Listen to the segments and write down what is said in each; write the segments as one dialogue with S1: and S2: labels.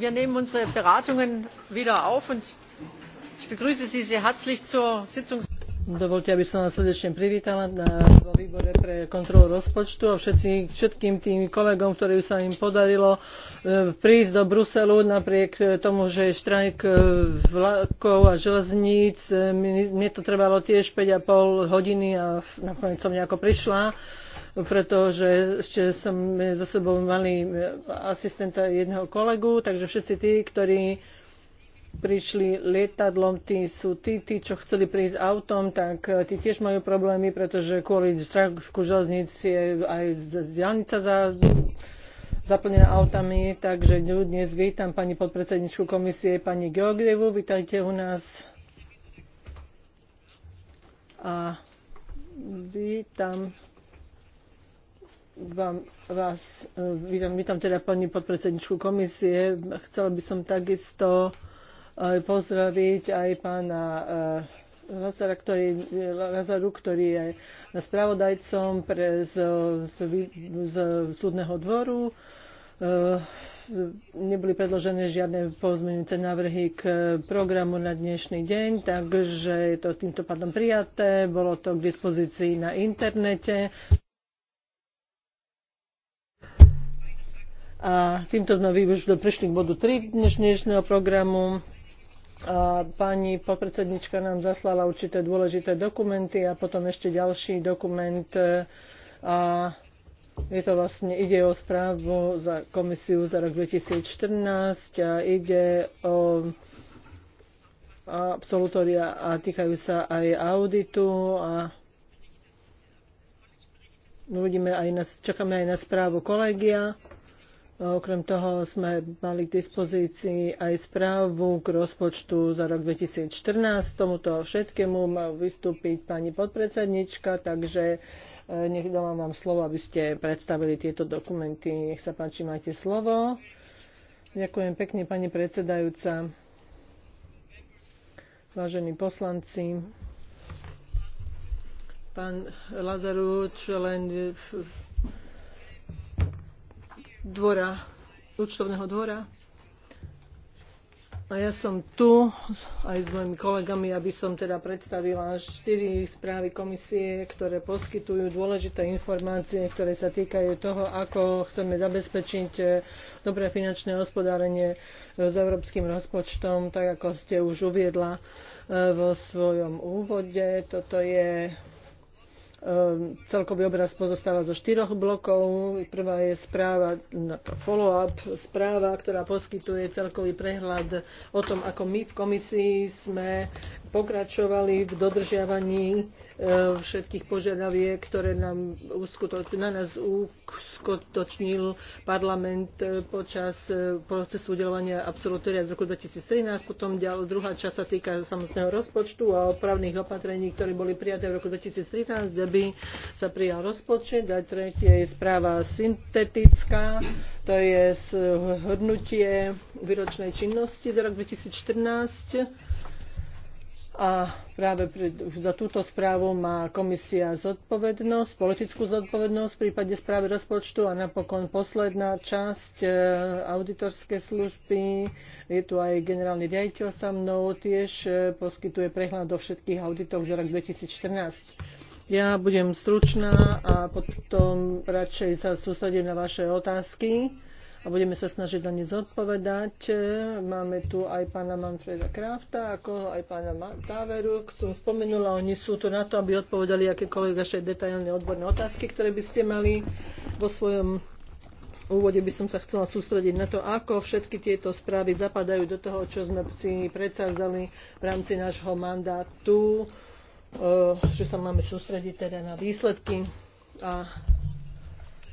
S1: wir nehmen unsere beratungen wieder auf und ich begrüße sie sehr herzlich zur sitzung Dovolte, aby som vás srdečne privítala vo výbore pre kontrolu rozpočtu a všetkým tým kolegom, ktorým sa im podarilo e, prísť do Bruselu napriek tomu, že je štrajk e, vlakov a železníc. Mne to trvalo tiež a pol hodiny a nakoniec som nejako prišla pretože ešte som e, za sebou mali e, asistenta jedného kolegu, takže všetci tí, ktorí prišli lietadlom, tí sú tí, tí, čo chceli prísť autom, tak e, tí tiež majú problémy, pretože kvôli strachu železnic je aj diálnica za, zaplnená autami. Takže dnes vítam pani podpredsedničku komisie, pani Georgievu. Vítajte u nás. A vítam vám, vás, e, vítam, vítam teda pani podpredsedničku komisie. Chcela by som takisto e, pozdraviť aj pána e, ktorý, Lazaru, ktorý je spravodajcom pre, z, z, z súdneho dvoru. Neboli predložené žiadne pozmeňujúce návrhy k programu na dnešný deň, takže je to týmto pádom prijaté. Bolo to k dispozícii na internete. A týmto sme prišli prešli k bodu 3 dnešného programu. A pani podpredsednička nám zaslala určité dôležité dokumenty a potom ešte ďalší dokument. A je to vlastne, ide o správu za komisiu za rok 2014 a ide o absolutória a týkajú sa aj auditu a uvidíme aj na, čakáme aj na správu kolegia. Okrem toho sme mali k dispozícii aj správu k rozpočtu za rok 2014. Tomuto všetkému má vystúpiť pani podpredsednička, takže e, nech dávam vám slovo, aby ste predstavili tieto dokumenty. Nech sa páči, máte slovo. Ďakujem pekne, pani predsedajúca. Vážení poslanci, pán Lazaru, člen dvora, účtovného dvora. A ja som tu aj s mojimi kolegami, aby som teda predstavila štyri správy komisie, ktoré poskytujú dôležité informácie, ktoré sa týkajú toho, ako chceme zabezpečiť eh, dobré finančné hospodárenie eh, s európskym rozpočtom, tak ako ste už uviedla eh, vo svojom úvode. Toto je Ehm, celkový obraz pozostáva zo štyroch blokov. Prvá je správa, no, follow-up správa, ktorá poskytuje celkový prehľad o tom, ako my v komisii sme pokračovali v dodržiavaní e, všetkých požiadaviek, ktoré nám na nás uskutočnil parlament e, počas e, procesu udelovania absolutória z roku 2013. Potom ďal, druhá časť sa týka samotného rozpočtu a opravných opatrení, ktoré boli prijaté v roku 2013, aby sa prijal rozpočet. A tretie je správa syntetická, to je zhrnutie výročnej činnosti za rok 2014 a práve pre, za túto správu má komisia zodpovednosť, politickú zodpovednosť v prípade správy rozpočtu a napokon posledná časť e, auditorské služby. Je tu aj generálny riaditeľ sa mnou, tiež e, poskytuje prehľad do všetkých auditov za rok 2014. Ja budem stručná a potom radšej sa sústredím na vaše otázky a budeme sa snažiť na ne zodpovedať. E, máme tu aj pána Manfreda Krafta, ako aj pána Táveru. Som spomenula, oni sú tu na to, aby odpovedali akékoľvek vaše detailné odborné otázky, ktoré by ste mali vo svojom úvode by som sa chcela sústrediť na to, ako všetky tieto správy zapadajú do toho, čo sme si predsázali v rámci nášho mandátu, e, že sa máme sústrediť teda na výsledky a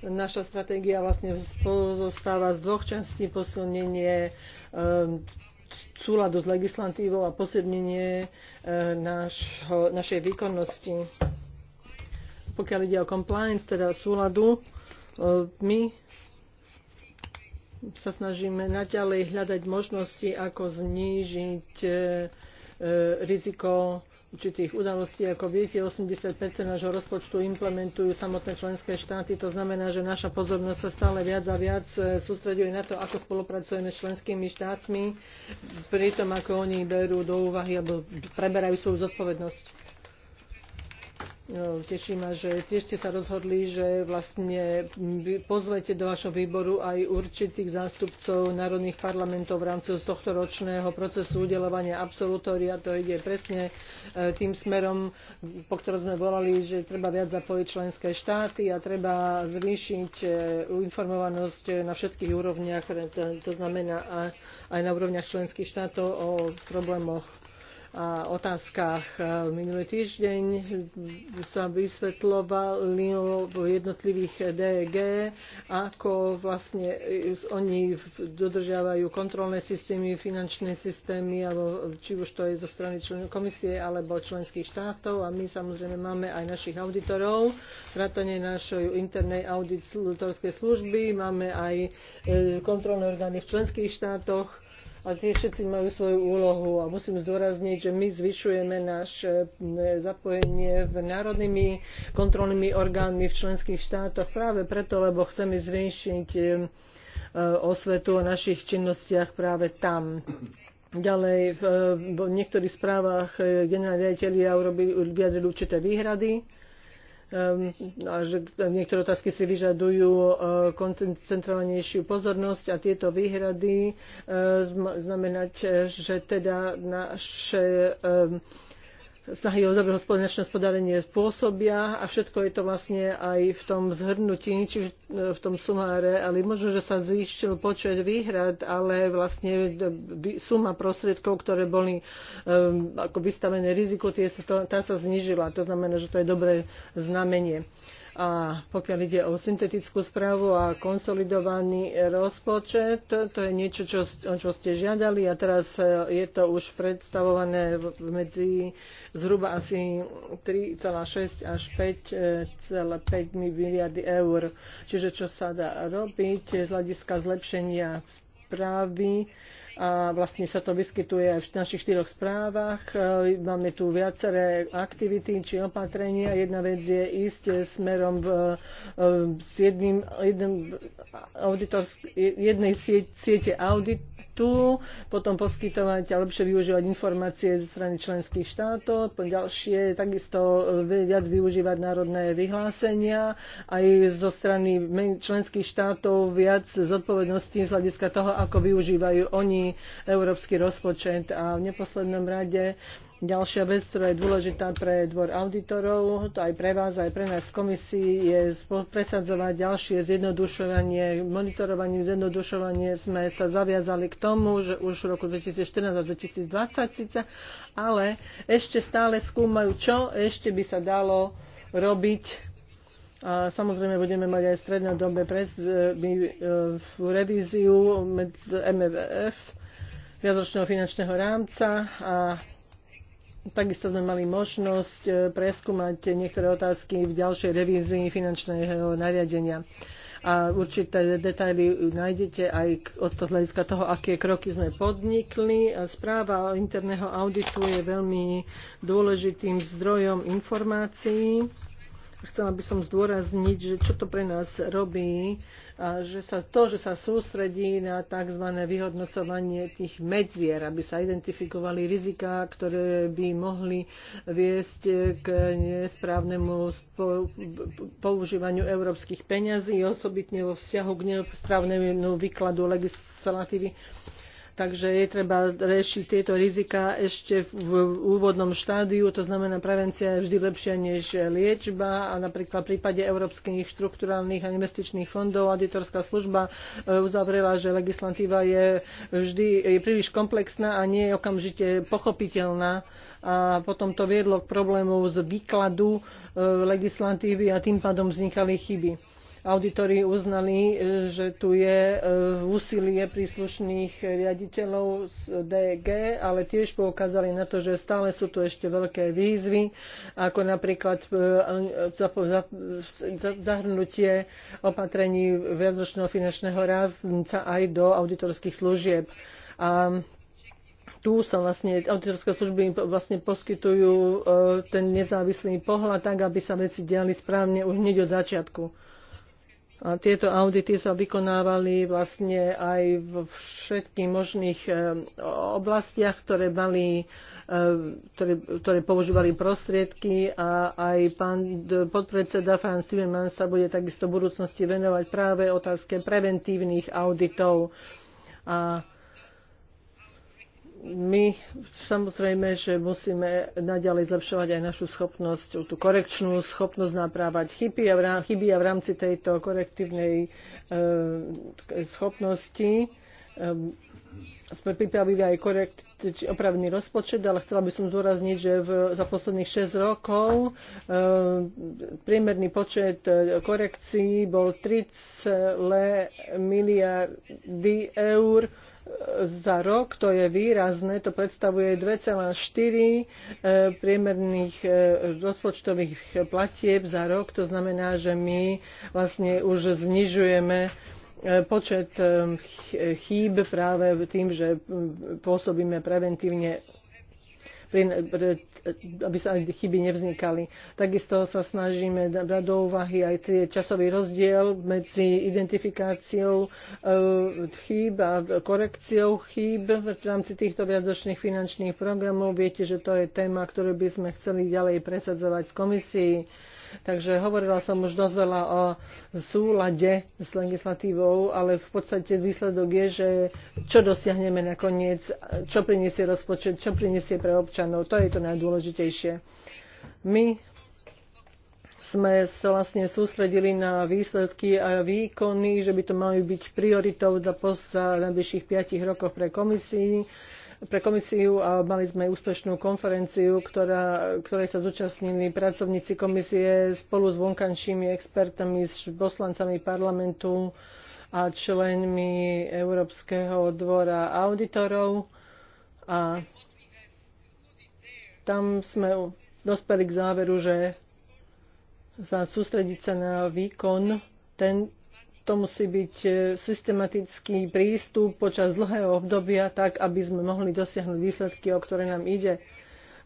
S1: Naša stratégia vlastne pozostáva z dvoch častí posilnenie eh, súladu s legislatívou a posilnenie eh, našho, našej výkonnosti. Pokiaľ ide o compliance, teda súladu, eh, my sa snažíme naďalej hľadať možnosti, ako znížiť riziko určitých udalostí. Ako viete, 80 nášho rozpočtu implementujú samotné členské štáty. To znamená, že naša pozornosť sa stále viac a viac e, sústreduje na to, ako spolupracujeme s členskými štátmi, pri tom, ako oni berú do úvahy alebo preberajú svoju zodpovednosť. No, teší ma, že tiež ste sa rozhodli, že vlastne pozvete do vašho výboru aj určitých zástupcov národných parlamentov v rámci tohto ročného procesu udelovania absolutória. To ide presne e, tým smerom, po ktorom sme volali, že treba viac zapojiť členské štáty a treba zvýšiť e, informovanosť na všetkých úrovniach, to znamená aj na úrovniach členských štátov o problémoch otázkach. E, minulý týždeň sa vysvetlovalo v jednotlivých DG, ako vlastne e, oni dodržiavajú kontrolné systémy, finančné systémy, alebo či už to je zo strany členov komisie alebo členských štátov. A my samozrejme máme aj našich auditorov, vrátane našej internej auditorskej služby, máme aj e, kontrolné orgány v členských štátoch, a tie všetci majú svoju úlohu a musím zdôrazniť, že my zvyšujeme naše eh, zapojenie v národnými kontrolnými orgánmi v členských štátoch práve preto, lebo chceme zvýšiť eh, eh, osvetu o našich činnostiach práve tam. Ďalej, v, niektorých správach generálne riaditeľia vyjadrili určité výhrady Ehm, že niektoré otázky si vyžadujú eh, koncentrovanejšiu pozornosť a tieto výhrady eh, znamenať, eh, že teda naše ehm, snahy o dobré hospodárne hospodárenie spôsobia a všetko je to vlastne aj v tom zhrnutí, či e, v tom sumáre, ale možno, že sa zvýšil počet výhrad, ale vlastne e, suma prostriedkov, ktoré boli um, ako vystavené riziku, tie sa, tá sa znižila. To znamená, že to je dobré znamenie. A pokiaľ ide o syntetickú správu a konsolidovaný rozpočet, to je niečo, čo, čo ste žiadali a teraz e, je to už predstavované medzi zhruba asi 3,6 až 5,5 miliardy eur. Čiže čo sa dá robiť z hľadiska zlepšenia správy, a vlastne sa to vyskytuje aj v našich štyroch správach. E, Máme tu viaceré aktivity či opatrenia. Jedna vec je ísť smerom v, e, s jedným, jedným auditorsk- jednej siete auditu, potom poskytovať a lepšie využívať informácie ze strany členských štátov, ďalšie takisto e, viac využívať národné vyhlásenia, aj zo strany členských štátov viac zodpovedností z hľadiska toho, ako využívajú oni európsky rozpočet a v neposlednom rade Ďalšia vec, ktorá je dôležitá pre dvor auditorov, to aj pre vás, aj pre nás v komisii, je presadzovať ďalšie zjednodušovanie, monitorovanie, zjednodušovanie. Sme sa zaviazali k tomu, že už v roku 2014 a 2020 síce, ale ešte stále skúmajú, čo ešte by sa dalo robiť a samozrejme budeme mať aj dobe pres, e, e, revíziu med MFF, viacročného finančného rámca a Takisto sme mali možnosť e, preskúmať niektoré otázky v ďalšej revízii finančného nariadenia. A určité detaily nájdete aj od toho hľadiska toho, aké kroky sme podnikli. A správa o interného auditu je veľmi dôležitým zdrojom informácií chcela by som zdôrazniť, že čo to pre nás robí, a že sa, to, že sa sústredí na tzv. vyhodnocovanie tých medzier, aby sa identifikovali riziká, ktoré by mohli viesť k nesprávnemu používaniu európskych peňazí, osobitne vo vzťahu k nesprávnemu výkladu legislatívy Takže je treba riešiť tieto rizika ešte v úvodnom štádiu, to znamená, prevencia je vždy lepšia než liečba a napríklad v prípade európskych štrukturálnych a investičných fondov auditorská služba e, uzavrela, že legislatíva je vždy je príliš komplexná a nie je okamžite pochopiteľná a potom to viedlo k problémov z výkladu e, legislatívy a tým pádom vznikali chyby auditori uznali, e, že tu je e, úsilie príslušných riaditeľov z DG, ale tiež poukázali na to, že stále sú tu ešte veľké výzvy, ako napríklad e, zahrnutie opatrení viacročného finančného rázca aj do auditorských služieb. A tu sa vlastne auditorské služby vlastne poskytujú ten nezávislý pohľad tak, aby sa veci diali správne už hneď od začiatku. A tieto audity sa vykonávali vlastne aj v všetkých možných e, oblastiach, ktoré, mali, e, ktoré, ktoré používali prostriedky a aj pán podpredseda Fran Stevenman sa bude takisto v budúcnosti venovať práve otázke preventívnych auditov. A my samozrejme, že musíme naďalej zlepšovať aj našu schopnosť, tú korekčnú schopnosť naprávať chyby a v, rámci, chyby a v rámci tejto korektívnej e, schopnosti ehm, sme pripravili aj korekt, opravný rozpočet, ale chcela by som zdôrazniť, že v, za posledných 6 rokov e, priemerný počet eh, korekcií bol 30 miliardy eur za rok, to je výrazné, to predstavuje 2,4 e, priemerných e, rozpočtových platieb za rok. To znamená, že my vlastne už znižujeme e, počet chýb práve tým, že pôsobíme preventívne E, e, aby sa chyby nevznikali. Takisto sa snažíme dať do úvahy aj tie časový rozdiel medzi identifikáciou e, chýb a korekciou chýb v rámci týchto viadočných finančných programov. Viete, že to je téma, ktorú by sme chceli ďalej presadzovať v komisii Takže hovorila som už dosť veľa o súlade s legislatívou, ale v podstate výsledok je, že čo dosiahneme nakoniec, čo priniesie rozpočet, čo priniesie pre občanov, to je to najdôležitejšie. My sme sa vlastne sústredili na výsledky a výkony, že by to mali byť prioritou za najbližších 5 rokov pre komisii pre komisiu a mali sme úspešnú konferenciu, ktorá, ktorej sa zúčastnili pracovníci komisie spolu s vonkanšími expertami, s poslancami parlamentu a členmi Európskeho dvora auditorov. A tam sme dospeli k záveru, že sa sústrediť sa na výkon, ten to musí byť e, systematický prístup počas dlhého obdobia, tak aby sme mohli dosiahnuť výsledky, o ktoré nám ide.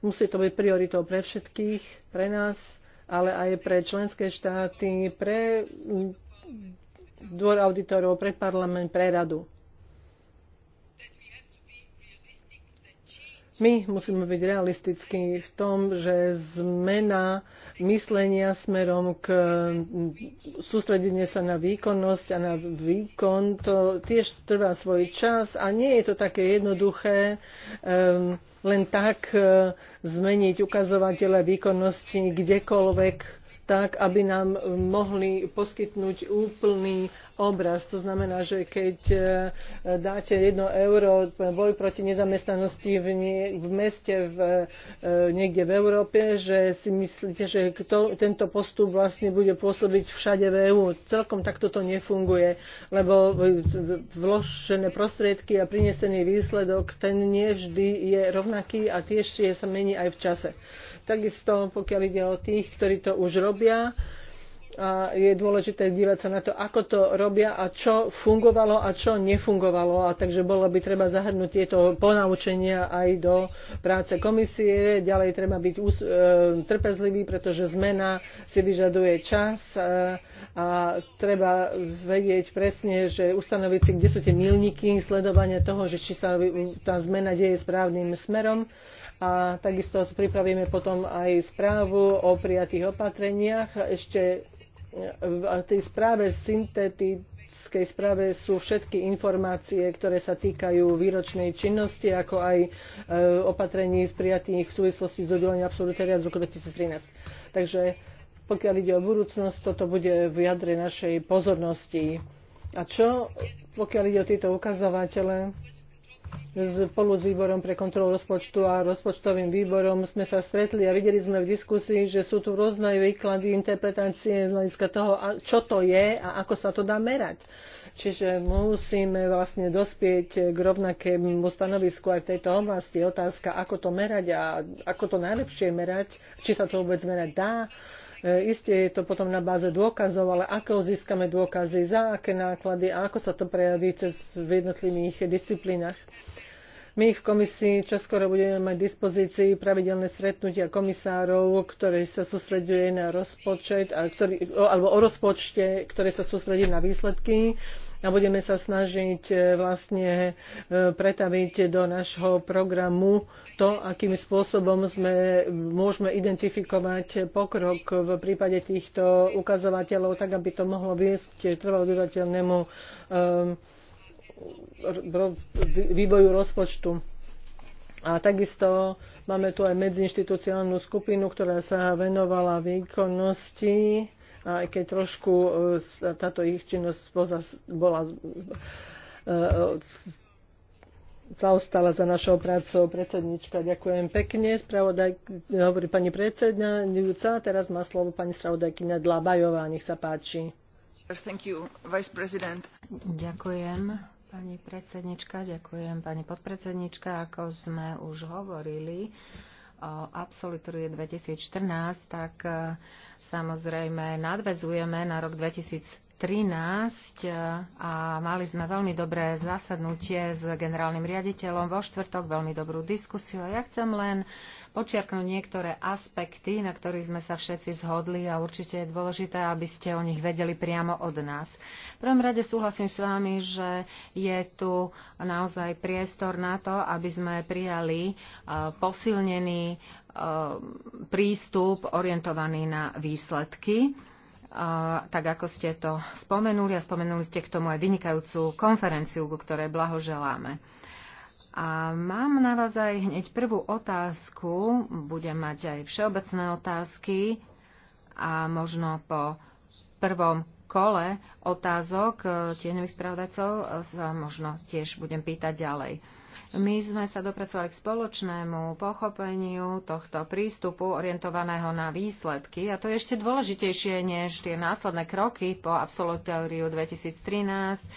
S1: Musí to byť prioritou pre všetkých, pre nás, ale aj pre členské štáty, pre dvor auditorov, pre parlament, pre radu. My musíme byť realistickí v tom, že zmena myslenia smerom k sústredenie sa na výkonnosť a na výkon, to tiež trvá svoj čas a nie je to také jednoduché um, len tak uh, zmeniť ukazovatele výkonnosti kdekoľvek tak aby nám eh, mohli poskytnúť úplný obraz. To znamená, že keď eh, dáte jedno euro eh, boj proti nezamestnanosti v, nie, v meste v, niekde v Európe, že si myslíte, že kto, tento postup vlastne bude pôsobiť všade v EÚ. Celkom takto to nefunguje, lebo vložené prostriedky a prinesený výsledok, ten nie vždy je rovnaký a tiež sa mení aj v čase. Takisto pokiaľ ide o tých, ktorí to už robia, a je dôležité dívať sa na to, ako to robia a čo fungovalo a čo nefungovalo. A takže bolo by treba zahrnúť tieto ponaučenia aj do práce komisie. Ďalej treba byť ús- e, trpezlivý, pretože zmena si vyžaduje čas e, a treba vedieť presne, že ustanoviť si, kde sú tie milníky sledovania toho, že či sa tá zmena deje správnym smerom a takisto pripravíme potom aj správu o prijatých opatreniach. Ešte v tej správe syntetickej správe sú všetky informácie, ktoré sa týkajú výročnej činnosti, ako aj e, opatrení z prijatých v súvislosti s udelenia absolutéria z roku 2013. Takže pokiaľ ide o budúcnosť, toto bude v jadre našej pozornosti. A čo, pokiaľ ide o tieto ukazovatele, spolu s výborom pre kontrolu rozpočtu a rozpočtovým výborom sme sa stretli a videli sme v diskusii, že sú tu rôzne výklady, interpretácie z hľadiska toho, čo to je a ako sa to dá merať. Čiže musíme vlastne dospieť k rovnakému stanovisku aj v tejto oblasti. Otázka, ako to merať a ako to najlepšie merať, či sa to vôbec merať dá E, Isté je to potom na báze dôkazov, ale ako získame dôkazy, za aké náklady a ako sa to prejaví cez v jednotlivých disciplínach. My v komisii čoskoro budeme mať dispozícii pravidelné stretnutia komisárov, ktoré sa sústreďuje na rozpočet, a ktorý, alebo o rozpočte, ktoré sa sústredí na výsledky a budeme sa snažiť e, vlastne e, pretaviť do nášho programu to, akým spôsobom sme, môžeme identifikovať pokrok v prípade týchto ukazovateľov, tak aby to mohlo viesť trvalo e, vývoju rozpočtu. A takisto máme tu aj medziinštitucionálnu skupinu, ktorá sa venovala výkonnosti aj keď trošku e, táto ich činnosť bola e, e, zaostala za našou prácou predsednička. Ďakujem pekne. Spravodaj, hovorí pani predsedňujúca. Teraz má slovo pani spravodajkyňa Dlabajová. Nech sa páči. Thank you, Vice President.
S2: Ďakujem, pani predsednička. Ďakujem, pani podpredsednička. Ako sme už hovorili, uh, o 2014, tak e, samozrejme nadvezujeme na rok 2014 13 eh, a mali sme veľmi dobré zasadnutie s generálnym riaditeľom vo štvrtok, veľmi dobrú diskusiu a ja chcem len počiarknúť niektoré aspekty, na ktorých sme sa všetci zhodli a určite je dôležité, aby ste o nich vedeli priamo od nás. V prvom rade súhlasím s vami, že je tu naozaj priestor na to, aby sme prijali eh, posilnený eh, prístup orientovaný na výsledky tak ako ste to spomenuli a spomenuli ste k tomu aj vynikajúcu konferenciu, ku ktorej blahoželáme. A mám na vás aj hneď prvú otázku, budem mať aj všeobecné otázky a možno po prvom kole otázok eh, tieňových spravodajcov eh, sa možno tiež budem pýtať ďalej. My sme sa dopracovali k spoločnému pochopeniu tohto prístupu orientovaného na výsledky a to je ešte dôležitejšie než tie následné kroky po absolutóriu 2013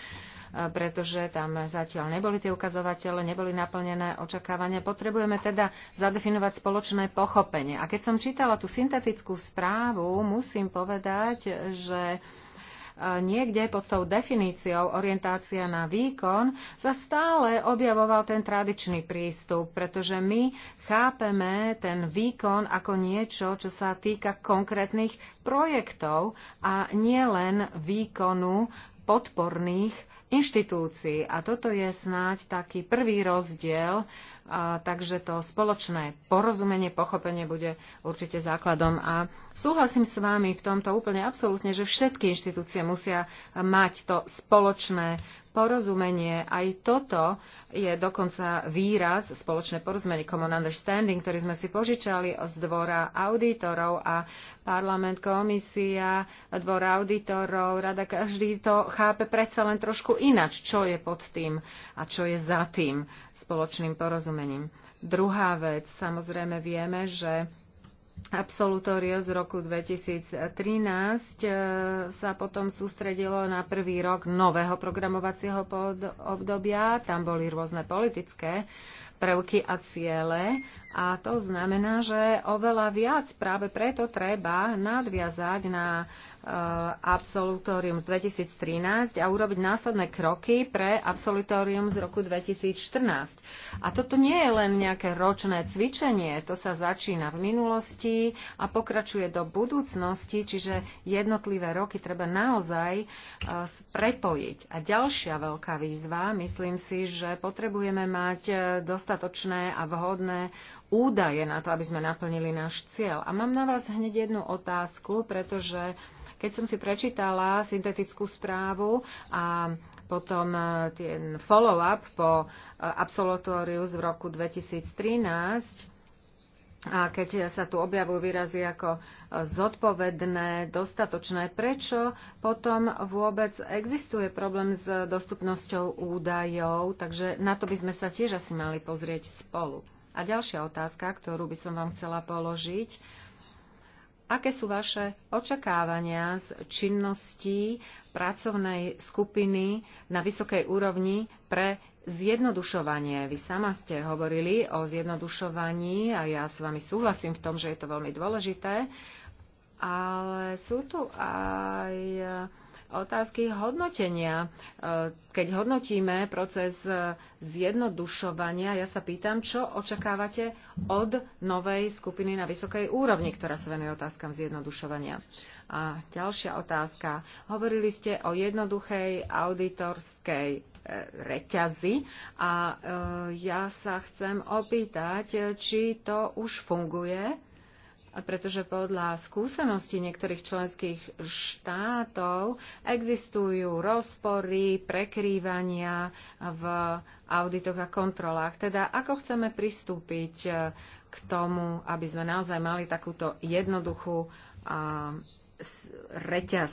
S2: pretože tam zatiaľ neboli tie ukazovatele, neboli naplnené očakávania. Potrebujeme teda zadefinovať spoločné pochopenie. A keď som čítala tú syntetickú správu, musím povedať, že niekde pod tou definíciou orientácia na výkon sa stále objavoval ten tradičný prístup, pretože my chápeme ten výkon ako niečo, čo sa týka konkrétnych projektov a nielen výkonu podporných inštitúcií. A toto je snáď taký prvý rozdiel takže to spoločné porozumenie, pochopenie bude určite základom. A súhlasím s vami v tomto úplne absolútne, že všetky inštitúcie musia mať to spoločné porozumenie. Aj toto je dokonca výraz spoločné porozumenie, common understanding, ktorý sme si požičali z dvora auditorov a parlament, komisia, dvor auditorov, rada, každý to chápe predsa len trošku inač, čo je pod tým a čo je za tým spoločným porozumením porozumením. Druhá vec, samozrejme vieme, že absolutório z roku 2013 e, sa potom sústredilo na prvý rok nového programovacieho obdobia. Tam boli rôzne politické prvky a ciele a to znamená, že oveľa viac práve preto treba nadviazať na Eh, absolutórium z 2013 a urobiť následné kroky pre absolutórium z roku 2014. A toto nie je len nejaké ročné cvičenie, to sa začína v minulosti a pokračuje do budúcnosti, čiže jednotlivé roky treba naozaj eh, prepojiť. A ďalšia veľká výzva, myslím si, že potrebujeme mať eh, dostatočné a vhodné údaje na to, aby sme naplnili náš cieľ. A mám na vás hneď jednu otázku, pretože keď som si prečítala syntetickú správu a potom e, ten follow-up po e, absolutóriu z roku 2013, a keď sa tu objavujú výrazy ako e, zodpovedné, dostatočné, prečo potom vôbec existuje problém s dostupnosťou údajov, takže na to by sme sa tiež asi mali pozrieť spolu. A ďalšia otázka, ktorú by som vám chcela položiť, Aké sú vaše očakávania z činností pracovnej skupiny na vysokej úrovni pre zjednodušovanie? Vy sama ste hovorili o zjednodušovaní a ja s vami súhlasím v tom, že je to veľmi dôležité, ale sú tu aj otázky hodnotenia. E, keď hodnotíme proces e, zjednodušovania, ja sa pýtam, čo očakávate od novej skupiny na vysokej úrovni, ktorá sa venuje otázkam zjednodušovania. A ďalšia otázka. Hovorili ste o jednoduchej auditorskej e, reťazi a ja sa chcem opýtať, či to už funguje pretože podľa skúseností niektorých členských štátov existujú rozpory, prekrývania v auditoch a kontrolách. Teda ako chceme pristúpiť eh, k tomu, aby sme naozaj mali takúto jednoduchú reťaz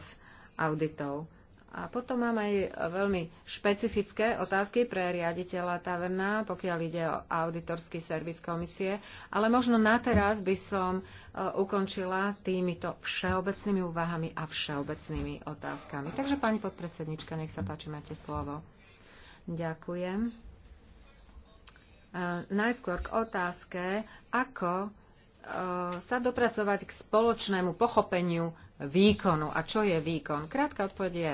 S2: auditov. A potom máme aj veľmi špecifické otázky pre riaditeľa taverna, pokiaľ ide o auditorský servis komisie, ale možno na teraz by som e, ukončila týmito všeobecnými úvahami a všeobecnými otázkami. Takže pani podpredsednička, nech sa páči, máte slovo. Ďakujem. E, najskôr k otázke, ako e, sa dopracovať k spoločnému pochopeniu výkonu. A čo je výkon? Krátka odpoveď je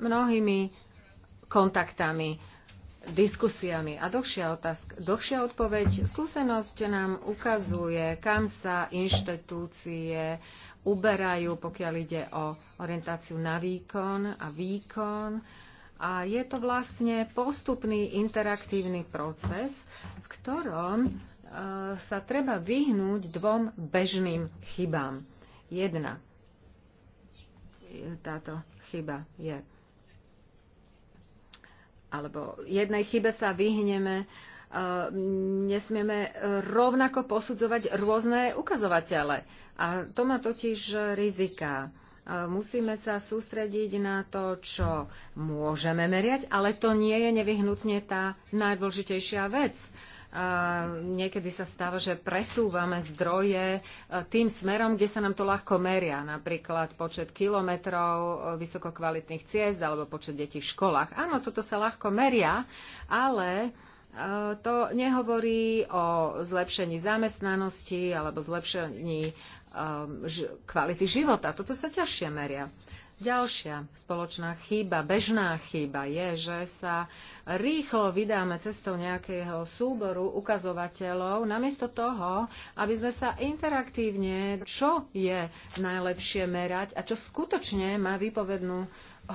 S2: mnohými kontaktami, diskusiami. A dlhšia, otázka, dlhšia odpoveď. Skúsenosť nám ukazuje, kam sa inštitúcie uberajú, pokiaľ ide o orientáciu na výkon a výkon. A je to vlastne postupný interaktívny proces, v ktorom e, sa treba vyhnúť dvom bežným chybám. Jedna. E, táto chyba je alebo jednej chybe sa vyhneme, e, nesmieme rovnako posudzovať rôzne ukazovatele. A to má totiž rizika. E, musíme sa sústrediť na to, čo môžeme meriať, ale to nie je nevyhnutne tá najdôležitejšia vec niekedy sa stáva, že presúvame zdroje e, tým smerom, kde sa nám to ľahko meria, napríklad počet kilometrov e, vysokokvalitných ciest alebo počet detí v školách. Áno, toto sa ľahko meria, ale e, to nehovorí o zlepšení zamestnanosti alebo zlepšení kvality života. Toto sa ťažšie meria. Ďalšia spoločná chyba, bežná chyba je, že sa rýchlo vydáme cestou nejakého súboru ukazovateľov, namiesto toho, aby sme sa interaktívne, čo je najlepšie merať a čo skutočne má výpovednú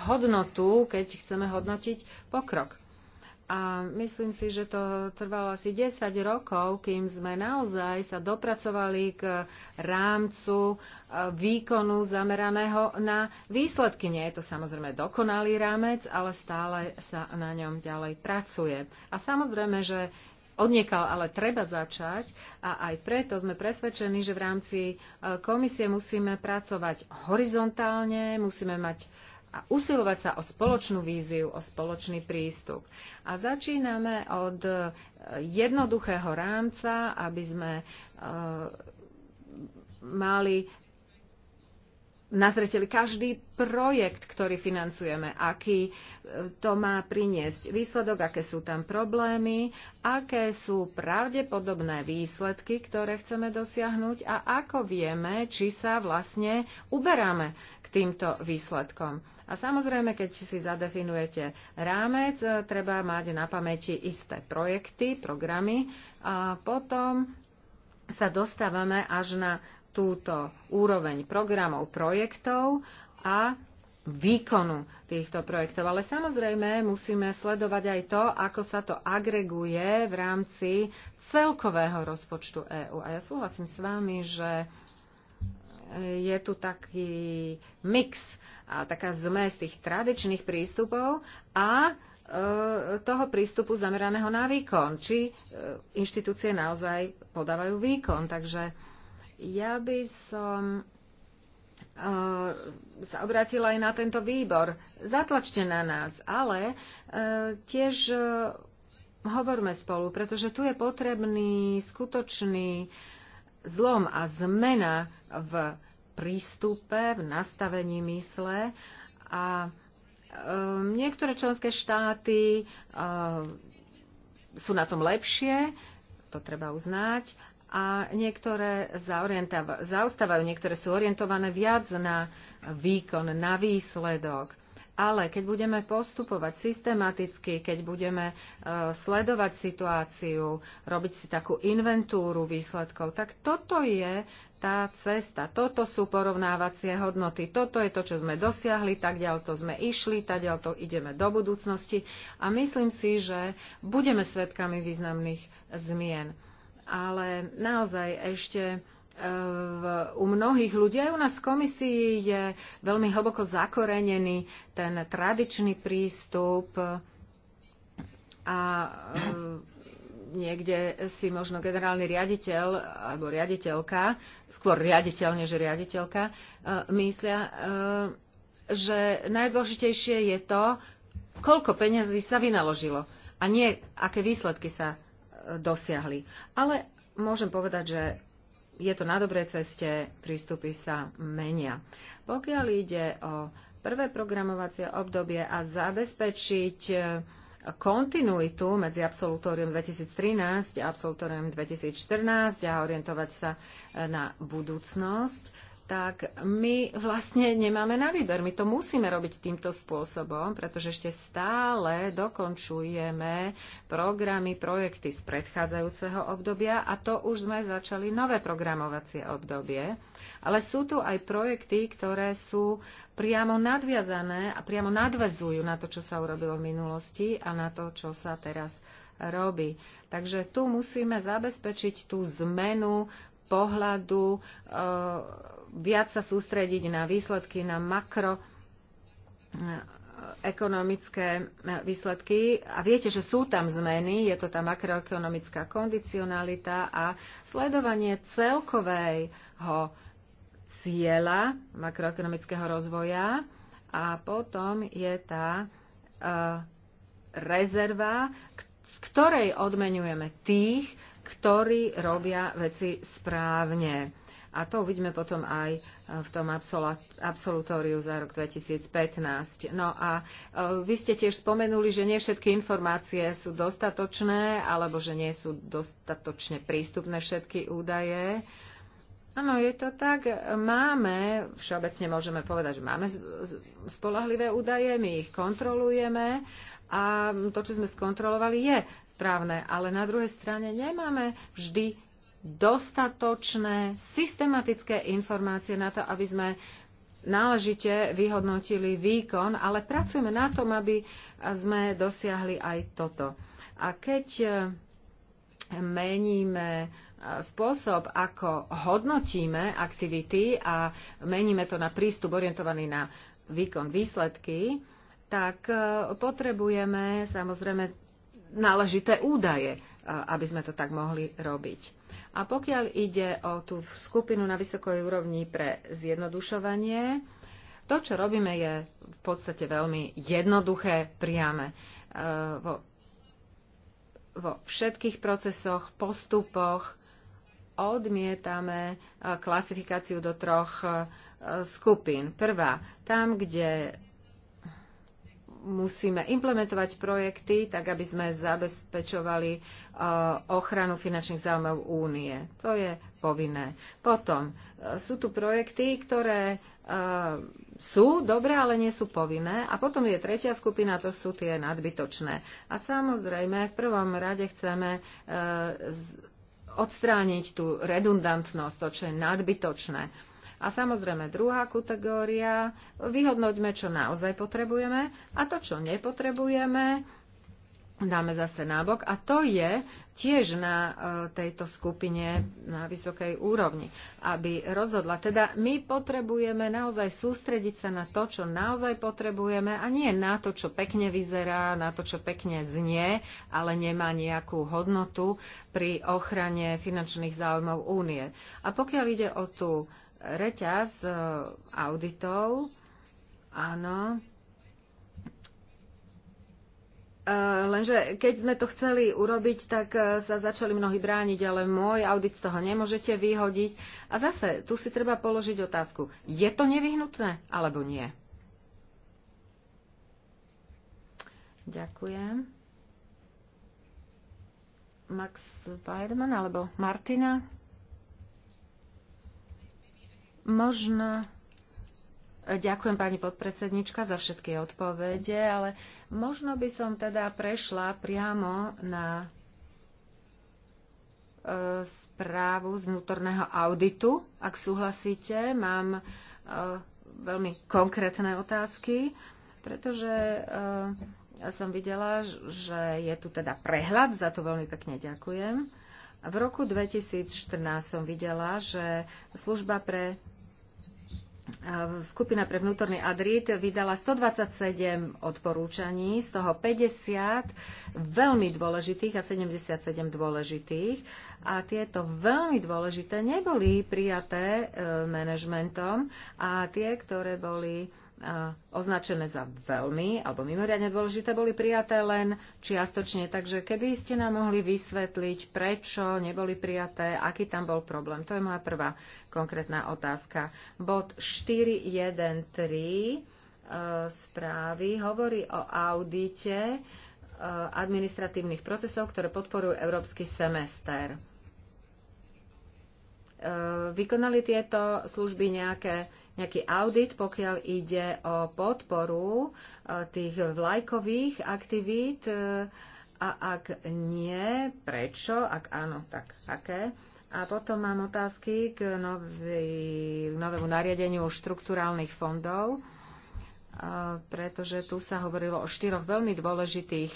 S2: hodnotu, keď chceme hodnotiť pokrok. A myslím si, že to trvalo asi 10 rokov, kým sme naozaj sa dopracovali k rámcu e, výkonu zameraného na výsledky. Nie je to samozrejme dokonalý rámec, ale stále sa na ňom ďalej pracuje. A samozrejme, že odniekal ale treba začať a aj preto sme presvedčení, že v rámci e, komisie musíme pracovať horizontálne, musíme mať a usilovať sa o spoločnú víziu, o spoločný prístup. A začíname od e, jednoduchého rámca, aby sme e, mali na zreteli každý projekt, ktorý financujeme, aký e, to má priniesť výsledok, aké sú tam problémy, aké sú pravdepodobné výsledky, ktoré chceme dosiahnuť a ako vieme, či sa vlastne uberáme k týmto výsledkom. A samozrejme, keď si zadefinujete rámec, e, treba mať na pamäti isté projekty, programy a potom sa dostávame až na túto úroveň programov, projektov a výkonu týchto projektov. Ale samozrejme musíme sledovať aj to, ako sa to agreguje v rámci celkového rozpočtu EÚ. A ja súhlasím s vami, že je tu taký mix a taká zmes tých tradičných prístupov a e, toho prístupu zameraného na výkon, či e, inštitúcie naozaj podávajú výkon. Takže ja by som e, sa obrátila aj na tento výbor. Zatlačte na nás, ale e, tiež e, hovorme spolu, pretože tu je potrebný skutočný zlom a zmena v prístupe, v nastavení mysle a niektoré členské štáty sú na tom lepšie, to treba uznať, a niektoré zaostávajú, niektoré sú orientované viac na výkon, na výsledok. Ale keď budeme postupovať systematicky, keď budeme e, sledovať situáciu, robiť si takú inventúru výsledkov, tak toto je tá cesta, toto sú porovnávacie hodnoty, toto je to, čo sme dosiahli, tak ďal to sme išli, tak ďalto to ideme do budúcnosti a myslím si, že budeme svedkami významných zmien ale naozaj ešte e, v, u mnohých ľudí, aj u nás v komisii je veľmi hlboko zakorenený ten tradičný prístup a e, niekde si možno generálny riaditeľ alebo riaditeľka, skôr riaditeľ než riaditeľka, e, myslia, že najdôležitejšie je to, koľko peňazí sa vynaložilo a nie aké výsledky sa dosiahli. Ale môžem povedať, že je to na dobrej ceste, prístupy sa menia. Pokiaľ ide o prvé programovacie obdobie a zabezpečiť e, kontinuitu medzi absolutórium 2013 a absolutórium 2014 a orientovať sa e, na budúcnosť, tak my vlastne nemáme na výber. My to musíme robiť týmto spôsobom, pretože ešte stále dokončujeme programy, projekty z predchádzajúceho obdobia a to už sme začali nové programovacie obdobie. Ale sú tu aj projekty, ktoré sú priamo nadviazané a priamo nadvezujú na to, čo sa urobilo v minulosti a na to, čo sa teraz robí. Takže tu musíme zabezpečiť tú zmenu pohľadu e, viac sa sústrediť na výsledky, na makro e, ekonomické e, výsledky. A viete, že sú tam zmeny, je to tá makroekonomická kondicionalita a sledovanie celkového cieľa makroekonomického rozvoja a potom je tá e, rezerva, z ktorej odmenujeme tých, ktorí robia veci správne. A to uvidíme potom aj e, v tom absolutóriu za rok 2015. No a e, vy ste tiež spomenuli, že nie všetky informácie sú dostatočné, alebo že nie sú dostatočne prístupné všetky údaje. Áno, je to tak. Máme, všeobecne môžeme povedať, že máme spolahlivé údaje, my ich kontrolujeme a to, čo sme skontrolovali, je správne, ale na druhej strane nemáme vždy dostatočné systematické informácie na to, aby sme náležite vyhodnotili výkon, ale pracujeme na tom, aby sme dosiahli aj toto. A keď eh, meníme eh, spôsob, ako hodnotíme aktivity a meníme to na prístup orientovaný na výkon výsledky, tak eh, potrebujeme samozrejme náležité údaje, aby sme to tak mohli robiť. A pokiaľ ide o tú skupinu na vysokej úrovni pre zjednodušovanie, to, čo robíme, je v podstate veľmi jednoduché, priame. E, vo, vo všetkých procesoch, postupoch odmietame e, klasifikáciu do troch e, skupín. Prvá, tam, kde musíme implementovať projekty tak, aby sme zabezpečovali eh, ochranu finančných záujmov únie. To je povinné. Potom eh, sú tu projekty, ktoré eh, sú dobré, ale nie sú povinné. A potom je tretia skupina, to sú tie nadbytočné. A samozrejme, v prvom rade chceme odstrániť tú redundantnosť, to, čo je nadbytočné a samozrejme druhá kategória, vyhodnoťme, čo naozaj potrebujeme a to, čo nepotrebujeme, dáme zase nábok a to je tiež na e, tejto skupine na vysokej úrovni, aby rozhodla. Teda my potrebujeme naozaj sústrediť sa na to, čo naozaj potrebujeme a nie na to, čo pekne vyzerá, na to, čo pekne znie, ale nemá nejakú hodnotu pri ochrane finančných záujmov únie. A pokiaľ ide o tú reťaz e, auditov, áno, e, Lenže keď sme to chceli urobiť, tak e, sa začali mnohí brániť, ale môj audit z toho nemôžete vyhodiť. A zase, tu si treba položiť otázku, je to nevyhnutné alebo nie? Ďakujem. Max Weidman alebo Martina? Možno e, Ďakujem pani podpredsednička za všetky odpovede, ale možno by som teda prešla priamo na e, správu z vnútorného auditu. Ak súhlasíte, mám e, veľmi konkrétne otázky, pretože ja som videla, že je tu teda prehľad, za to veľmi pekne ďakujem. V roku 2014 som videla, že služba pre skupina pre vnútorný adrit vydala 127 odporúčaní, z toho 50 veľmi dôležitých a 77 dôležitých. A tieto veľmi dôležité neboli prijaté e, manažmentom a tie, ktoré boli označené za veľmi alebo mimoriadne dôležité, boli prijaté len čiastočne. Takže keby ste nám mohli vysvetliť, prečo neboli prijaté, aký tam bol problém. To je moja prvá konkrétna otázka. Bod 4.1.3 e, správy hovorí o audite e, administratívnych procesov, ktoré podporujú európsky semester. E, vykonali tieto služby nejaké nejaký audit, pokiaľ ide o podporu e, tých vlajkových aktivít e, a ak nie, prečo, ak áno, tak aké. A potom mám otázky k novému nariadeniu štruktúrálnych fondov, e, pretože tu sa hovorilo o štyroch veľmi dôležitých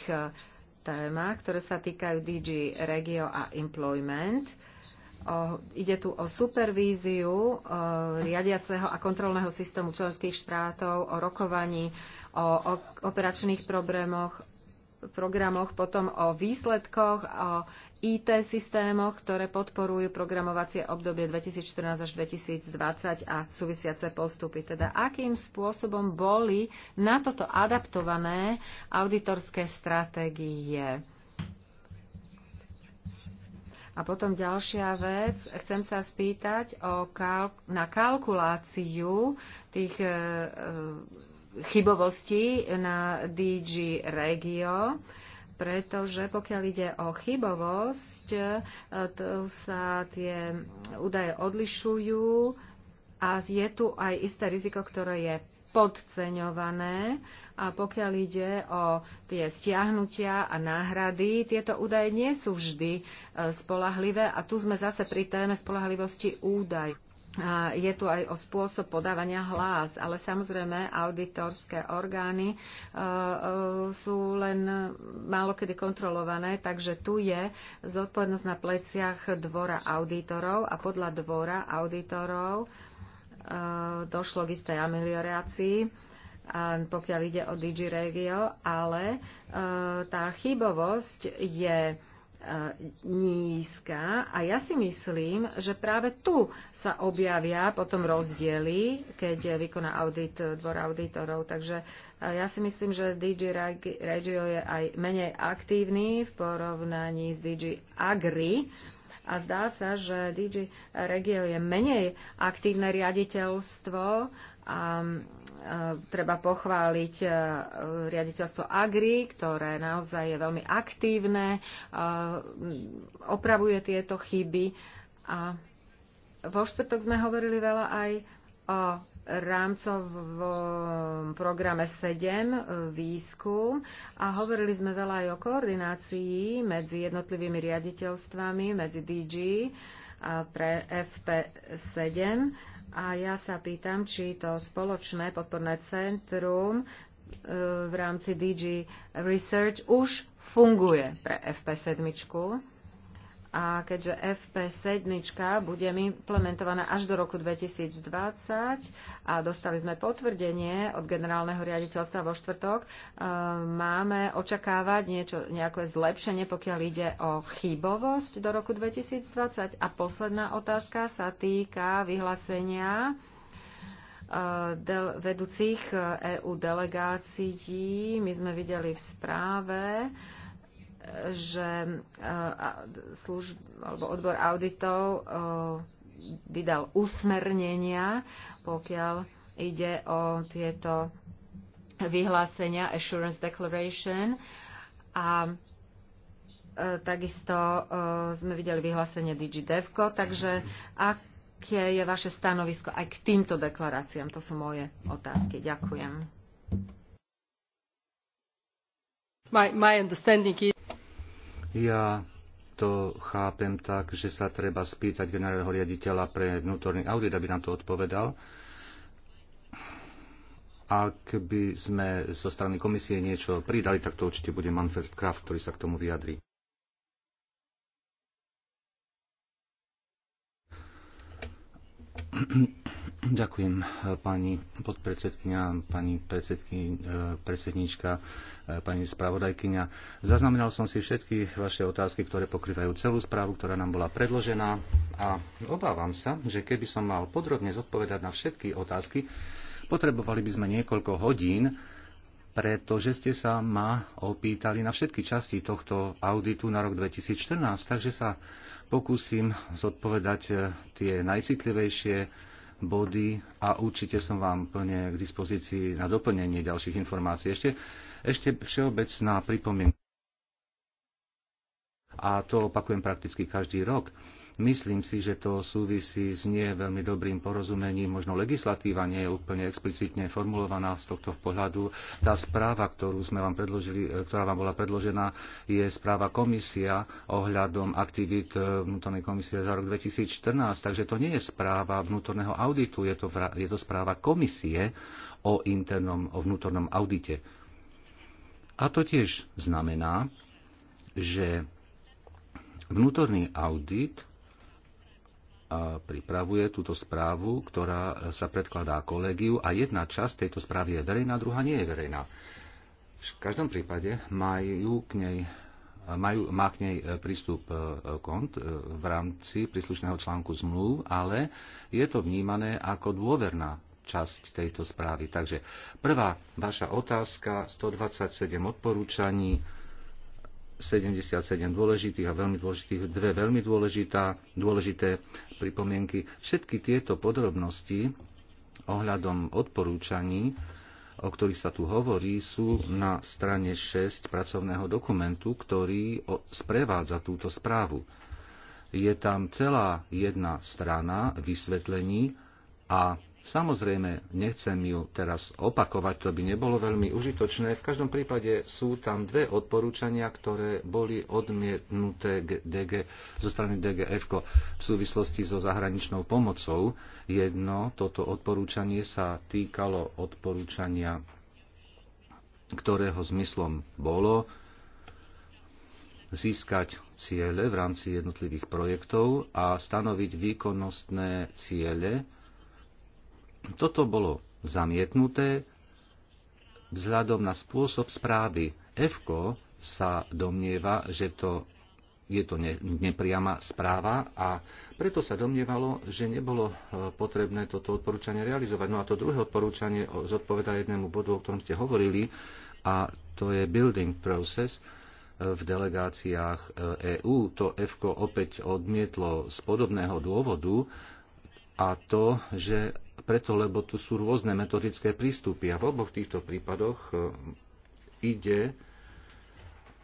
S2: témach, ktoré sa týkajú DG Regio a Employment Ide tu o supervíziu riadiaceho a kontrolného systému členských štátov, o rokovaní, o operačných problémoch, programoch, potom o výsledkoch, o IT systémoch, ktoré podporujú programovacie obdobie 2014 až 2020 a súvisiace postupy. Teda akým spôsobom boli na toto adaptované auditorské stratégie a potom ďalšia vec, chcem sa spýtať o kal- na kalkuláciu tých e, e chybovostí na DG Regio, pretože pokiaľ ide o chybovosť, e, to sa tie údaje odlišujú a je tu aj isté riziko, ktoré je podceňované a pokiaľ ide o tie stiahnutia a náhrady, tieto údaje nie sú vždy e, spolahlivé a tu sme zase pri téme spolahlivosti údaj. Je tu aj o spôsob podávania hlas, ale samozrejme auditorské orgány e, e, sú len málo kedy kontrolované, takže tu je zodpovednosť na pleciach dvora auditorov a podľa dvora auditorov Eh, došlo k istej ameliorácii, eh, pokiaľ ide o DG Regio, ale eh, tá chybovosť je nízka a ja si myslím, že práve tu sa objavia potom rozdiely, keď vykoná audit dvor auditorov. Takže ja si myslím, že DG Regio je aj menej aktívny v porovnaní s DG Agri a zdá sa, že DG Regio je menej aktívne riaditeľstvo a e, treba pochváliť e, riaditeľstvo Agri, ktoré naozaj je veľmi aktívne, e, opravuje tieto chyby a vo štvrtok sme hovorili veľa aj o rámcovom programe 7 e, výskum a hovorili sme veľa aj o koordinácii medzi jednotlivými riaditeľstvami, medzi DG a pre FP7 a ja sa pýtam, či to spoločné podporné centrum e, v rámci DG Research už funguje pre FP7. A keďže FP7 bude implementovaná až do roku 2020 a dostali sme potvrdenie od generálneho riaditeľstva vo štvrtok, e, máme očakávať niečo, nejaké zlepšenie, pokiaľ ide o chybovosť do roku 2020. A posledná otázka sa týka vyhlásenia e, del, vedúcich EU e delegácií. My sme videli v správe, že e, služb, alebo odbor auditov e, vydal usmernenia, pokiaľ ide o tieto vyhlásenia Assurance Declaration a e, takisto sme videli vyhlásenie DigiDevco, takže aké je vaše stanovisko aj k týmto deklaráciám? To sú moje otázky. Ďakujem. My,
S1: my understanding is
S3: ja to chápem tak, že sa treba spýtať generálneho riaditeľa pre vnútorný audit, aby nám to odpovedal. Ak by sme zo strany komisie niečo pridali, tak to určite bude Manfred Kraft, ktorý sa k tomu vyjadrí. Ďakujem pani podpredsedkynia, pani predsedky, eh, predsednička, eh, pani spravodajkynia. Zaznamenal som si všetky vaše otázky, ktoré pokrývajú celú správu, ktorá nám bola predložená a obávam sa, že keby som mal podrobne zodpovedať na všetky otázky, potrebovali by sme niekoľko hodín, pretože ste sa ma opýtali na všetky časti tohto auditu na rok 2014, takže sa pokúsim zodpovedať eh, tie najcitlivejšie body a určite som vám plne k dispozícii na doplnenie ďalších informácií. Ešte, ešte všeobecná pripomienka. A to opakujem prakticky každý rok Myslím si, že to súvisí s nie veľmi dobrým porozumením. Možno legislatíva nie je úplne explicitne formulovaná z tohto pohľadu. Tá správa, ktorú sme vám predložili, e, ktorá vám bola predložená, je správa komisia ohľadom aktivít e, vnútornej komisie za rok 2014. Takže to nie je správa vnútorného auditu, je to, je to správa komisie o, internom, o vnútornom audite. A to tiež znamená, že vnútorný audit pripravuje túto správu, ktorá sa predkladá kolegiu a jedna časť tejto správy je verejná, druhá nie je verejná. V každom prípade majú k nej, majú, má k nej e, prístup e, kont e, v rámci príslušného článku zmluv, ale je to vnímané ako dôverná časť tejto správy. Takže prvá vaša otázka, 127 odporúčaní, 77 dôležitých a veľmi dôležitých, dve veľmi dôležitá, dôležité pripomienky. Všetky tieto podrobnosti ohľadom odporúčaní, o ktorých sa tu hovorí, sú na strane 6 pracovného dokumentu, ktorý sprevádza túto správu. Je tam celá jedna strana vysvetlení a Samozrejme, nechcem ju teraz opakovať, to by nebolo veľmi užitočné. V každom prípade sú tam dve odporúčania, ktoré boli odmietnuté DG, zo strany DGF v súvislosti so zahraničnou pomocou. Jedno, toto odporúčanie sa týkalo odporúčania, ktorého zmyslom bolo získať ciele v rámci jednotlivých projektov a stanoviť výkonnostné ciele toto bolo zamietnuté vzhľadom na spôsob správy. EFKO sa domnieva, že to je to ne, nepriama správa a preto sa domnievalo, že nebolo e, potrebné toto odporúčanie realizovať. No a to druhé odporúčanie zodpoveda jednému bodu, o ktorom ste hovorili, a to je building process e, v delegáciách EÚ. E to EFKO opäť odmietlo z podobného dôvodu a to, že preto, lebo tu sú rôzne metodické prístupy a v oboch týchto prípadoch e, ide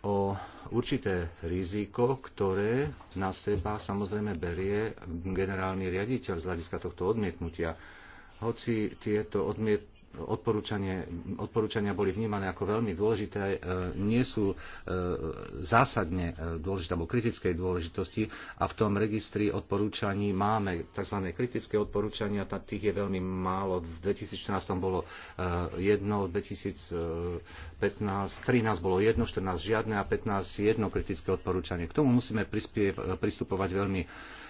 S3: o určité riziko, ktoré na seba samozrejme berie generálny riaditeľ z hľadiska tohto odmietnutia. Hoci tieto odmietnutia odporúčania boli vnímané ako veľmi dôležité, e, nie sú e, zásadne e, dôležité alebo kritickej dôležitosti a v tom registri odporúčaní máme tzv. kritické odporúčania, tých je veľmi málo. V 2014 bolo jedno, v 2015, 13 bolo jedno, 14 žiadne a 15 jedno kritické odporúčanie. K tomu musíme pristupovať veľmi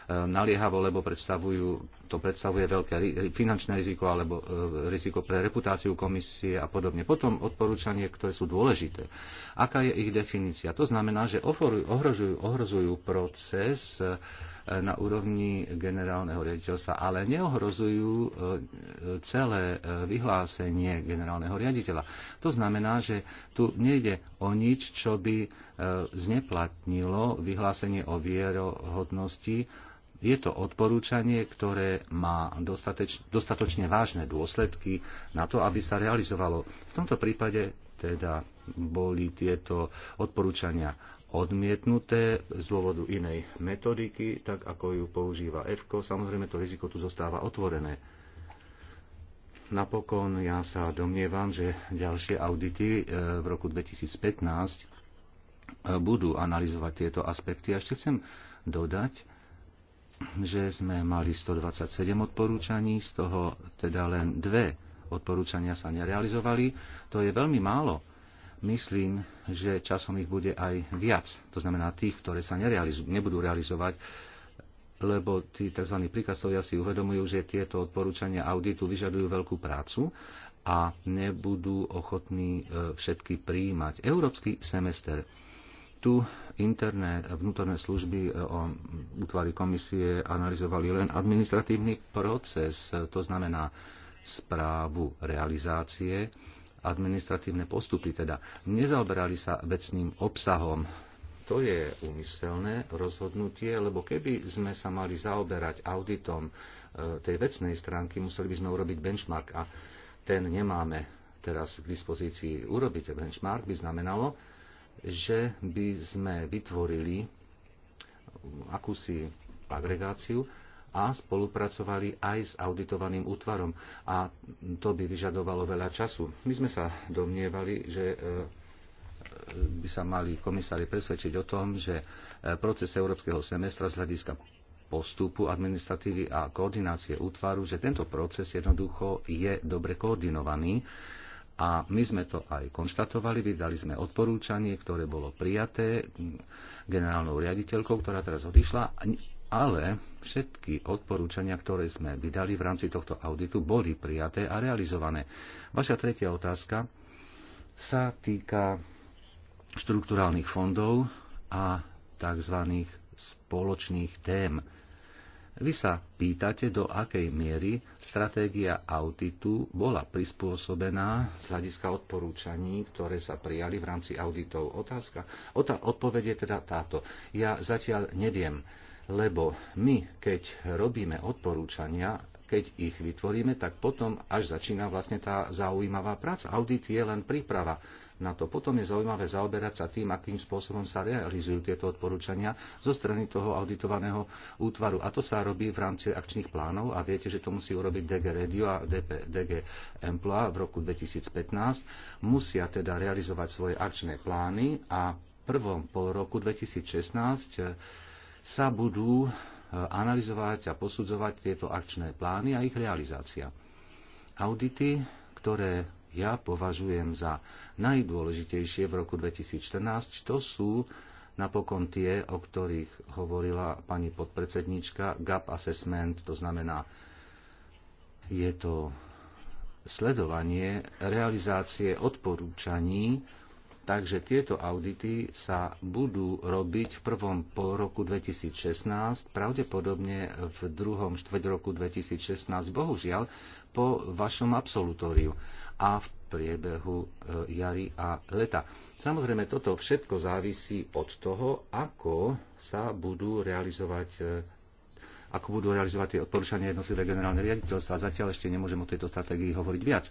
S3: naliehavo, lebo predstavujú, to predstavuje veľké finančné riziko alebo e, riziko pre reputáciu komisie a podobne. Potom odporúčanie, ktoré sú dôležité. Aká je ich definícia? To znamená, že ohrozujú, ohrozujú proces e, na úrovni generálneho riaditeľstva, ale neohrozujú e, celé vyhlásenie generálneho riaditeľa. To znamená, že tu nejde o nič, čo by zneplatnilo vyhlásenie o vierohodnosti je to odporúčanie, ktoré má dostateč, dostatočne vážne dôsledky na to, aby sa realizovalo. V tomto prípade teda boli tieto odporúčania odmietnuté z dôvodu inej metodiky, tak ako ju používa EFKO. Samozrejme, to riziko tu zostáva otvorené. Napokon ja sa domnievam, že ďalšie audity e, v roku 2015 e, budú analyzovať tieto aspekty. A ešte chcem dodať, že sme mali 127 odporúčaní, z toho teda len dve odporúčania sa nerealizovali. To je veľmi málo. Myslím, že časom ich bude aj viac, to znamená tých, ktoré sa nerealizu- nebudú realizovať, lebo tí tzv. príkazovia si uvedomujú, že tieto odporúčania auditu vyžadujú veľkú prácu a nebudú ochotní e, všetky prijímať. Európsky semester. Tu interné vnútorné služby e, o útvary komisie analyzovali len administratívny proces, e, to znamená správu realizácie, administratívne postupy teda. Nezaoberali sa vecným obsahom. To je úmyselné rozhodnutie, lebo keby sme sa mali zaoberať auditom e, tej vecnej stránky, museli by sme urobiť benchmark a ten nemáme teraz k dispozícii. Urobiť benchmark by znamenalo, že by sme vytvorili akúsi agregáciu a spolupracovali aj s auditovaným útvarom. A to by vyžadovalo veľa času. My sme sa domnievali, že e, by sa mali komisári presvedčiť o tom, že e, proces európskeho semestra z hľadiska postupu administratívy a koordinácie útvaru, že tento proces jednoducho je dobre koordinovaný a my sme to aj konštatovali, vydali sme odporúčanie, ktoré bolo prijaté generálnou riaditeľkou, ktorá teraz odišla, ale všetky odporúčania, ktoré sme vydali v rámci tohto auditu, boli prijaté a realizované. Vaša tretia otázka sa týka štrukturálnych fondov a tzv. spoločných tém vy sa pýtate, do akej miery stratégia auditu bola prispôsobená z hľadiska odporúčaní, ktoré sa prijali v rámci auditov. Otázka, Ota, odpoveď je teda táto. Ja zatiaľ neviem, lebo my, keď robíme odporúčania, keď ich vytvoríme, tak potom až začína vlastne tá zaujímavá práca. Audit je len príprava na to. Potom je zaujímavé zaoberať sa tým, akým spôsobom sa realizujú tieto odporúčania zo strany toho auditovaného útvaru. A to sa robí v rámci akčných plánov a viete, že to musí urobiť DG Radio a DP, DG Emploa v roku 2015. Musia teda realizovať svoje akčné plány a v prvom pol roku 2016 eh, sa budú eh, analyzovať a posudzovať tieto akčné plány a ich realizácia. Audity, ktoré ja považujem za najdôležitejšie v roku 2014, to sú napokon tie, o ktorých hovorila pani podpredsednička, gap assessment, to znamená, je to sledovanie realizácie odporúčaní Takže tieto audity sa budú robiť v prvom pol roku 2016, pravdepodobne v druhom štvrť roku 2016, bohužiaľ, po vašom absolutóriu a v priebehu e, jary a leta. Samozrejme, toto všetko závisí od toho, ako sa budú realizovať e, ako budú realizovať tie odporúčania jednotlivé generálne riaditeľstva. Zatiaľ ešte nemôžem o tejto stratégii hovoriť viac.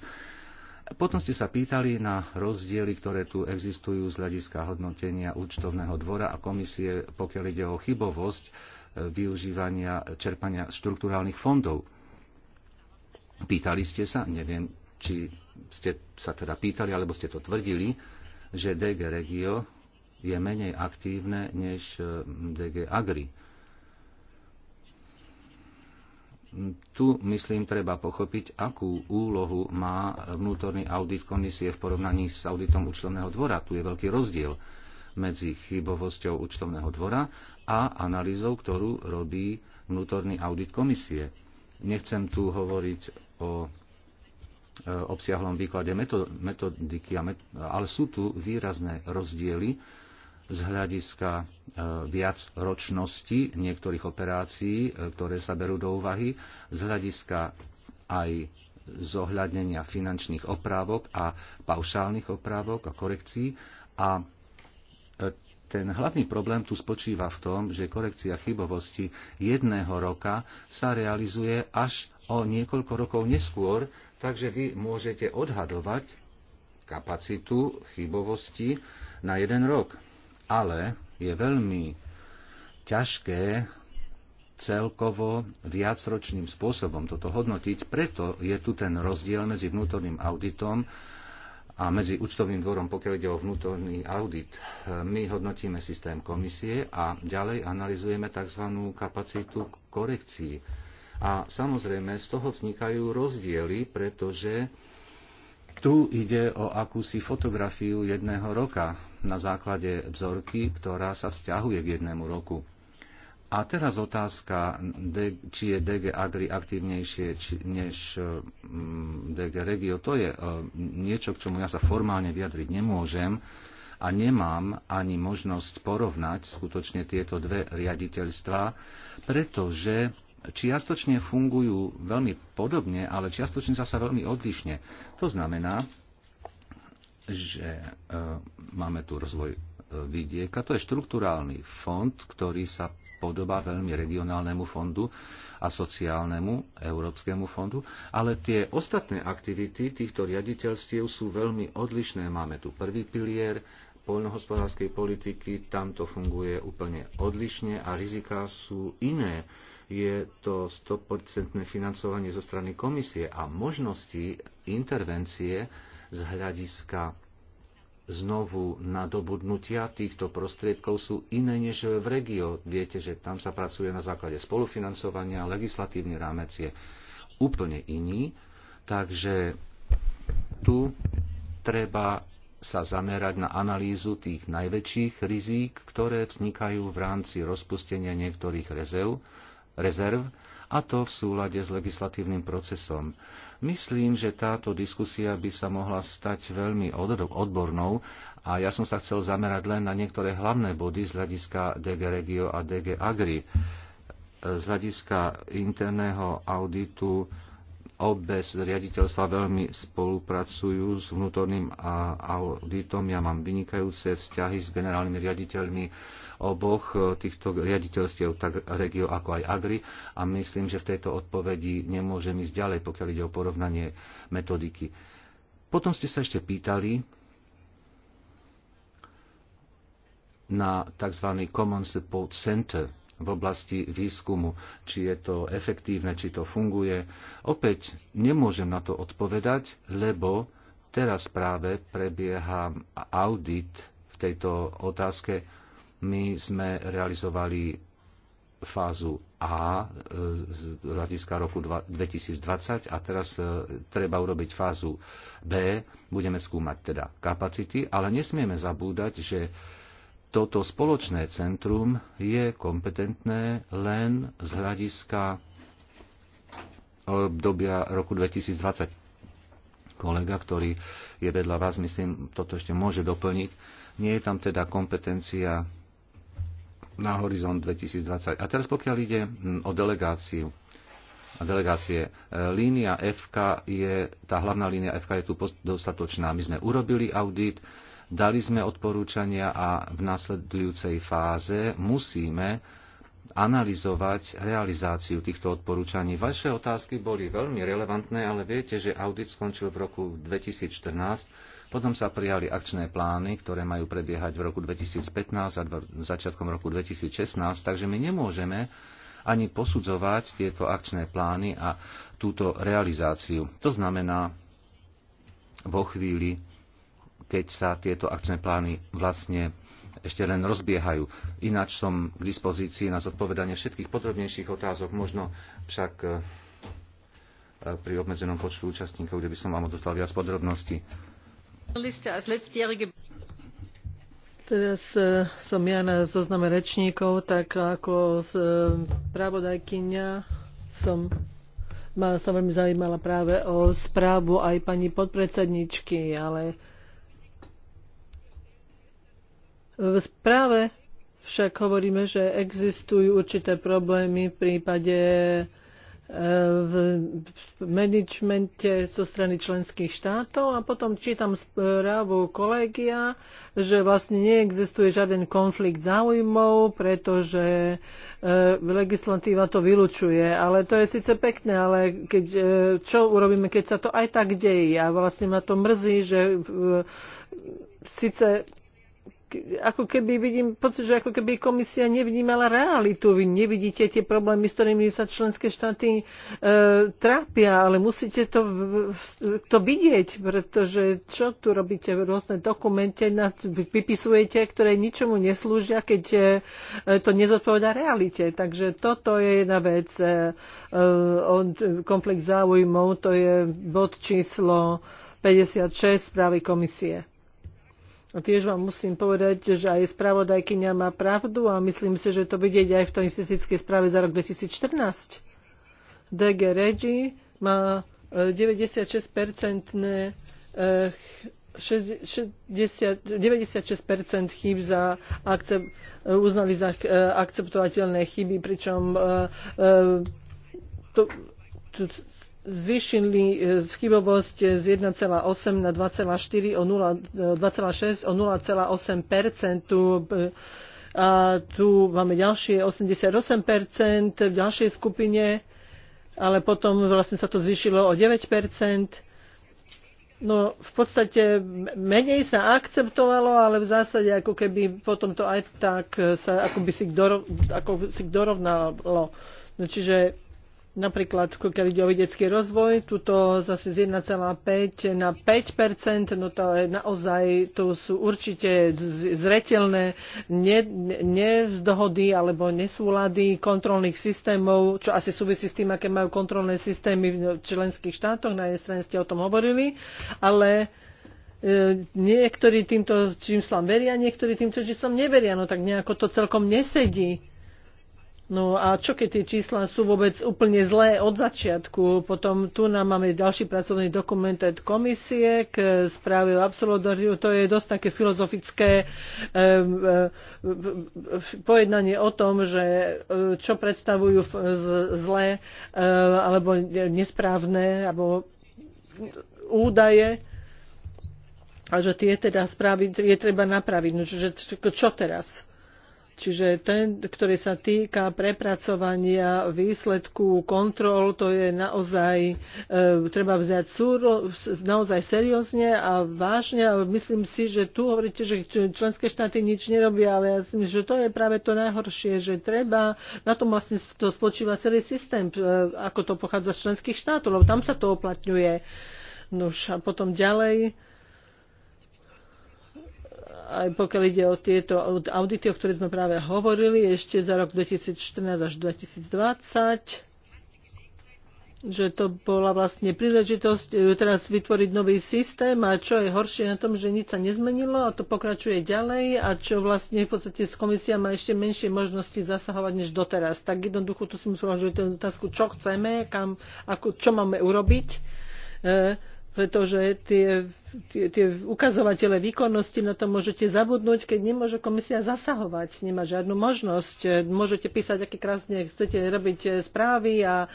S3: Potom ste sa pýtali na rozdiely, ktoré tu existujú z hľadiska hodnotenia účtovného dvora a komisie, pokiaľ ide o chybovosť e, využívania čerpania štruktúrálnych fondov. Pýtali ste sa, neviem, či ste sa teda pýtali, alebo ste to tvrdili, že DG Regio je menej aktívne než e, DG Agri tu, myslím, treba pochopiť, akú úlohu má vnútorný audit komisie v porovnaní s auditom účtovného dvora. Tu je veľký rozdiel medzi chybovosťou účtovného dvora a analýzou, ktorú robí vnútorný audit komisie. Nechcem tu hovoriť o e, obsiahlom výklade metodiky, ale sú tu výrazné rozdiely z hľadiska e, viac ročnosti niektorých operácií, e, ktoré sa berú do úvahy, z hľadiska aj zohľadnenia finančných oprávok a paušálnych oprávok a korekcií. A e, ten hlavný problém tu spočíva v tom, že korekcia chybovosti jedného roka sa realizuje až o niekoľko rokov neskôr, takže vy môžete odhadovať kapacitu chybovosti na jeden rok ale je veľmi ťažké celkovo viacročným spôsobom toto hodnotiť, preto je tu ten rozdiel medzi vnútorným auditom a medzi účtovným dvorom, pokiaľ ide o vnútorný audit. My hodnotíme systém komisie a ďalej analizujeme tzv. kapacitu korekcií. A samozrejme z toho vznikajú rozdiely, pretože tu ide o akúsi fotografiu jedného roka na základe vzorky, ktorá sa vzťahuje k jednému roku. A teraz otázka, či je DG Agri aktívnejšie než e, DG Regio. To je e, niečo, k čomu ja sa formálne vyjadriť nemôžem a nemám ani možnosť porovnať skutočne tieto dve riaditeľstva, pretože čiastočne fungujú veľmi podobne, ale čiastočne zasa veľmi odlišne. To znamená, že e, máme tu rozvoj e, vidieka. To je štruktúrálny fond, ktorý sa podobá veľmi regionálnemu fondu a sociálnemu európskemu fondu, ale tie ostatné aktivity týchto riaditeľstiev sú veľmi odlišné. Máme tu prvý pilier poľnohospodárskej politiky, tam to funguje úplne odlišne a riziká sú iné je to 100% financovanie zo strany komisie a možnosti intervencie z hľadiska znovu nadobudnutia týchto prostriedkov sú iné než v regio. Viete, že tam sa pracuje na základe spolufinancovania, legislatívny rámec je úplne iný, takže tu treba sa zamerať na analýzu tých najväčších rizík, ktoré vznikajú v rámci rozpustenia niektorých rezerv rezerv, a to v súlade s legislatívnym procesom. Myslím, že táto diskusia by sa mohla stať veľmi odbornou a ja som sa chcel zamerať len na niektoré hlavné body z hľadiska DG Regio a DG Agri. Z hľadiska interného auditu obe z riaditeľstva veľmi spolupracujú s vnútorným auditom. Ja mám vynikajúce vzťahy s generálnymi riaditeľmi oboch týchto riaditeľstiev, tak regio ako aj agri. A myslím, že v tejto odpovedi nemôžem ísť ďalej, pokiaľ ide o porovnanie metodiky. Potom ste sa ešte pýtali na tzv. Common Support Center v oblasti výskumu, či je to efektívne, či to funguje. Opäť nemôžem na to odpovedať, lebo teraz práve prebieha audit v tejto otázke. My sme realizovali fázu A e, z hľadiska roku 2020 a teraz e, treba urobiť fázu B. Budeme skúmať teda kapacity, ale nesmieme zabúdať, že toto spoločné centrum je kompetentné len z hľadiska eh, obdobia roku 2020. Kolega, ktorý je vedľa vás, myslím, toto ešte môže doplniť. Nie je tam teda kompetencia na horizont 2020. A teraz pokiaľ ide hm, o delegáciu, a delegácie. Eh, línia FK je, tá hlavná línia FK je tu dostatočná. My sme urobili audit, Dali sme odporúčania a v nasledujúcej fáze musíme analyzovať realizáciu týchto odporúčaní. Vaše otázky boli veľmi relevantné, ale viete, že audit skončil v roku 2014, potom sa prijali akčné plány, ktoré majú prebiehať v roku 2015 a začiatkom roku 2016, takže my nemôžeme ani posudzovať tieto akčné plány a túto realizáciu. To znamená, vo chvíli, keď sa tieto akčné plány vlastne ešte len rozbiehajú. Ináč som k dispozícii na zodpovedanie všetkých podrobnejších otázok, možno však e, e, pri obmedzenom počtu účastníkov, kde by som vám odozdal viac podrobností.
S1: Teraz e, som ja na zozname rečníkov, tak ako pravodajkyňa som ma sa veľmi zaujímala práve o správu aj pani podpredsedničky, ale v správe však hovoríme, že existujú určité problémy v prípade e, v manažmente zo strany členských štátov a potom čítam správu kolegia, že vlastne neexistuje žiaden konflikt záujmov, pretože e, legislatíva to vylučuje. Ale to je síce pekné, ale keď, e, čo urobíme, keď sa to aj tak deje? A vlastne ma to mrzí, že síce ako keby vidím pocit, že ako keby komisia nevnímala realitu. Vy nevidíte tie problémy, s ktorými sa členské štáty e, trápia, ale musíte to, to vidieť, pretože čo tu robíte v rôzne dokumente, nad, vypisujete, ktoré ničomu neslúžia, keď e, to nezodpovedá realite. Takže toto je jedna vec. E, e, konflikt záujmov, to je bod číslo 56 správy komisie. A tiež vám musím povedať, že aj spravodajkyňa má pravdu a myslím si, že to vidieť aj v tej statistickej správe za rok 2014. DG Regi má 96-percentné 60, 96 chýb za e, uznali za e, akceptovateľné chyby, pričom e, to, to, zvyšili e, chybovosť e, z 1,8 na 2,4 o 2,6 e, o 0,8 a tu máme ďalšie 88 v ďalšej skupine, ale potom vlastne sa to zvýšilo o 9 No v podstate menej sa akceptovalo, ale v zásade ako keby potom to aj tak sa ako by si, dorov, ako si dorovnalo. No, čiže napríklad keď ide o vedecký rozvoj, tuto zase z 1,5 na 5 no to je naozaj, to sú určite zretelné nezdohody ne, ne alebo nesúlady kontrolných systémov, čo asi súvisí s tým, aké majú kontrolné systémy v členských štátoch, na jednej strane ste o tom hovorili, ale e, niektorí týmto číslam veria, niektorí týmto číslam neveria, no tak nejako to celkom nesedí No a čo keď tie čísla sú vôbec úplne zlé od začiatku? Potom tu nám máme ďalší pracovný dokument od komisie k správe o absolutóriu. To je dosť také filozofické eh, eh, eh, pojednanie o tom, že čo predstavujú zlé alebo nesprávne alebo údaje a že tie teda správy je treba napraviť. No, čiže čo teraz? Čiže ten, ktorý sa týka prepracovania výsledku kontrol, to je naozaj, e, treba vziať súro, naozaj seriózne a vážne. A myslím si, že tu hovoríte, že členské štáty nič nerobia, ale ja si myslím, že to je práve to najhoršie, že treba, na tom vlastne to spočíva celý systém, e, ako to pochádza z členských štátov, lebo tam sa to oplatňuje. No a potom ďalej. E, aj pokiaľ ide o tieto audity, o ktorých sme práve hovorili, ešte za rok 2014 až 2020 že to bola vlastne príležitosť eh, teraz vytvoriť nový systém a čo je horšie na tom, že nič sa nezmenilo a to pokračuje ďalej a čo vlastne v podstate komisia má ešte menšie možnosti zasahovať než doteraz. Tak jednoducho tu si musím položiť otázku, čo chceme, kam, ako, čo máme urobiť. E, pretože tie, tie, tie ukazovatele výkonnosti na to môžete zabudnúť, keď nemôže komisia zasahovať, nemá žiadnu možnosť. Môžete písať, aké krásne chcete robiť správy a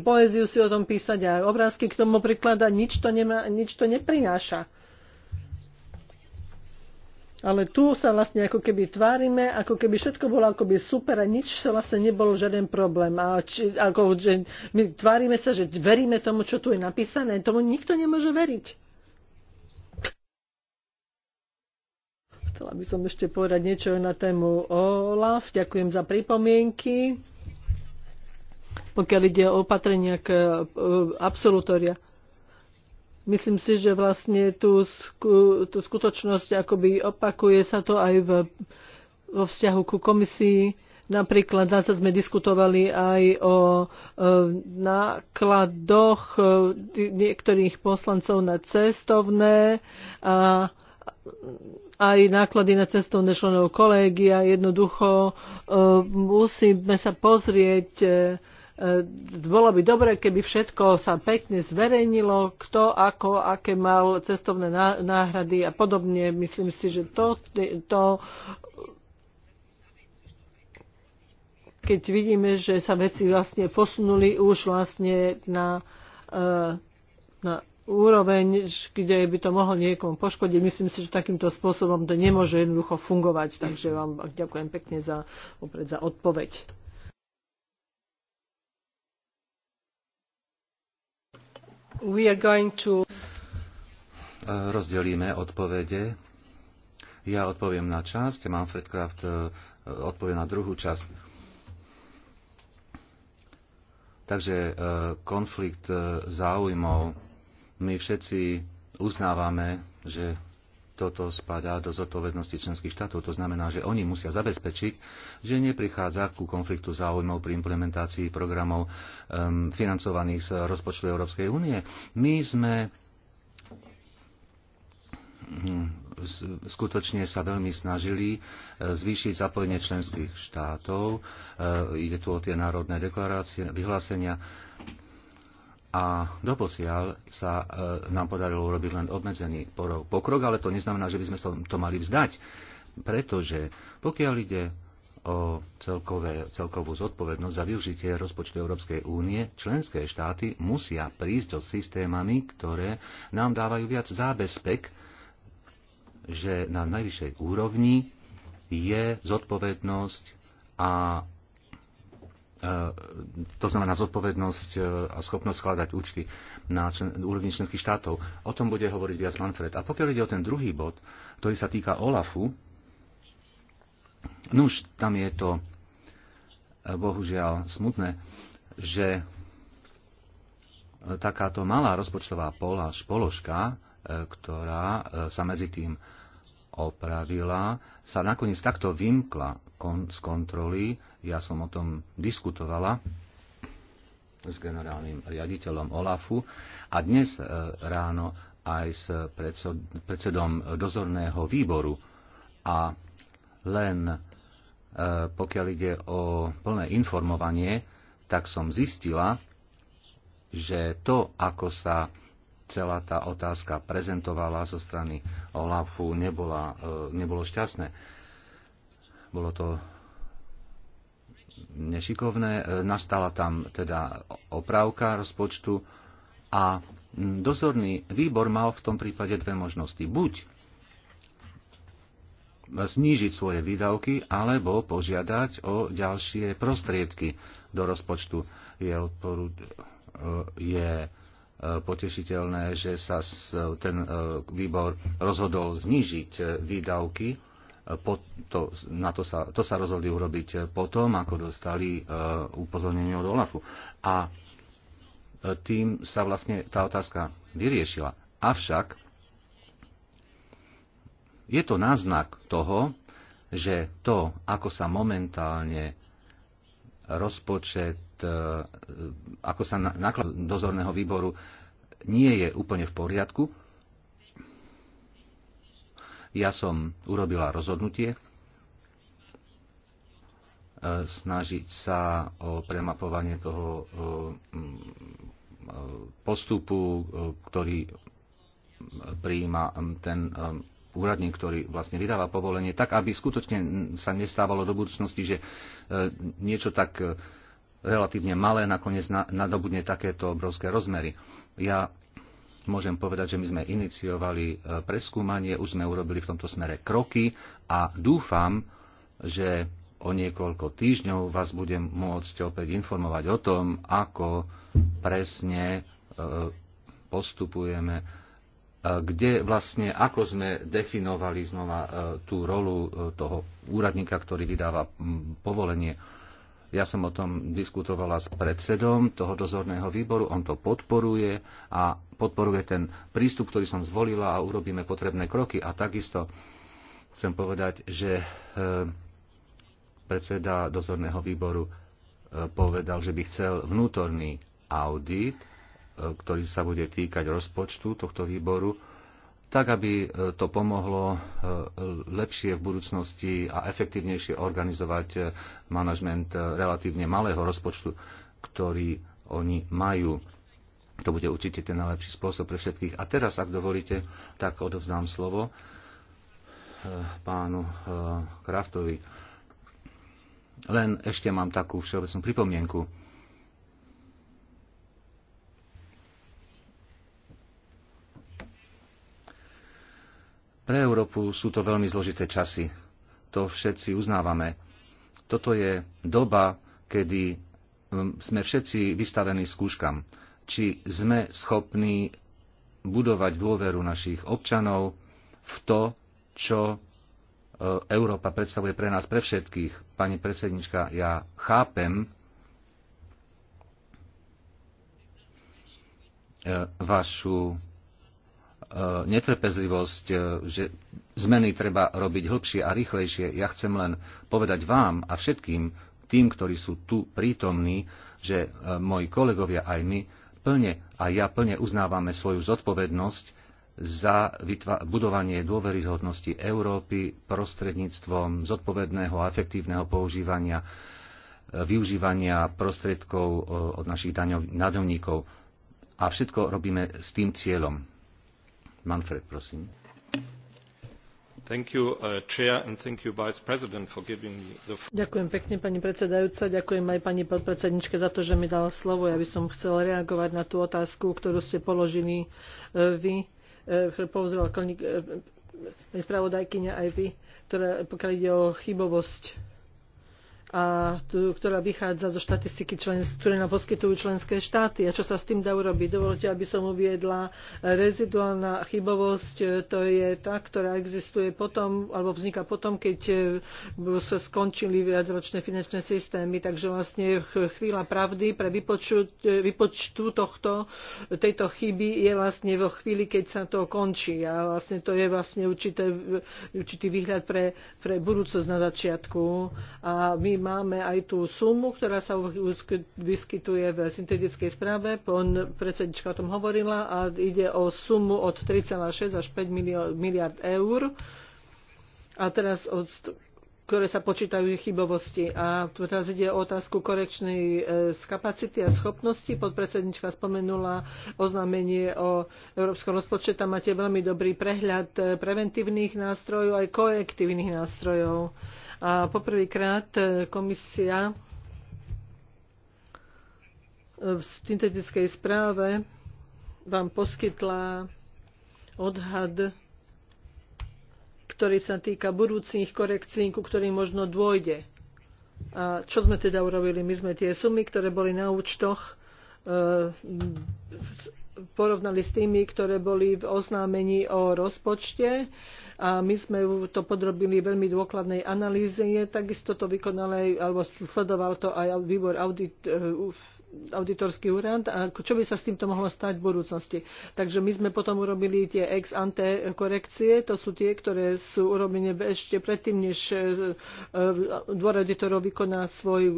S1: poéziu si o tom písať a obrázky k tomu prikladať, nič to, nemá, nič to neprináša. Ale tu sa vlastne ako keby tvárime, ako keby všetko bolo ako by super a nič sa vlastne nebolo žiaden problém. A či, ako, že my tvárime sa, že veríme tomu, čo tu je napísané. Tomu nikto nemôže veriť. Chcela by som ešte povedať niečo na tému OLAF. Ďakujem za pripomienky. Pokiaľ ide o opatrenia k e, absolutória. Myslím si, že vlastne tú, tú skutočnosť akoby opakuje sa to aj v, vo vzťahu ku komisii. Napríklad zase sme diskutovali aj o e, nákladoch e, niektorých poslancov na cestovné a aj náklady na cestovné členov kolégia. Jednoducho e, musíme sa pozrieť e, E, bolo by dobre, keby všetko sa pekne zverejnilo, kto ako, aké mal cestovné náhrady a podobne. Myslím si, že to, to keď vidíme, že sa veci vlastne posunuli už vlastne na, e, na úroveň, kde by to mohlo niekomu poškodiť. Myslím si, že takýmto spôsobom to nemôže jednoducho fungovať. Takže vám ďakujem pekne za, opred, za odpoveď. E,
S3: rozdelíme odpovede. Ja odpoviem na časť, Manfred Kraft e, odpovie na druhú časť. Takže e, konflikt záujmov. My všetci uznávame, že toto spadá do zodpovednosti členských štátov. To znamená, že oni musia zabezpečiť, že neprichádza ku konfliktu záujmov pri implementácii programov um, financovaných z rozpočtu Európskej únie. My sme hm, skutočne sa veľmi snažili e, zvýšiť zapojenie členských štátov. E, ide tu o tie národné deklarácie, vyhlásenia a doposiaľ sa e, nám podarilo urobiť len obmedzený pokrok, ale to neznamená, že by sme to mali vzdať, pretože pokiaľ ide o celkové, celkovú zodpovednosť za využitie rozpočtu Európskej únie, členské štáty musia prísť so systémami, ktoré nám dávajú viac zábezpek, že na najvyššej úrovni je zodpovednosť a E, to znamená zodpovednosť e, a schopnosť skladať účty na člen, úrovni členských štátov. O tom bude hovoriť viac Manfred. A pokiaľ ide o ten druhý bod, ktorý sa týka OLAFu, už tam je to e, bohužiaľ smutné, že takáto malá rozpočtová polož, položka, ktorá sa medzi tým opravila, sa nakoniec takto vymkla kon- z kontroly. Ja som o tom diskutovala s generálnym riaditeľom OLAFu a dnes e, ráno aj s predsedom dozorného výboru. A len e, pokiaľ ide o plné informovanie, tak som zistila, že to, ako sa celá tá otázka prezentovala zo strany OLAFu, nebola, e, nebolo šťastné bolo to nešikovné, e, nastala tam teda oprávka rozpočtu a dozorný výbor mal v tom prípade dve možnosti. Buď znížiť svoje výdavky alebo požiadať o ďalšie prostriedky do rozpočtu. Je, odporu, e, je e, potešiteľné, že sa ten výbor rozhodol znížiť výdavky to, na to, sa, to sa rozhodli urobiť eh, potom, ako dostali eh, upozornenie od OLAFu. A eh, tým sa vlastne tá otázka vyriešila. Avšak je to náznak toho, že to, ako sa momentálne rozpočet, ako sa naklad dozorného výboru nie je úplne v poriadku ja som urobila rozhodnutie e, snažiť sa o premapovanie toho e, e, postupu, ktorý prijíma ten úradník, ktorý vlastne vydáva povolenie, tak aby skutočne sa nestávalo do budúcnosti, že niečo tak relatívne malé nakoniec nadobudne takéto obrovské rozmery. Ja môžem povedať, že my sme iniciovali e, preskúmanie, už sme urobili v tomto smere kroky a dúfam, že o niekoľko týždňov vás budem môcť opäť informovať o tom, ako presne e, postupujeme, e, kde vlastne, ako sme definovali znova tú rolu toho úradníka, ktorý vydáva povolenie ja som o tom diskutovala s predsedom toho dozorného výboru, on to podporuje a podporuje ten prístup, ktorý som zvolila a urobíme potrebné kroky. A takisto chcem povedať, že e, predseda dozorného výboru e, povedal, že by chcel vnútorný audit, e, ktorý sa bude týkať rozpočtu tohto výboru tak aby e, to pomohlo e, lepšie v budúcnosti a efektívnejšie organizovať e, manažment relatívne malého rozpočtu, ktorý oni majú. To bude určite ten najlepší spôsob pre všetkých. A teraz, ak dovolíte, tak odovzdám slovo pánu Kraftovi. Len ešte mám takú všeobecnú pripomienku Pre Európu sú to veľmi zložité časy. To všetci uznávame. Toto je doba, kedy mm, sme všetci vystavení skúškam, či sme schopní budovať dôveru našich občanov v to, čo e, Európa predstavuje pre nás, pre všetkých. Pani predsednička, ja chápem e, vašu E, netrpezlivosť, e, že zmeny treba robiť hĺbšie a rýchlejšie. Ja chcem len povedať vám a všetkým tým, ktorí sú tu prítomní, že e, moji kolegovia aj my plne a ja plne uznávame svoju zodpovednosť za budovanie dôveryhodnosti Európy prostredníctvom zodpovedného a efektívneho používania využívania prostriedkov od našich daňovníkov. A všetko robíme s tým cieľom. Manfred, prosím. Uh,
S1: Ďakujem pekne, pani predsedajúca. Ďakujem aj pani podpredsedničke za to, že mi dala slovo. Ja by som chcela reagovať na tú otázku, ktorú ste položili uh, vy, uh, pani spravodajkyňa aj vy, ktorá, pokiaľ ide o chybovosť a tu, ktorá vychádza zo štatistiky, člens, ktoré nám poskytujú členské štáty. A čo sa s tým dá urobiť? Dovolte, aby som uviedla reziduálna chybovosť. To je tá, ktorá existuje potom, alebo vzniká potom, keď e, sa skončili viacročné finančné systémy. Takže vlastne chvíľa pravdy pre e, vypočtu tohto, tejto chyby je vlastne vo chvíli, keď sa to končí. A vlastne to je vlastne určité, určitý výhľad pre, pre budúcnosť na začiatku. A my máme aj tú sumu, ktorá sa vyskytuje v syntetickej správe. Pán predsednička o tom hovorila a ide o sumu od 3,6 až 5 miliard eur. A teraz od ktoré sa počítajú chybovosti. A tu teraz ide o otázku korekčnej e, z kapacity a schopnosti. Podpredsednička spomenula oznámenie o európskom rozpočte. Tam máte veľmi dobrý prehľad e, preventívnych nástrojov aj korektívnych nástrojov. A poprvýkrát e, komisia e, v syntetickej správe vám poskytla odhad, ktorý sa týka budúcich korekcií, ku ktorým možno dôjde. A čo sme teda urobili? My sme tie sumy, ktoré boli na účtoch, e, porovnali s tými, ktoré boli v oznámení o rozpočte a my sme to podrobili veľmi dôkladnej analýze. Takisto to vykonal aj, alebo sledoval to aj výbor audit, e, auditorský úrad a čo by sa s týmto mohlo stať v budúcnosti. Takže my sme potom urobili tie ex ante korekcie, to sú tie, ktoré sú urobené ešte predtým, než e, e, dvor auditorov vykoná svoj,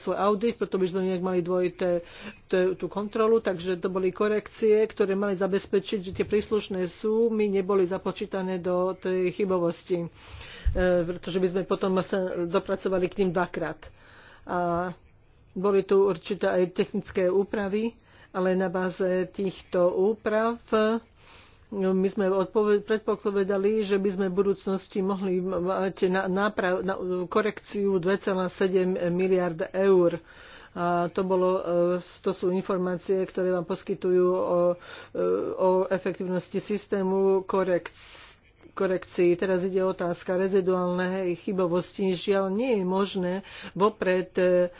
S1: svoj audit, preto by sme nejak mali dvojité tú kontrolu, takže to boli korekcie, ktoré mali zabezpečiť, že tie príslušné sú, my neboli započítané do tej chybovosti, e, pretože by sme potom sa dopracovali k ním dvakrát. A boli tu určité aj technické úpravy, ale na báze týchto úprav no, my sme predpokladali, že by sme v budúcnosti mohli mať na, náprav, na korekciu 2,7 miliard eur. A to, bolo, e, to sú informácie, ktoré vám poskytujú o, e, o efektivnosti systému korekcie korekcii. Teraz ide otázka reziduálnej chybovosti. Žiaľ, nie je možné vopred e,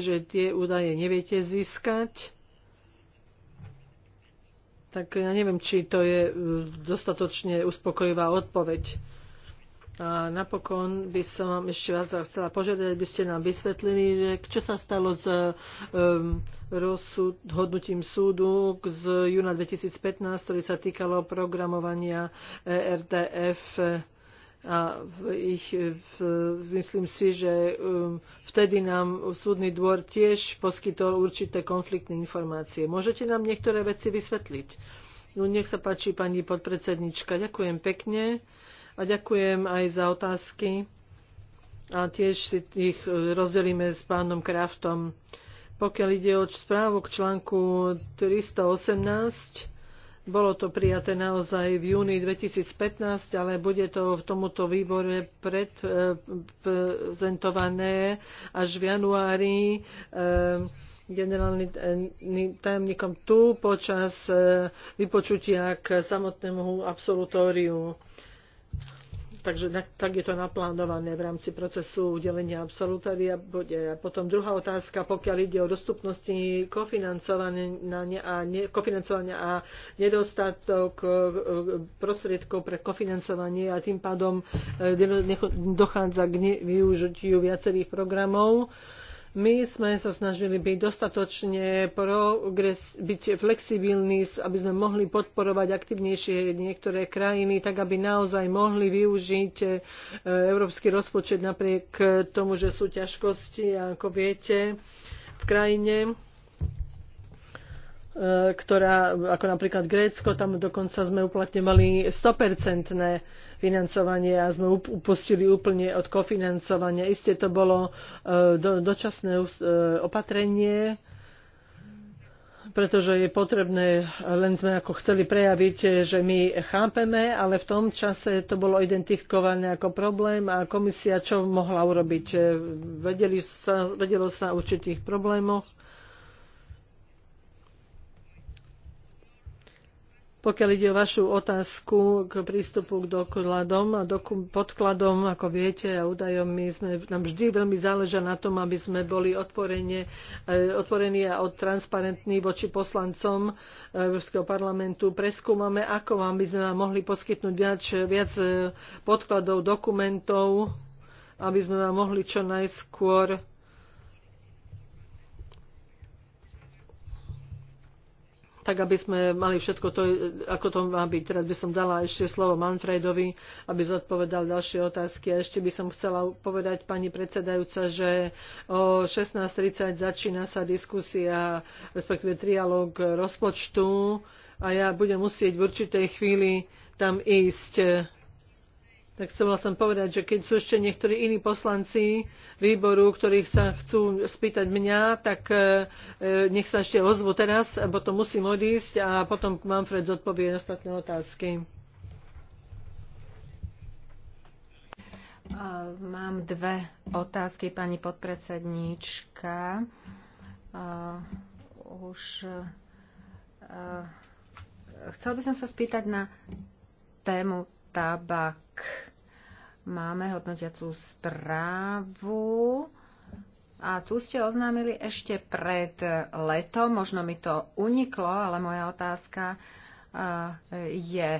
S1: že tie údaje neviete získať, tak ja neviem, či to je e, dostatočne uspokojivá odpoveď. A napokon by som vám ešte vás chcela požiadať, aby ste nám vysvetlili, čo sa stalo s um, e, rozhodnutím súdu z júna 2015, ktorý sa týkalo programovania e RDF a ich, myslím si, že um, vtedy nám súdny dvor tiež poskytol určité konfliktné informácie. Môžete nám niektoré veci vysvetliť? No, nech sa páči, pani podpredsednička. Ďakujem pekne a ďakujem aj za otázky. A tiež si ich e, rozdelíme s pánom Kraftom. Pokiaľ ide o správu k článku 318, bolo to prijaté naozaj v júni 2015, ale bude to v tomuto výbore e, prezentované až v januári e, generálnym e, tajomníkom tu počas vypočutia k samotnému absolutóriu takže tak je to naplánované v rámci procesu udelenia absolutória. A potom druhá otázka, pokiaľ ide o dostupnosti kofinancovania a, nedostatok e, prostriedkov pre kofinancovanie a tým pádom e, dochádza k využitiu viacerých programov. My sme sa snažili byť dostatočne byť flexibilní, aby sme mohli podporovať aktívnejšie niektoré krajiny, tak aby naozaj mohli využiť e, európsky rozpočet napriek tomu, že sú ťažkosti, ako viete, v krajine e, ktorá, ako napríklad Grécko, tam dokonca sme uplatňovali percentné financovanie a sme upustili úplne od kofinancovania. Isté to bolo e, do, dočasné e, opatrenie, pretože je potrebné, len sme ako chceli prejaviť, že my chápeme, ale v tom čase to bolo identifikované ako problém a komisia čo mohla urobiť? Vedeli sa, vedelo sa o určitých problémoch Pokiaľ ide o vašu otázku k prístupu k dokladom a doku- podkladom, ako viete, a údajom, my sme, nám vždy veľmi záleža na tom, aby sme boli e, otvorení a transparentní voči poslancom e, Európskeho parlamentu. Preskúmame, ako vám by sme vám mohli poskytnúť viac, viac e, podkladov, dokumentov, aby sme vám mohli čo najskôr tak aby sme mali všetko to, ako to má byť. Teraz by som dala ešte slovo Manfredovi, aby zodpovedal ďalšie otázky. A ešte by som chcela povedať pani predsedajúca, že o 16.30 začína sa diskusia, respektíve trialóg rozpočtu a ja budem musieť v určitej chvíli tam ísť tak chcela som povedať, že keď sú ešte niektorí iní poslanci výboru, ktorých sa chcú spýtať mňa, tak e, e, nech sa ešte ozvu teraz, potom musím odísť a potom Manfred zodpovie ostatné otázky.
S2: Mám dve otázky, pani podpredsedníčka. Už e, chcel by som sa spýtať na tému tabak. Máme hodnotiacú správu. A tu ste oznámili ešte pred letom, možno mi to uniklo, ale moja otázka je,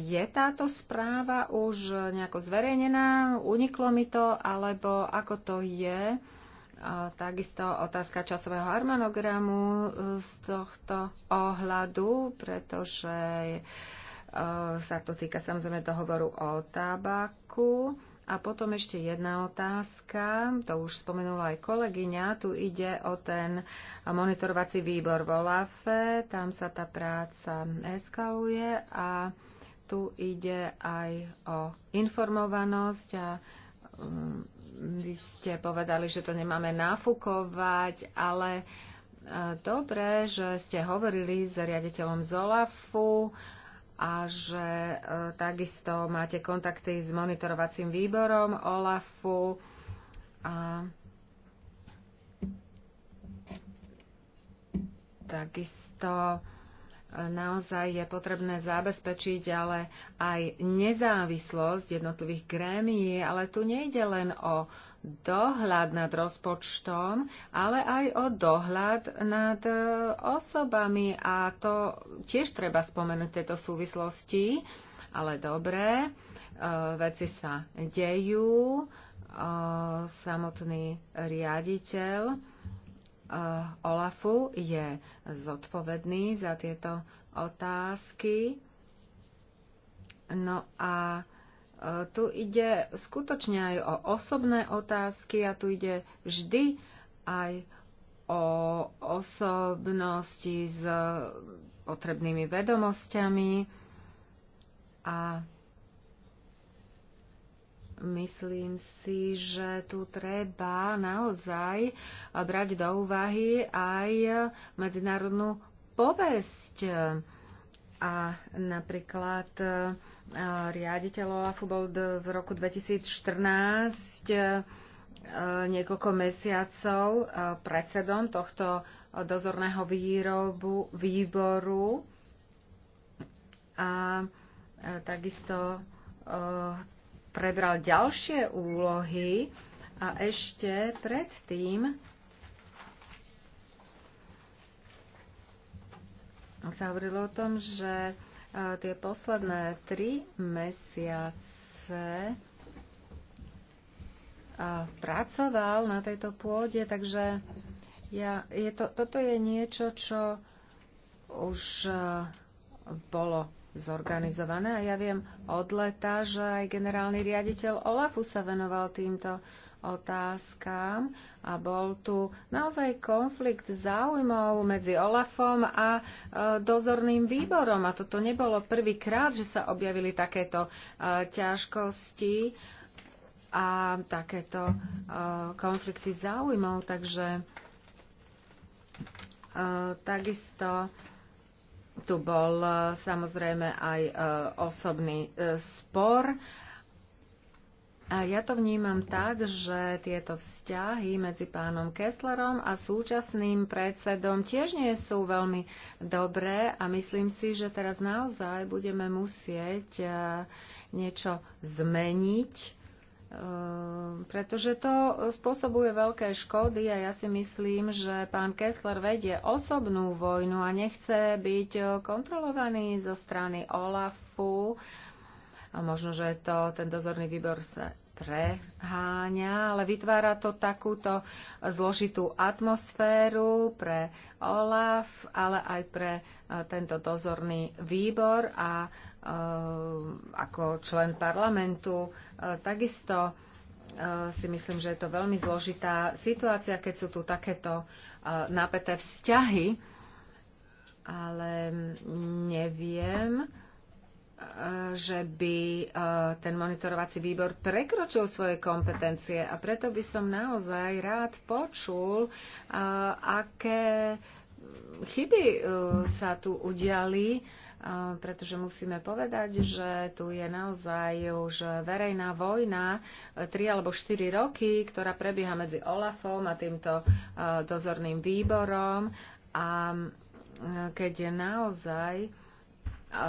S2: je táto správa už nejako zverejnená, uniklo mi to, alebo ako to je? Takisto otázka časového harmonogramu e, z tohto ohľadu, pretože Ehm, sa to týka samozrejme dohovoru o tabaku. A potom ešte jedna otázka, to už spomenula aj kolegyňa, tu ide o ten monitorovací výbor v OLAFE, tam sa tá práca eskaluje a tu ide aj o informovanosť a um, vy ste povedali, že to nemáme nafúkovať, ale uh, dobre, že ste hovorili s riaditeľom z OLAFu, uh, a že e, takisto máte kontakty s monitorovacím výborom OLAFu a takisto e, naozaj je potrebné zabezpečiť ale aj nezávislosť jednotlivých grémií, ale tu nejde len o dohľad nad rozpočtom, ale aj o dohľad nad e, osobami a to tiež treba spomenúť v tejto súvislosti, ale dobre, e, veci sa dejú, e, samotný riaditeľ Olafu je zodpovedný za tieto otázky. No a E, tu ide skutočne aj o osobné otázky a tu ide vždy aj o osobnosti s potrebnými vedomosťami a myslím si, že tu treba naozaj brať do úvahy aj medzinárodnú povesť a napríklad e, riaditeľ Olafu bol v roku 2014 e, niekoľko mesiacov e, predsedom tohto dozorného výrobu, výboru a takisto prebral ďalšie úlohy a ešte predtým sa hovorilo o tom, že e, tie posledné tri mesiace e, pracoval na tejto pôde, takže ja, je to, toto je niečo, čo už e, bolo zorganizované a ja viem od leta, že aj generálny riaditeľ Olafu sa venoval týmto otázkam a bol tu naozaj konflikt záujmov medzi OLAFom a e, dozorným výborom. A toto nebolo prvýkrát, že sa objavili takéto e, ťažkosti a takéto e, konflikty záujmov. Takže takisto tu bol samozrejme aj osobný spor a ja to vnímam tak, že tieto vzťahy medzi pánom Kesslerom a súčasným predsedom tiež nie sú veľmi dobré a myslím si, že teraz naozaj budeme musieť e, niečo zmeniť, e, pretože to spôsobuje veľké škody a ja si myslím, že pán Kessler vedie osobnú vojnu a nechce byť e, kontrolovaný zo strany Olafu a možno, že to ten dozorný výbor sa preháňa, ale vytvára to takúto zložitú atmosféru pre OLAF, ale aj pre e, tento dozorný výbor a e, ako člen parlamentu e, takisto e, si myslím, že je to veľmi zložitá situácia, keď sú tu takéto e, napäté vzťahy, ale neviem, že by eh, ten monitorovací výbor prekročil svoje kompetencie a preto by som naozaj rád počul, eh, aké chyby eh, sa tu udiali, pretože musíme povedať, že tu je naozaj už verejná vojna 3 alebo 4 roky, ktorá prebieha medzi OLAFom a týmto dozorným výborom a keď je naozaj Eh,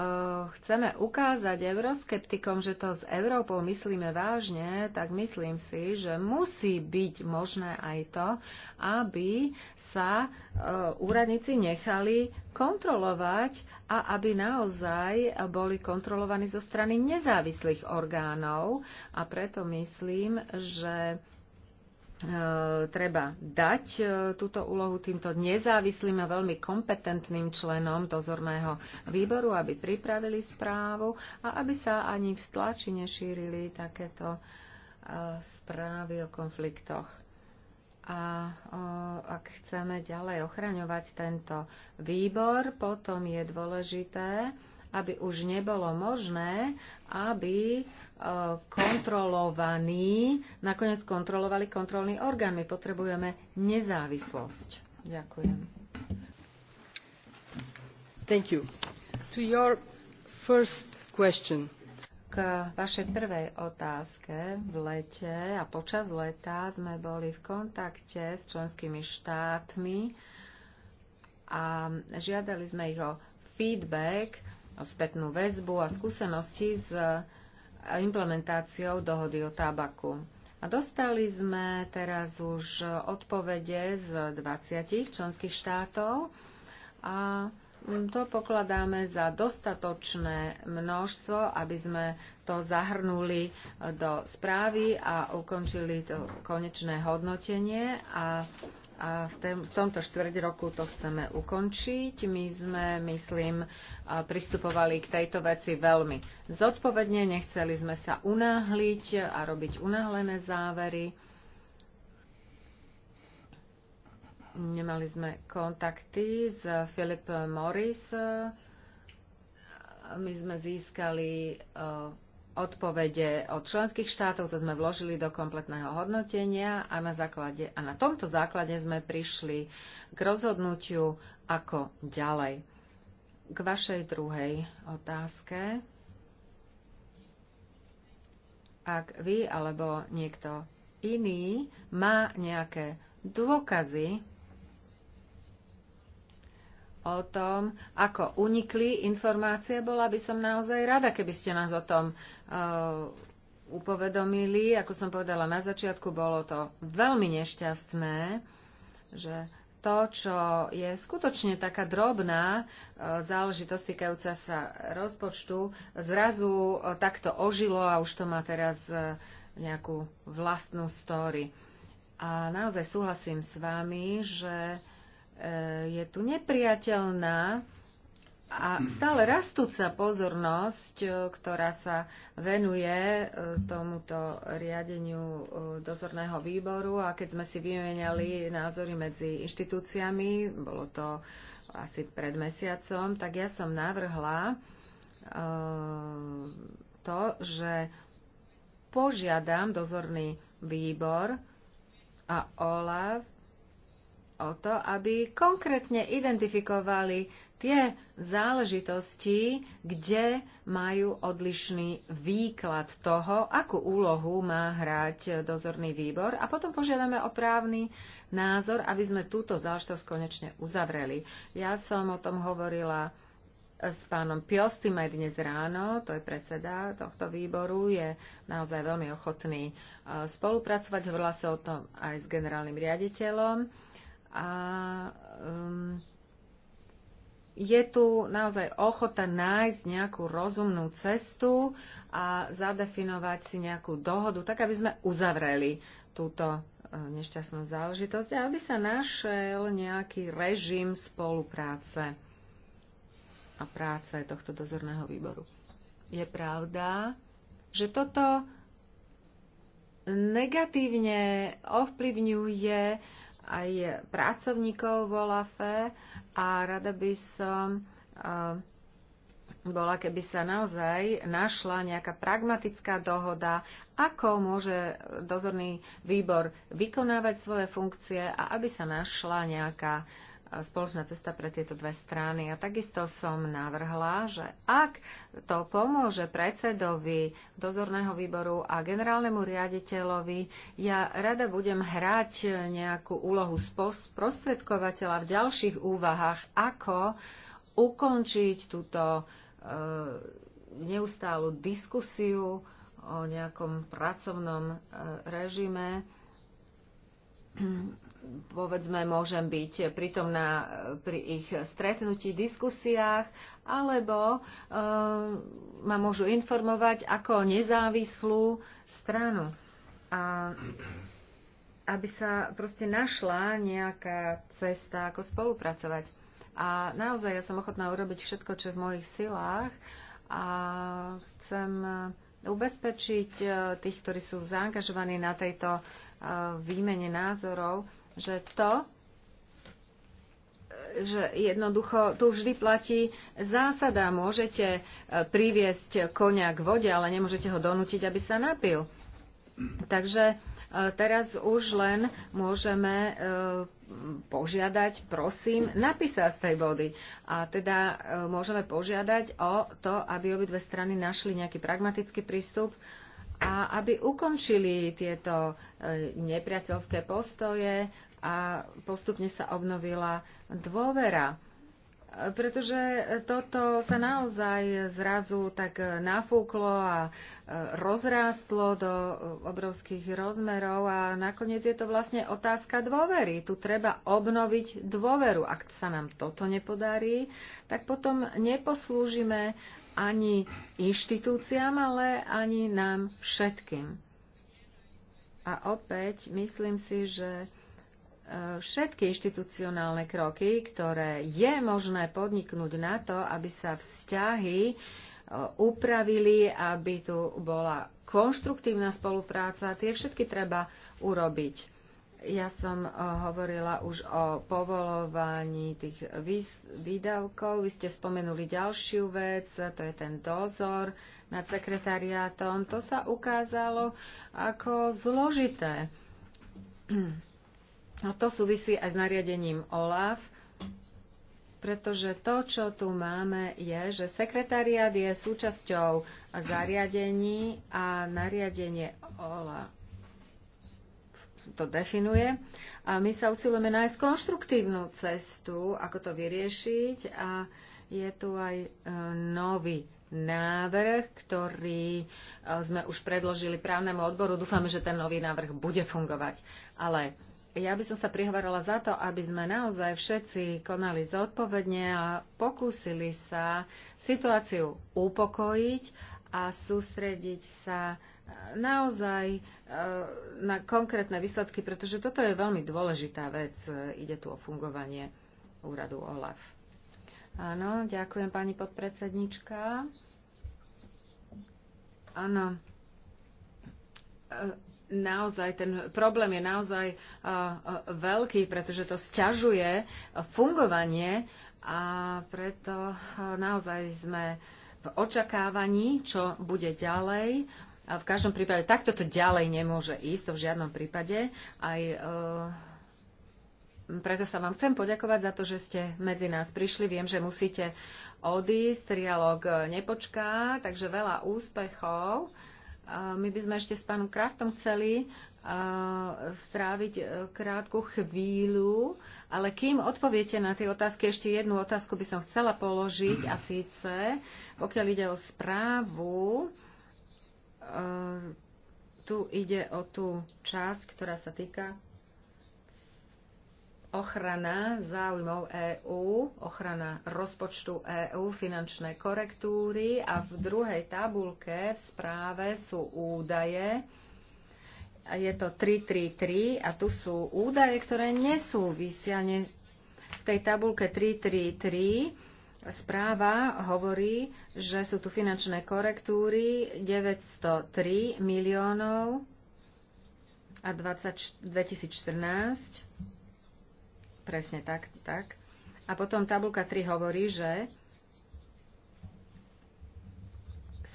S2: chceme ukázať euroskeptikom, že to s Európou myslíme vážne, tak myslím si, že musí byť možné aj to, aby sa eh, úradníci nechali kontrolovať a aby naozaj boli kontrolovaní zo strany nezávislých orgánov. A preto myslím, že E, treba dať e, túto úlohu týmto nezávislým a veľmi kompetentným členom dozorného výboru, aby pripravili správu a aby sa ani v tlači nešírili takéto e, správy o konfliktoch. A ak chceme ďalej ochraňovať tento výbor, potom je dôležité, aby už nebolo možné, aby kontrolovaní, nakoniec kontrolovali kontrolný orgán. My potrebujeme nezávislosť. Ďakujem. Thank you. To your first question. K vašej prvej otázke v lete a počas leta sme boli v kontakte s členskými štátmi a žiadali sme ich o feedback, o spätnú väzbu a skúsenosti z implementáciou dohody o tabaku. A dostali sme teraz už odpovede z 20 členských štátov a to pokladáme za dostatočné množstvo, aby sme to zahrnuli do správy a ukončili to konečné hodnotenie a a v, tém, v tomto štvrť roku to chceme ukončiť. My sme, myslím, pristupovali k tejto veci veľmi zodpovedne. Nechceli sme sa unáhliť a robiť unáhlené závery. Nemali sme kontakty s Philip Morris. My sme získali odpovede od členských štátov, to sme vložili do kompletného hodnotenia a na, základe, a na tomto základe sme prišli k rozhodnutiu, ako ďalej. K vašej druhej otázke. Ak vy alebo niekto iný má nejaké dôkazy, o tom, ako unikli informácie. Bola by som naozaj rada, keby ste nás o tom uh, upovedomili. Ako som povedala na začiatku, bolo to veľmi nešťastné, že to, čo je skutočne taká drobná uh, záležitosť týkajúca sa rozpočtu, zrazu uh, takto ožilo a už to má teraz uh, nejakú vlastnú story. A naozaj súhlasím s vami, že E, je tu nepriateľná a stále rastúca pozornosť, e, ktorá sa venuje e, tomuto riadeniu dozorného výboru. A keď sme si vymenali názory medzi inštitúciami, bolo to asi pred mesiacom, tak ja som navrhla to, že požiadam dozorný výbor a OLAV o to, aby konkrétne identifikovali tie záležitosti, kde majú odlišný výklad toho, akú úlohu má hrať dozorný výbor a potom požiadame o právny názor, aby sme túto záležitosť konečne uzavreli. Ja som o tom hovorila s pánom Piostým aj dnes ráno, to je predseda tohto výboru, je naozaj veľmi ochotný eh, spolupracovať. Hovorila sa o tom aj s generálnym riaditeľom a um, je tu naozaj ochota nájsť nejakú rozumnú cestu a zadefinovať si nejakú dohodu, tak aby sme uzavreli túto uh, nešťastnú záležitosť a aby sa našiel nejaký režim spolupráce a práce tohto dozorného výboru. Je pravda, že toto negatívne ovplyvňuje aj pracovníkov v OLAFe a rada by som bola, keby sa naozaj našla nejaká pragmatická dohoda, ako môže dozorný výbor vykonávať svoje funkcie a aby sa našla nejaká spoločná cesta pre tieto dve strany. A takisto som navrhla, že ak to pomôže predsedovi dozorného výboru a generálnemu riaditeľovi, ja rada budem hrať nejakú úlohu sprostredkovateľa v ďalších úvahách, ako ukončiť túto e, neustálu diskusiu o nejakom pracovnom e, režime povedzme, môžem byť pritomná pri ich stretnutí, diskusiách, alebo e, ma môžu informovať ako nezávislú stranu. A aby sa proste našla nejaká cesta, ako spolupracovať. A naozaj ja som ochotná urobiť všetko, čo je v mojich silách a chcem ubezpečiť eh, tých, ktorí sú zaangažovaní na tejto výmene názorov, že to, že jednoducho tu vždy platí zásada. Môžete e, priviesť konia k vode, ale nemôžete ho donútiť, aby sa napil. Takže e, teraz už len môžeme e, požiadať, prosím, napísať z tej vody. A teda môžeme požiadať o to, aby obidve strany našli nejaký pragmatický prístup a aby ukončili tieto e, nepriateľské postoje a postupne sa obnovila dôvera pretože toto sa naozaj zrazu tak nafúklo a e, rozrástlo do e, obrovských rozmerov a nakoniec je to vlastne otázka dôvery. Tu treba obnoviť dôveru. Ak sa nám toto nepodarí, tak potom neposlúžime ani inštitúciám, ale ani nám všetkým. A opäť myslím si, že všetky inštitucionálne kroky, ktoré je možné podniknúť na to, aby sa vzťahy e, upravili, aby tu bola konštruktívna spolupráca, tie všetky treba urobiť. Ja som e, hovorila už o povolovaní tých výdavkov. Vy ste spomenuli ďalšiu vec, to je ten dozor nad sekretariátom. To sa ukázalo ako zložité. A to súvisí aj s nariadením OLAF, pretože to, čo tu máme, je, že sekretariát je súčasťou zariadení a nariadenie OLAF to definuje. A my sa usilujeme nájsť konštruktívnu cestu, ako to vyriešiť a je tu aj e, nový návrh, ktorý e, sme už predložili právnemu odboru. Dúfame, že ten nový návrh bude fungovať. Ale ja by som sa prihovorila za to, aby sme naozaj všetci konali zodpovedne a pokúsili sa situáciu upokojiť a sústrediť sa e, naozaj e, na konkrétne výsledky, pretože toto je veľmi dôležitá vec. Ide tu o fungovanie úradu OLAF. Áno, ďakujem pani podpredsednička. Áno. E, naozaj, ten problém je naozaj veľký, pretože to sťažuje fungovanie a preto naozaj sme v očakávaní, čo bude ďalej. A v každom prípade takto to ďalej nemôže ísť, to v žiadnom prípade. Aj preto sa vám chcem poďakovať za to, že ste medzi nás prišli. Viem, že musíte odísť, trialog nepočká, takže veľa úspechov. My by sme ešte s pánom Kraftom chceli stráviť e, krátku chvíľu, ale kým odpoviete na tie otázky, ešte jednu otázku by som chcela položiť a síce, pokiaľ ide o správu, e, tu ide o tú časť, ktorá sa týka ochrana záujmov EÚ, ochrana rozpočtu EÚ, finančné korektúry a v druhej tabulke v správe sú údaje. Je to 333 a tu sú údaje, ktoré nesúvisia. V tej tabulke 333 správa hovorí, že sú tu finančné korektúry 903 miliónov a 20, 2014 Presne tak, tak. A potom tabulka 3 hovorí, že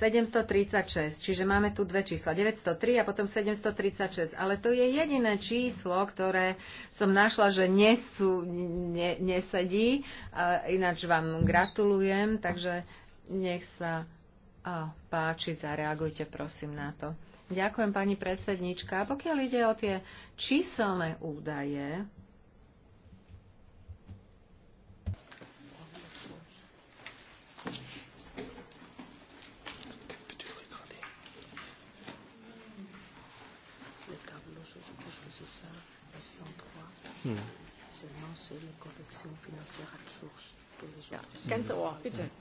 S2: 736, čiže máme tu dve čísla, 903 a potom 736, ale to je jediné číslo, ktoré som našla, že nesú, ne, nesedí, ináč vám gratulujem, takže nech sa páči, zareagujte prosím na to. Ďakujem pani predsednička. Pokiaľ ide o tie číselné údaje, Hm. Hm.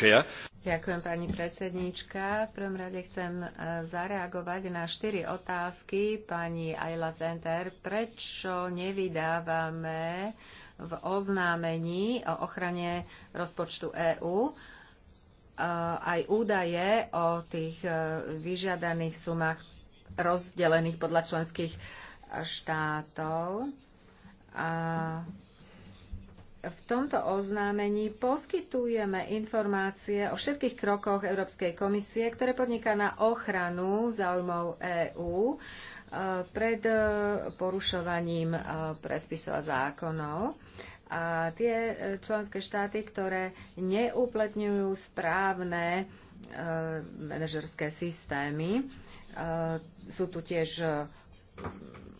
S2: Hm. Ďakujem pani predsedníčka. V prvom rade chcem eh, zareagovať na štyri otázky pani Ayla Center. Prečo nevydávame v oznámení o ochrane rozpočtu EÚ eh, aj údaje o tých eh, vyžiadaných sumách rozdelených podľa členských štátov. A v tomto oznámení poskytujeme informácie o všetkých krokoch Európskej komisie, ktoré podniká na ochranu záujmov EÚ e, pred e, porušovaním e, predpisov a zákonov. A tie členské štáty, ktoré neuplatňujú správne manažerské systémy, sú tu tiež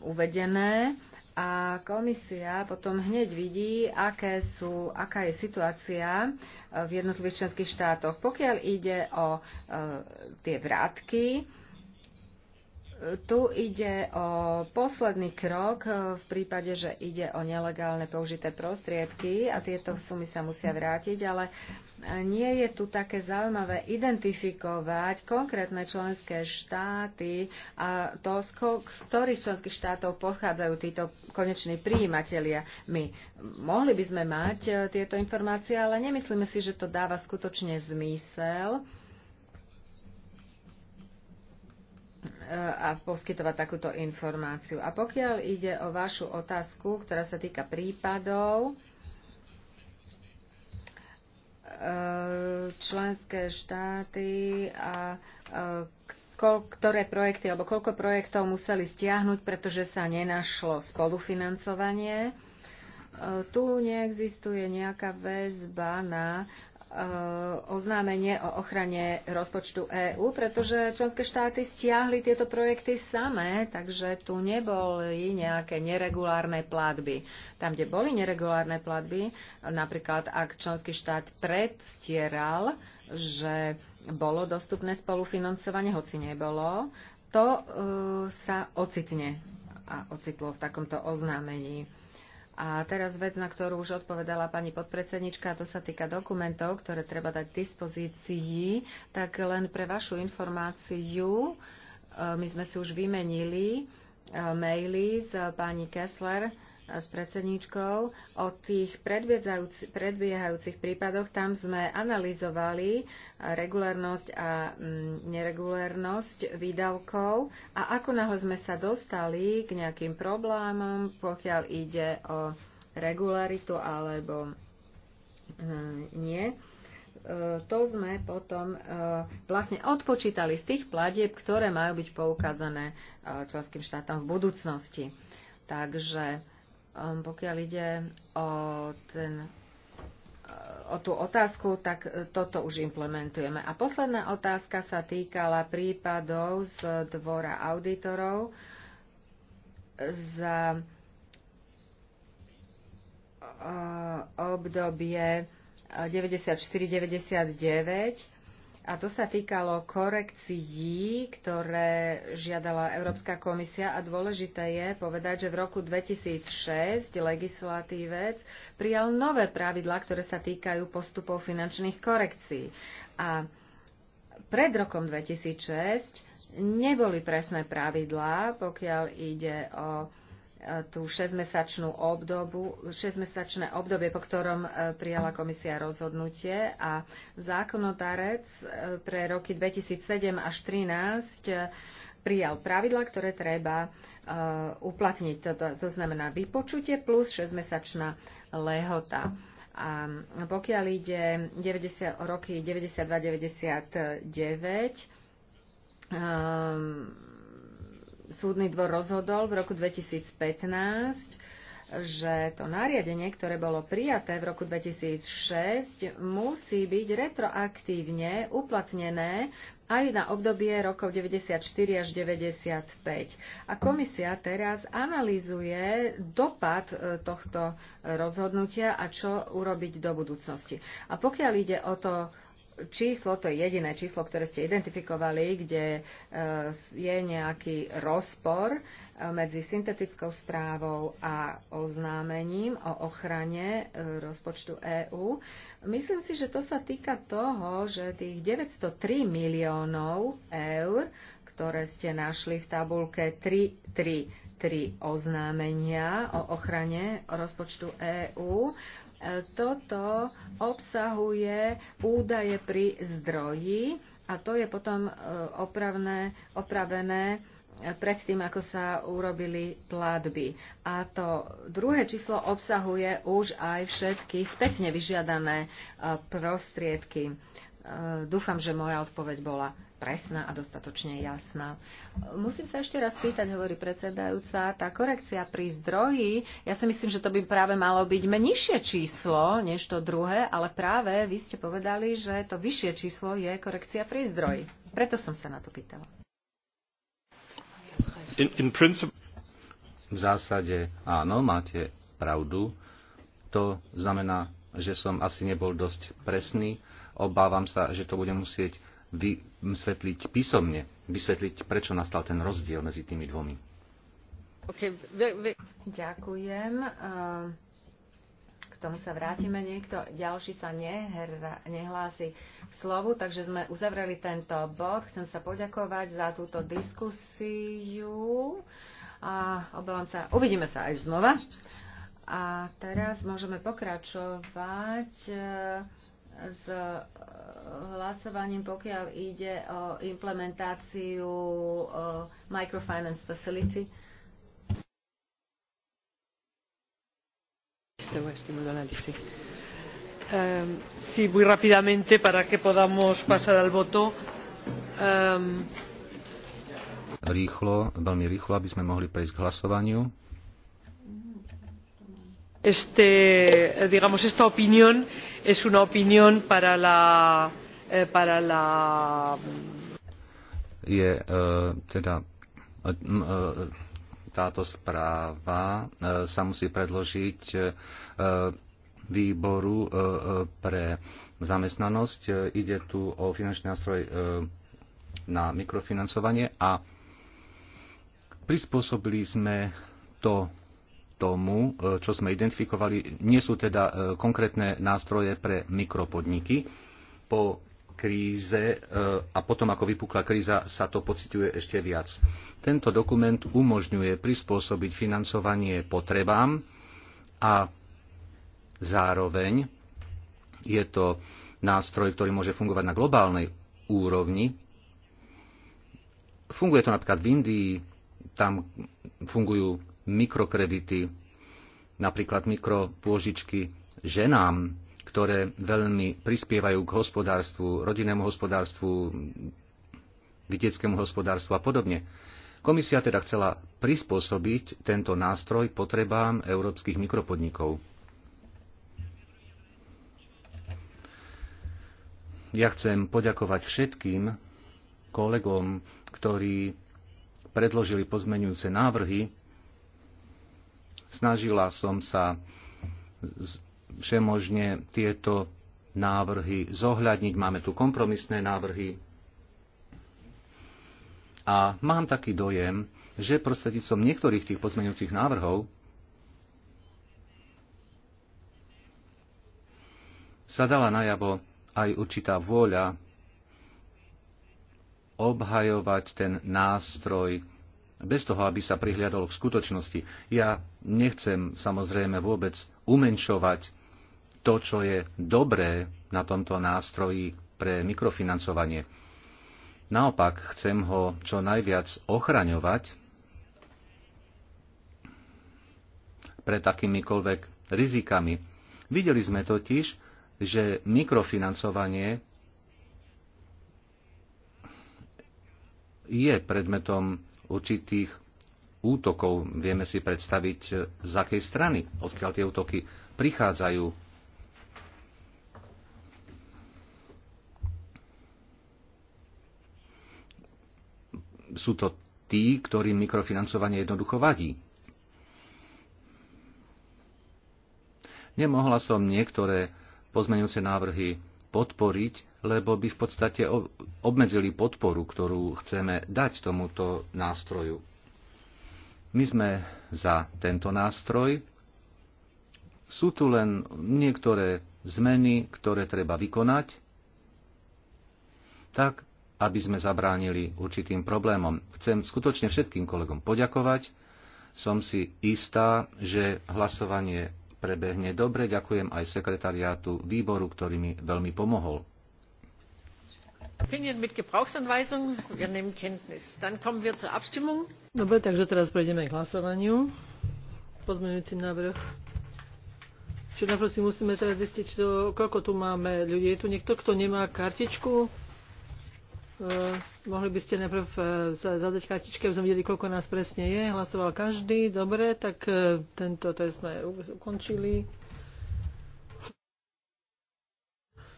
S2: uvedené a komisia potom hneď vidí, aké sú, aká je situácia eh, v jednotlivých členských štátoch. Pokiaľ ide o e, tie vrátky, tu ide o posledný krok e, v prípade, že ide o nelegálne použité prostriedky a tieto sumy sa musia vrátiť, ale e, nie je tu také zaujímavé identifikovať konkrétne členské štáty a to, z ktorých členských štátov pochádzajú títo koneční príjimatelia. My mohli by sme mať e, tieto informácie, ale nemyslíme si, že to dáva skutočne zmysel Eh, a poskytovať takúto informáciu. A pokiaľ ide o vašu otázku, ktorá sa týka prípadov, eh, členské štáty a eh, ktoré projekty alebo koľko projektov museli stiahnuť, pretože sa nenašlo spolufinancovanie. Tu neexistuje nejaká väzba na Eh, oznámenie o ochrane rozpočtu EÚ, pretože členské štáty stiahli tieto projekty samé, takže tu neboli nejaké neregulárne platby. Tam, kde boli neregulárne platby, napríklad ak členský štát predstieral, že bolo dostupné spolufinancovanie, hoci nebolo, to eh, sa ocitne a ocitlo v takomto oznámení. A teraz vec, na ktorú už odpovedala pani podpredsednička, to sa týka dokumentov, ktoré treba dať k dispozícii, tak len pre vašu informáciu, e, my sme si už vymenili e, maily z pani Kessler, s predsedníčkou o tých predbiehajúcich prípadoch. Tam sme analyzovali e, regulárnosť a mm, neregulárnosť výdavkov a ako náhle sme sa dostali k nejakým problémom, pokiaľ ide o regularitu alebo e, nie, e, to sme potom vlastne odpočítali z tých platieb, ktoré majú byť poukázané členským štátom v budúcnosti. Takže Um, pokiaľ ide o, ten, uh, o tú otázku, tak uh, toto už implementujeme. A posledná otázka sa týkala prípadov z dvora auditorov za uh, obdobie 94-99 a to sa týkalo korekcií, ktoré žiadala Európska komisia a dôležité je povedať, že v roku 2006 legislatívec prijal nové pravidlá, ktoré sa týkajú postupov finančných korekcií. A pred rokom 2006 neboli presné pravidlá, pokiaľ ide o tú šesťmesačnú obdobu, šesťmesačné obdobie, po ktorom e, prijala komisia rozhodnutie a zákonodarec e, pre roky 2007 až 2013 e, prijal pravidla, ktoré treba uplatniť. To, to, to znamená vypočutie plus šesťmesačná lehota. A pokiaľ ide 90, roky 92-99, um, súdny dvor rozhodol v roku 2015, že to nariadenie, ktoré bolo prijaté v roku 2006, musí byť retroaktívne uplatnené aj na obdobie rokov 94 až 95. A komisia teraz analýzuje dopad e, tohto e, rozhodnutia a čo urobiť do budúcnosti. A pokiaľ ide o to číslo, to je jediné číslo, ktoré ste identifikovali, kde eh, je nejaký rozpor eh, medzi syntetickou správou a oznámením o ochrane eh, rozpočtu EÚ. Myslím si, že to sa týka toho, že tých 903 miliónov eur, ktoré ste našli v tabulke 3.3, tri oznámenia o ochrane rozpočtu EÚ toto obsahuje údaje pri zdroji a to je potom e, opravné, opravené e, predtým, ako sa urobili platby. A to druhé číslo obsahuje už aj všetky spätne vyžiadané e, prostriedky. Dúfam, že moja odpoveď bola presná a dostatočne jasná. Musím sa ešte raz pýtať, hovorí predsedajúca, tá korekcia pri zdroji, ja si myslím, že to by práve malo byť nižšie číslo než to druhé, ale práve vy ste povedali, že to vyššie číslo je korekcia pri zdroji. Preto som sa na to pýtala.
S3: In, in princip- V zásade áno, máte pravdu. To znamená, že som asi nebol dosť presný. Obávam sa, že to budem musieť vysvetliť písomne, vysvetliť, prečo nastal ten rozdiel medzi tými dvomi.
S2: Okay. Ďakujem. Ehm, k tomu sa vrátime. Niekto ďalší sa nehra, nehlási k slovu, takže sme uzavreli tento bod. Chcem sa poďakovať za túto diskusiu a obávam sa, uvidíme sa aj znova. A teraz môžeme pokračovať ehm, s eh, hlasovaním, pokiaľ ide o implementáciu eh, Microfinance Facility.
S1: Sí, muy rápidamente para que podamos pasar al voto. Um...
S3: Rýchlo, veľmi rýchlo, aby sme mohli prejsť k hlasovaniu
S1: esta opinión es una opinión para la. Eh,
S3: je eh, teda eh, táto správa sa musí predložiť výboru pre zamestnanosť. Ide tu o finančný nástroj na mikrofinancovanie a prispôsobili sme to tomu, e, čo sme identifikovali, nie sú teda e, konkrétne nástroje pre mikropodniky. Po kríze e, a potom, ako vypukla kríza, sa to pociťuje ešte viac. Tento dokument umožňuje prispôsobiť financovanie potrebám a zároveň je to nástroj, ktorý môže fungovať na globálnej úrovni. Funguje to napríklad v Indii, tam fungujú mikrokredity, napríklad mikropôžičky ženám, ktoré veľmi prispievajú k hospodárstvu, rodinnému hospodárstvu, vidieckému hospodárstvu a podobne. Komisia teda chcela prispôsobiť tento nástroj potrebám európskych mikropodnikov. Ja chcem poďakovať všetkým kolegom, ktorí predložili pozmenujúce návrhy Snažila som sa všemožne tieto návrhy zohľadniť. Máme tu kompromisné návrhy. A mám taký dojem, že prostredníctvom niektorých tých pozmeňujúcich návrhov sa dala najavo aj určitá vôľa obhajovať ten nástroj bez toho, aby sa prihliadalo k skutočnosti. Ja nechcem samozrejme vôbec umenšovať to, čo je dobré na tomto nástroji pre mikrofinancovanie. Naopak, chcem ho čo najviac ochraňovať pre takýmikoľvek rizikami. Videli sme totiž, že mikrofinancovanie je predmetom určitých útokov. Vieme si predstaviť, e, z akej strany, odkiaľ tie útoky prichádzajú. Sú to tí, ktorým mikrofinancovanie jednoducho vadí. Nemohla som niektoré pozmeňujúce návrhy podporiť, lebo by v podstate obmedzili podporu, ktorú chceme dať tomuto nástroju. My sme za tento nástroj. Sú tu len niektoré zmeny, ktoré treba vykonať, tak, aby sme zabránili určitým problémom. Chcem skutočne všetkým kolegom poďakovať. Som si istá, že hlasovanie prebehne dobre. Ďakujem aj sekretariátu výboru, ktorý mi veľmi pomohol.
S1: Dobre, takže teraz prejdeme k hlasovaniu. Pozmeňujúci návrh. Čiže naprosto musíme teraz zistiť, to, koľko tu máme ľudí. Je tu niekto, kto nemá kartičku? Uh, mohli by ste najprv uh, zadať kartičke, aby sme videli, koľko nás presne je. Hlasoval každý. Dobre, tak uh, tento test sme ukončili.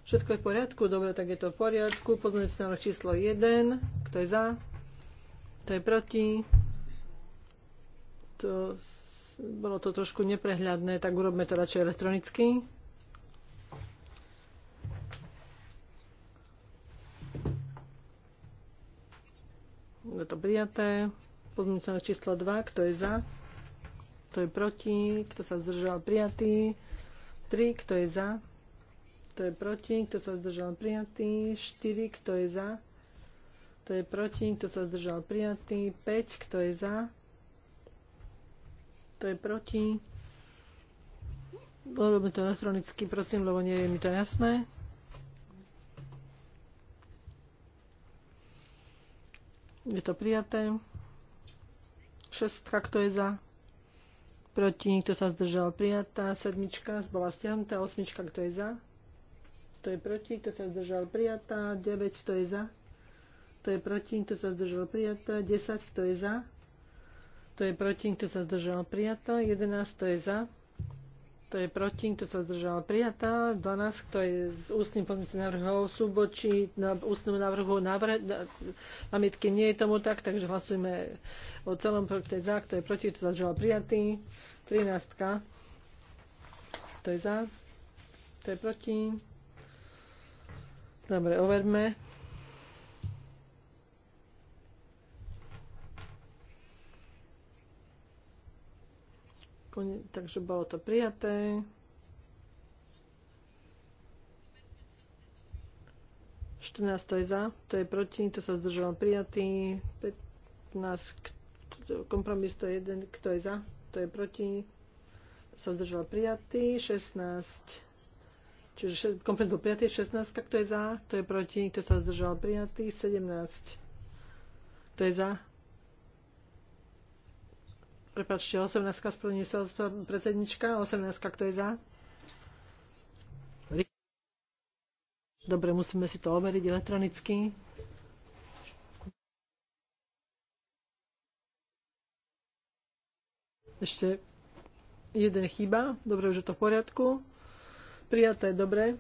S1: Všetko je v poriadku? Dobre, tak je to v poriadku. Pozmeňujúci návrh číslo 1. Kto je za? Kto je proti? To, bolo to trošku neprehľadné, tak urobme to radšej elektronicky. Je to prijaté. Pozmeňujúci návrh číslo 2. Kto je za? Kto je proti? Kto sa zdržal? Prijatý. 3. Kto je za? kto je proti, kto sa zdržal prijatý, 4, kto je za, kto je proti, kto sa zdržal prijatý, 5, kto je za, kto je proti. Robíme to elektronicky, prosím, lebo nie je mi to jasné. Je to prijaté. 6, kto je za, proti, kto sa zdržal prijatá, sedmička bola stiahnutá, osmička, kto je za, to je proti, kto sa zdržal prijatá, 9, kto je za, kto je proti, kto sa zdržal prijatá, 10, kto je za, kto je proti, kto sa zdržal prijatá, 11, kto je za, kto je proti, kto sa zdržal prijatá, 12, kto je s ústnym pozmúcim návrhom súbočí na ústnom návrhu námietky nie je tomu tak, takže hlasujeme o celom, kto je za, kto je proti, kto sa zdržal prijatý, 13, kto je za, kto je proti, Dobre, overme. Takže bolo to prijaté. 14 to je za, to je proti, to sa zdržalo prijatý. 15, kompromis to je jeden, kto je za, to je proti, to sa zdržal prijatý. 16 Čiže komplet bol prijatý, 16, kto je za, kto je proti, kto sa zdržal prijatý, 17. Kto je za? Prepačte, 18, splní sa predsednička, 18, kto je za? Dobre, musíme si to overiť elektronicky. Ešte jeden chýba. Dobre, už je to v poriadku. Prijaté, dobre.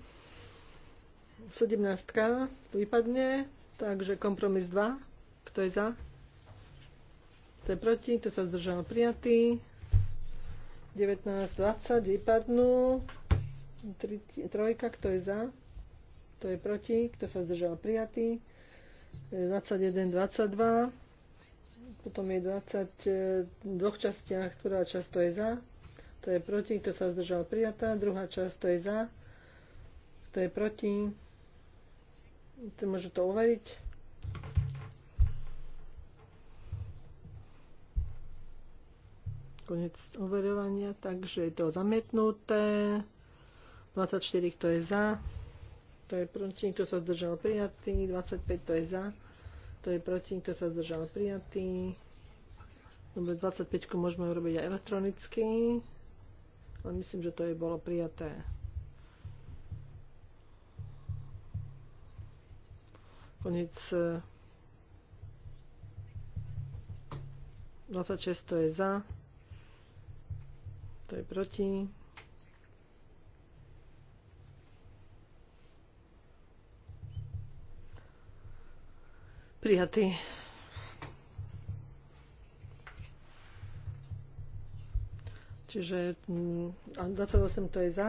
S1: 17 vypadne, takže kompromis 2. Kto je za? Kto je proti? Kto sa zdržal? Prijatý. 19, 20 vypadnú. Trojka, kto je za? Kto je proti? Kto sa zdržal? Prijatý. 21, 22. Potom je 20 v dvoch častiach, ktorá časť to je za, to je proti, kto sa zdržal prijatá, druhá časť, to je za, to je proti, to môže to overiť. Konec overovania, takže je to zamietnuté. 24, kto je za, to je proti, kto sa zdržal prijatý, 25, to je za, to je proti, kto sa zdržal prijatý. Dobre, 25 môžeme urobiť aj elektronicky ale myslím, že to jej bolo prijaté. Konec 26 e, to je za, to je proti. Prijatý. Čiže 28 mm, to je za.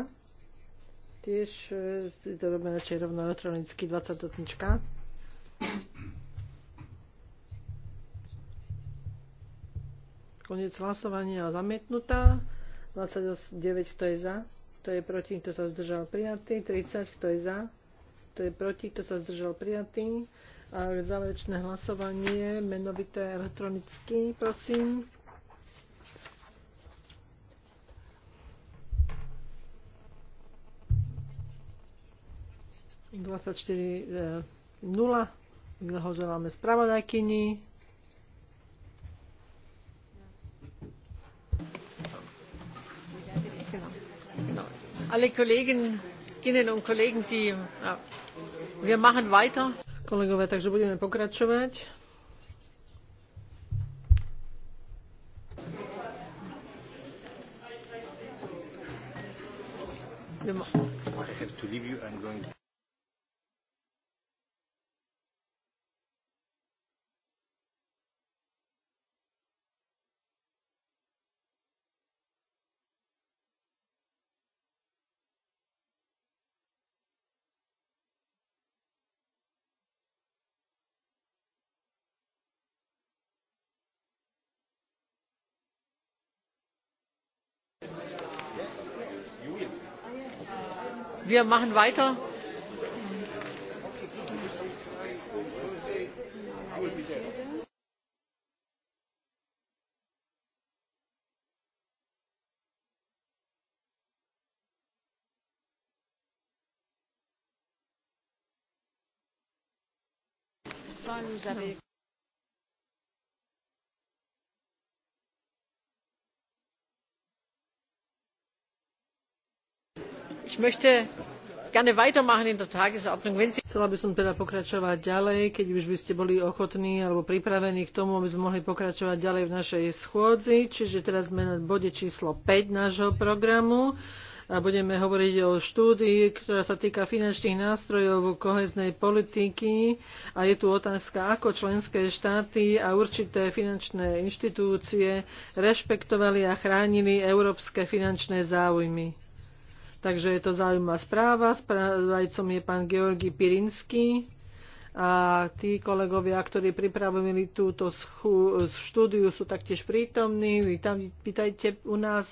S1: Tiež je to robíme radšej rovno elektronicky 20 dotnička. Konec hlasovania zamietnutá. 29 kto je za, to je proti, kto sa zdržal prijatý. 30 kto je za, kto je proti, kto sa zdržal prijatý. A záverečné hlasovanie menovité elektronicky, prosím. 24.0. Blahoželáme e, spravodajkyni. No. Kolegové, takže budeme pokračovať.
S3: I have
S1: wir machen weiter. Vous avez möchte gerne weitermachen in der Tagesordnung. Chcela by som teda pokračovať ďalej, keď už by ste boli ochotní alebo pripravení k tomu, aby sme mohli pokračovať ďalej v našej schôdzi. Čiže teraz sme na bode číslo 5 nášho programu a budeme hovoriť o štúdii, ktorá sa týka finančných nástrojov koheznej politiky a je tu otázka, ako členské štáty a určité finančné inštitúcie rešpektovali a chránili európske finančné záujmy. Takže je to zaujímavá správa. Správajcom je pán Georgi Pirinsky. A tí kolegovia, ktorí pripravili túto štúdiu, sú taktiež prítomní. Vy tam pýtajte u nás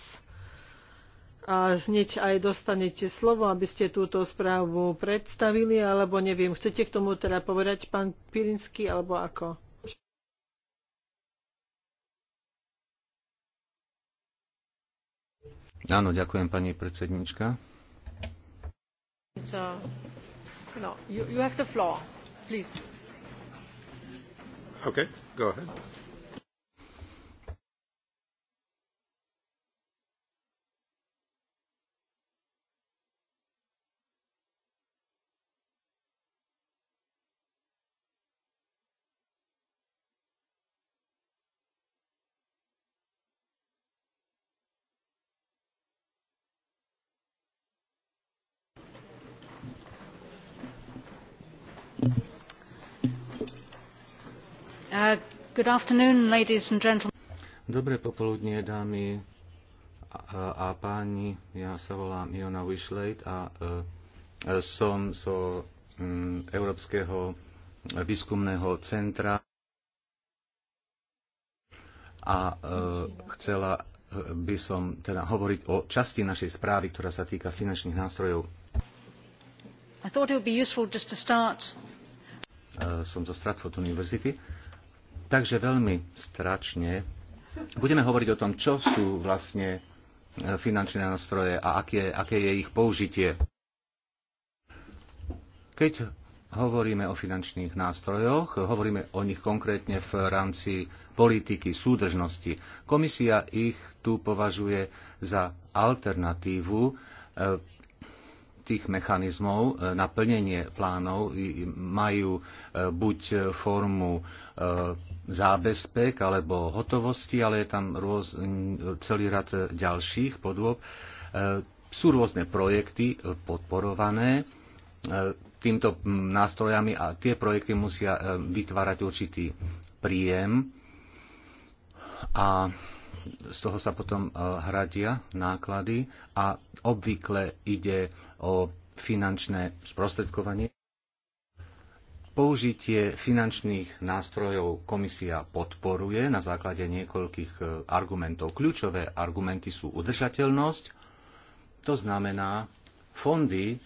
S1: a hneď aj dostanete slovo, aby ste túto správu predstavili, alebo neviem, chcete k tomu teda povedať pán Pirinsky, alebo ako?
S3: Áno, ďakujem pani predsednička.
S1: So, uh, no, you, you have the floor, please.
S3: Okay, go ahead. Uh, Dobré popoludnie, dámy a, a páni. Ja sa volám Iona Wishlade a e, som zo mm, Európskeho výskumného centra a e, chcela e, by som teda hovoriť o časti našej správy, ktorá sa týka finančných nástrojov.
S2: I thought it would be useful just to start.
S3: E, som zo Stratford University Takže veľmi stračne budeme hovoriť o tom, čo sú vlastne e, finančné nástroje a aké, aké je ich použitie. Keď hovoríme o finančných nástrojoch, hovoríme o nich konkrétne v rámci politiky súdržnosti. Komisia ich tu považuje za alternatívu e, tých mechanizmov e, na plnenie plánov majú e, buď formu e, zábezpek alebo hotovosti, ale je tam rôz, celý rad ďalších podôb. Sú rôzne projekty podporované týmto nástrojami a tie projekty musia vytvárať určitý príjem a z toho sa potom hradia náklady a obvykle ide o finančné sprostredkovanie. Použitie finančných nástrojov komisia podporuje na základe niekoľkých e, argumentov. Kľúčové argumenty sú udržateľnosť, to znamená fondy,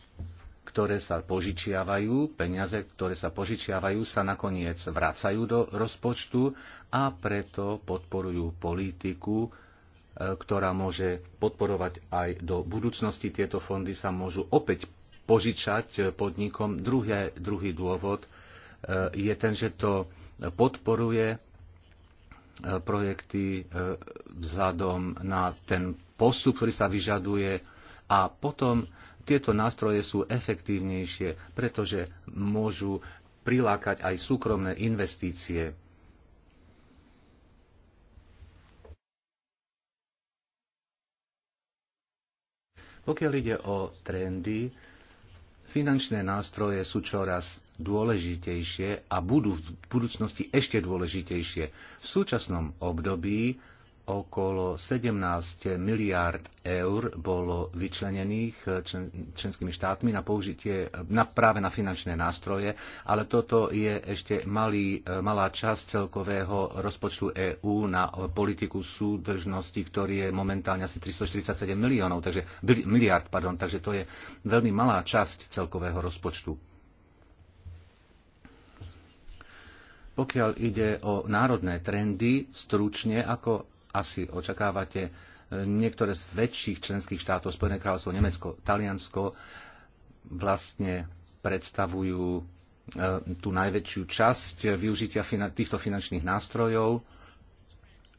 S3: ktoré sa požičiavajú, peniaze, ktoré sa požičiavajú, sa nakoniec vracajú do rozpočtu a preto podporujú politiku E, ktorá môže podporovať aj do budúcnosti. Tieto fondy sa môžu opäť požičať e, podnikom. Druhé, druhý dôvod e, je ten, že to podporuje projekty vzhľadom na ten postup, ktorý sa vyžaduje a potom tieto nástroje sú efektívnejšie, pretože môžu prilákať aj súkromné investície Pokiaľ ide o trendy, finančné nástroje sú čoraz dôležitejšie a budú v budúcnosti ešte dôležitejšie. V súčasnom období okolo 17 miliárd eur bolo vyčlenených eh, členskými štátmi na použitie eh, na, práve na finančné nástroje, ale toto je ešte malý, eh, malá časť celkového rozpočtu EÚ na politiku súdržnosti, ktorý je momentálne asi 347 miliónov, takže, miliard, pardon, takže to je veľmi malá časť celkového rozpočtu. Pokiaľ ide o národné trendy, stručne, ako asi očakávate, e, niektoré z väčších členských štátov, Spojené kráľovstvo, Nemecko, Taliansko, vlastne predstavujú e, tú najväčšiu časť využitia týchto finančných nástrojov,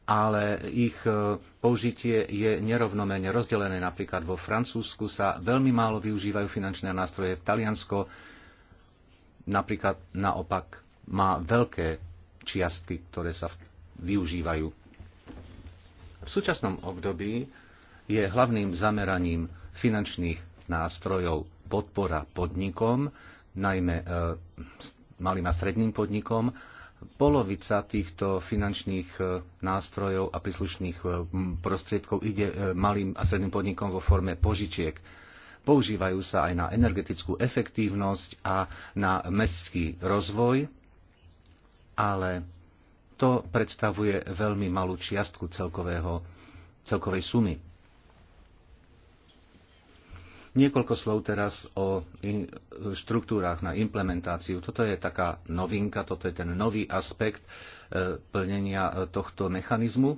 S3: ale ich e, použitie je nerovnomerne rozdelené. Napríklad vo Francúzsku sa veľmi málo využívajú finančné nástroje, v Taliansko napríklad naopak má veľké čiastky, ktoré sa využívajú v súčasnom období je hlavným zameraním finančných nástrojov podpora podnikom, najmä e, malým a stredným podnikom. Polovica týchto finančných e, nástrojov a príslušných e, prostriedkov ide malým a stredným podnikom vo forme požičiek. Používajú sa aj na energetickú efektívnosť a na mestský rozvoj, ale to predstavuje veľmi malú čiastku celkového, celkovej sumy. Niekoľko slov teraz o štruktúrách na implementáciu. Toto je taká novinka, toto je ten nový aspekt e, plnenia e, tohto mechanizmu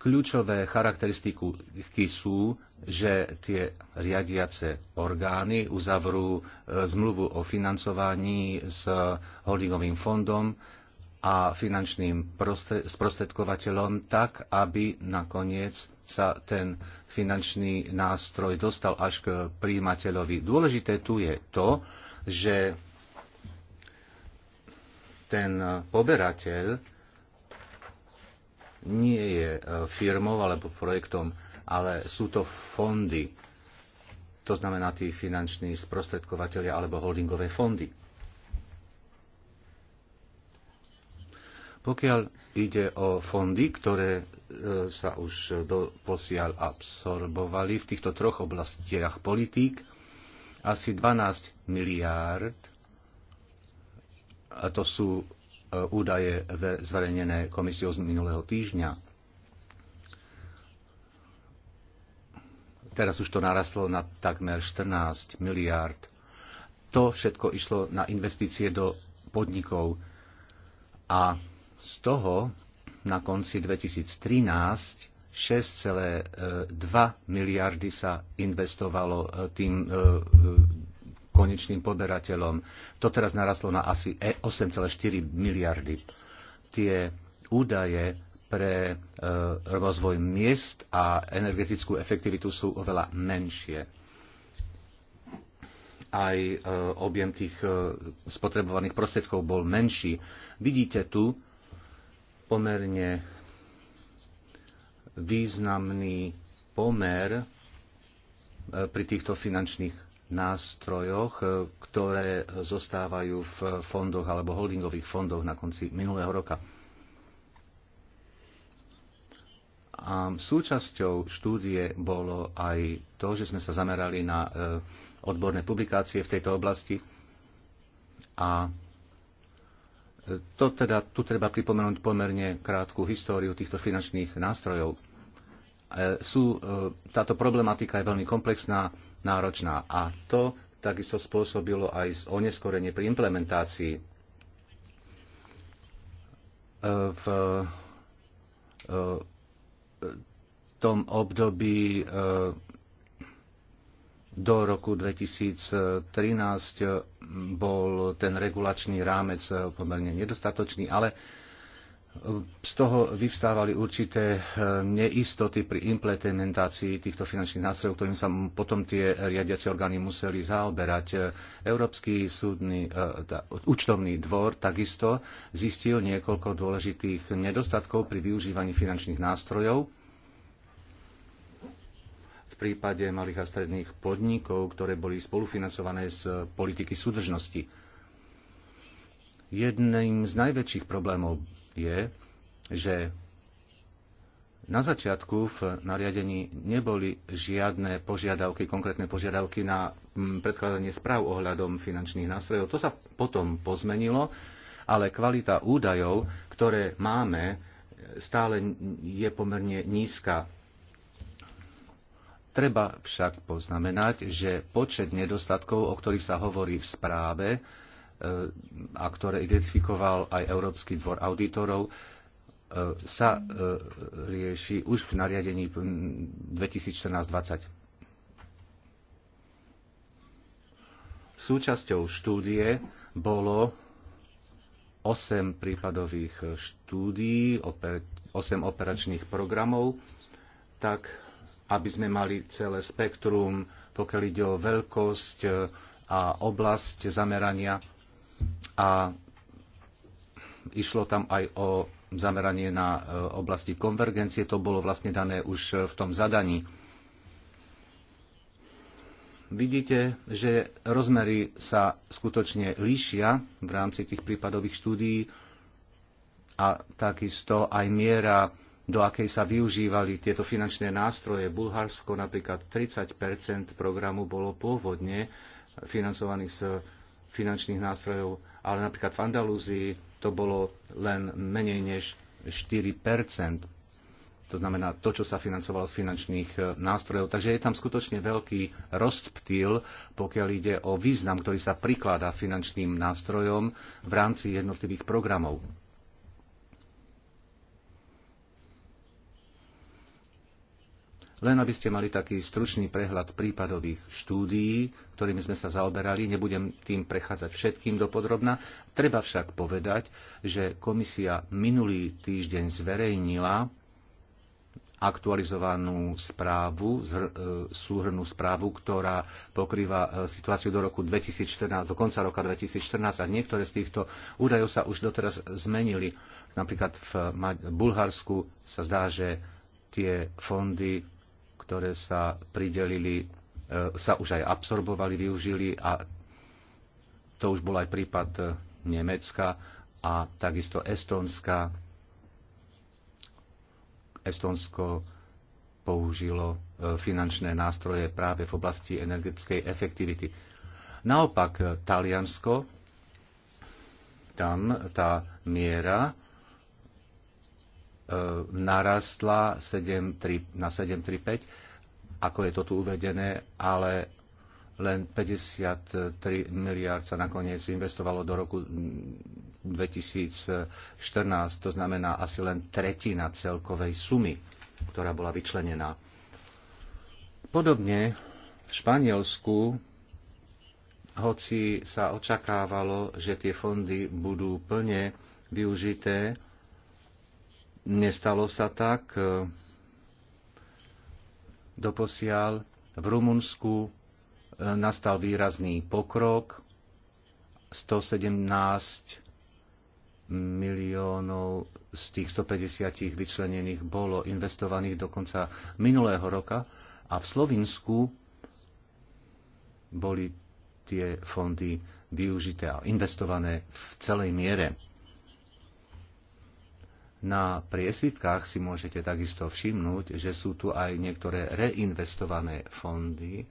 S3: Kľúčové charakteristiky sú, že tie riadiace orgány uzavrú e, zmluvu o financovaní s holdingovým fondom a finančným sprostredkovateľom tak, aby nakoniec sa ten finančný nástroj dostal až k príjimateľovi. Dôležité tu je to, že ten poberateľ nie je e, firmou alebo projektom, ale sú to fondy, to znamená tí finanční sprostredkovateľia alebo holdingové fondy. Pokiaľ ide o fondy, ktoré e, sa už do posiaľ absorbovali v týchto troch oblastiach politík, asi 12 miliárd, a to sú E, údaje zverejnené komisiou z minulého týždňa. Teraz už to narastlo na takmer 14 miliárd. To všetko išlo na investície do podnikov a z toho na konci 2013 6,2 e, miliardy sa investovalo e, tým konečným poderateľom. To teraz narastlo na asi 8,4 e- miliardy. Tie údaje pre e, rozvoj miest a energetickú efektivitu sú oveľa menšie. Aj e, objem tých spotrebovaných prostriedkov bol menší. Vidíte tu pomerne významný pomer pri týchto finančných nástrojoch, ktoré zostávajú v fondoch alebo holdingových fondoch na konci minulého roka. A súčasťou štúdie bolo aj to, že sme sa zamerali na e, odborné publikácie v tejto oblasti. A e, to teda, tu treba pripomenúť pomerne krátku históriu týchto finančných nástrojov. E, sú, táto problematika je veľmi komplexná, náročná. A to takisto spôsobilo aj oneskorenie pri implementácii. E, e, v tom období e, do roku 2013 bol ten regulačný rámec pomerne nedostatočný, ale z toho vyvstávali určité e, neistoty pri implementácii týchto finančných nástrojov, ktorým sa potom tie riadiace orgány museli zaoberať. E, Európsky súdny, tá, e, účtovný dvor takisto zistil niekoľko dôležitých nedostatkov pri využívaní finančných nástrojov v prípade malých a stredných podnikov, ktoré boli spolufinancované z politiky súdržnosti. Jedným z najväčších problémov je, že na začiatku v nariadení neboli žiadne požiadavky, konkrétne požiadavky na mm, predkladanie správ ohľadom finančných nástrojov. To sa potom pozmenilo, ale kvalita údajov, ktoré máme, stále je pomerne nízka. Treba však poznamenať, že počet nedostatkov, o ktorých sa hovorí v správe, a ktoré identifikoval aj Európsky dvor auditorov, e, sa e, rieši už v nariadení 2014-20. Súčasťou štúdie bolo 8 prípadových štúdií, 8 operačných programov, tak aby sme mali celé spektrum, pokiaľ ide o veľkosť a oblasť zamerania a išlo tam aj o zameranie na e, oblasti konvergencie. To bolo vlastne dané už e, v tom zadaní. Vidíte, že rozmery sa skutočne líšia v rámci tých prípadových štúdií a takisto aj miera, do akej sa využívali tieto finančné nástroje. Bulharsko napríklad 30 programu bolo pôvodne financovaných z finančných nástrojov, ale napríklad v Andalúzii to bolo len menej než 4 to znamená to, čo sa financovalo z finančných e, nástrojov. Takže je tam skutočne veľký rozptýl, pokiaľ ide o význam, ktorý sa prikladá finančným nástrojom v rámci jednotlivých programov. Len aby ste mali taký stručný prehľad prípadových štúdií, ktorými sme sa zaoberali, nebudem tým prechádzať všetkým dopodrobná. Treba však povedať, že komisia minulý týždeň zverejnila aktualizovanú správu, e, súhrnú správu, ktorá pokrýva e, situáciu do roku 2014, do konca roka 2014 a niektoré z týchto údajov sa už doteraz zmenili. Napríklad v Bulharsku sa zdá, že tie fondy ktoré sa pridelili, e, sa už aj absorbovali, využili a to už bol aj prípad e, Nemecka a takisto Estonska. Estónsko použilo e, finančné nástroje práve v oblasti energetickej efektivity. Naopak Taliansko, tam tá miera E, narastla 7, 3, na 735, ako je to tu uvedené, ale len 53 miliard sa nakoniec investovalo do roku 2014, to znamená asi len tretina celkovej sumy, ktorá bola vyčlenená. Podobne v Španielsku, hoci sa očakávalo, že tie fondy budú plne využité, Nestalo sa tak. E, doposiaľ v Rumunsku e, nastal výrazný pokrok. 117 miliónov z tých 150 vyčlenených bolo investovaných do konca minulého roka a v Slovinsku boli tie fondy využité a investované v celej miere. Na priesvitkách si môžete takisto všimnúť, že sú tu aj niektoré reinvestované fondy.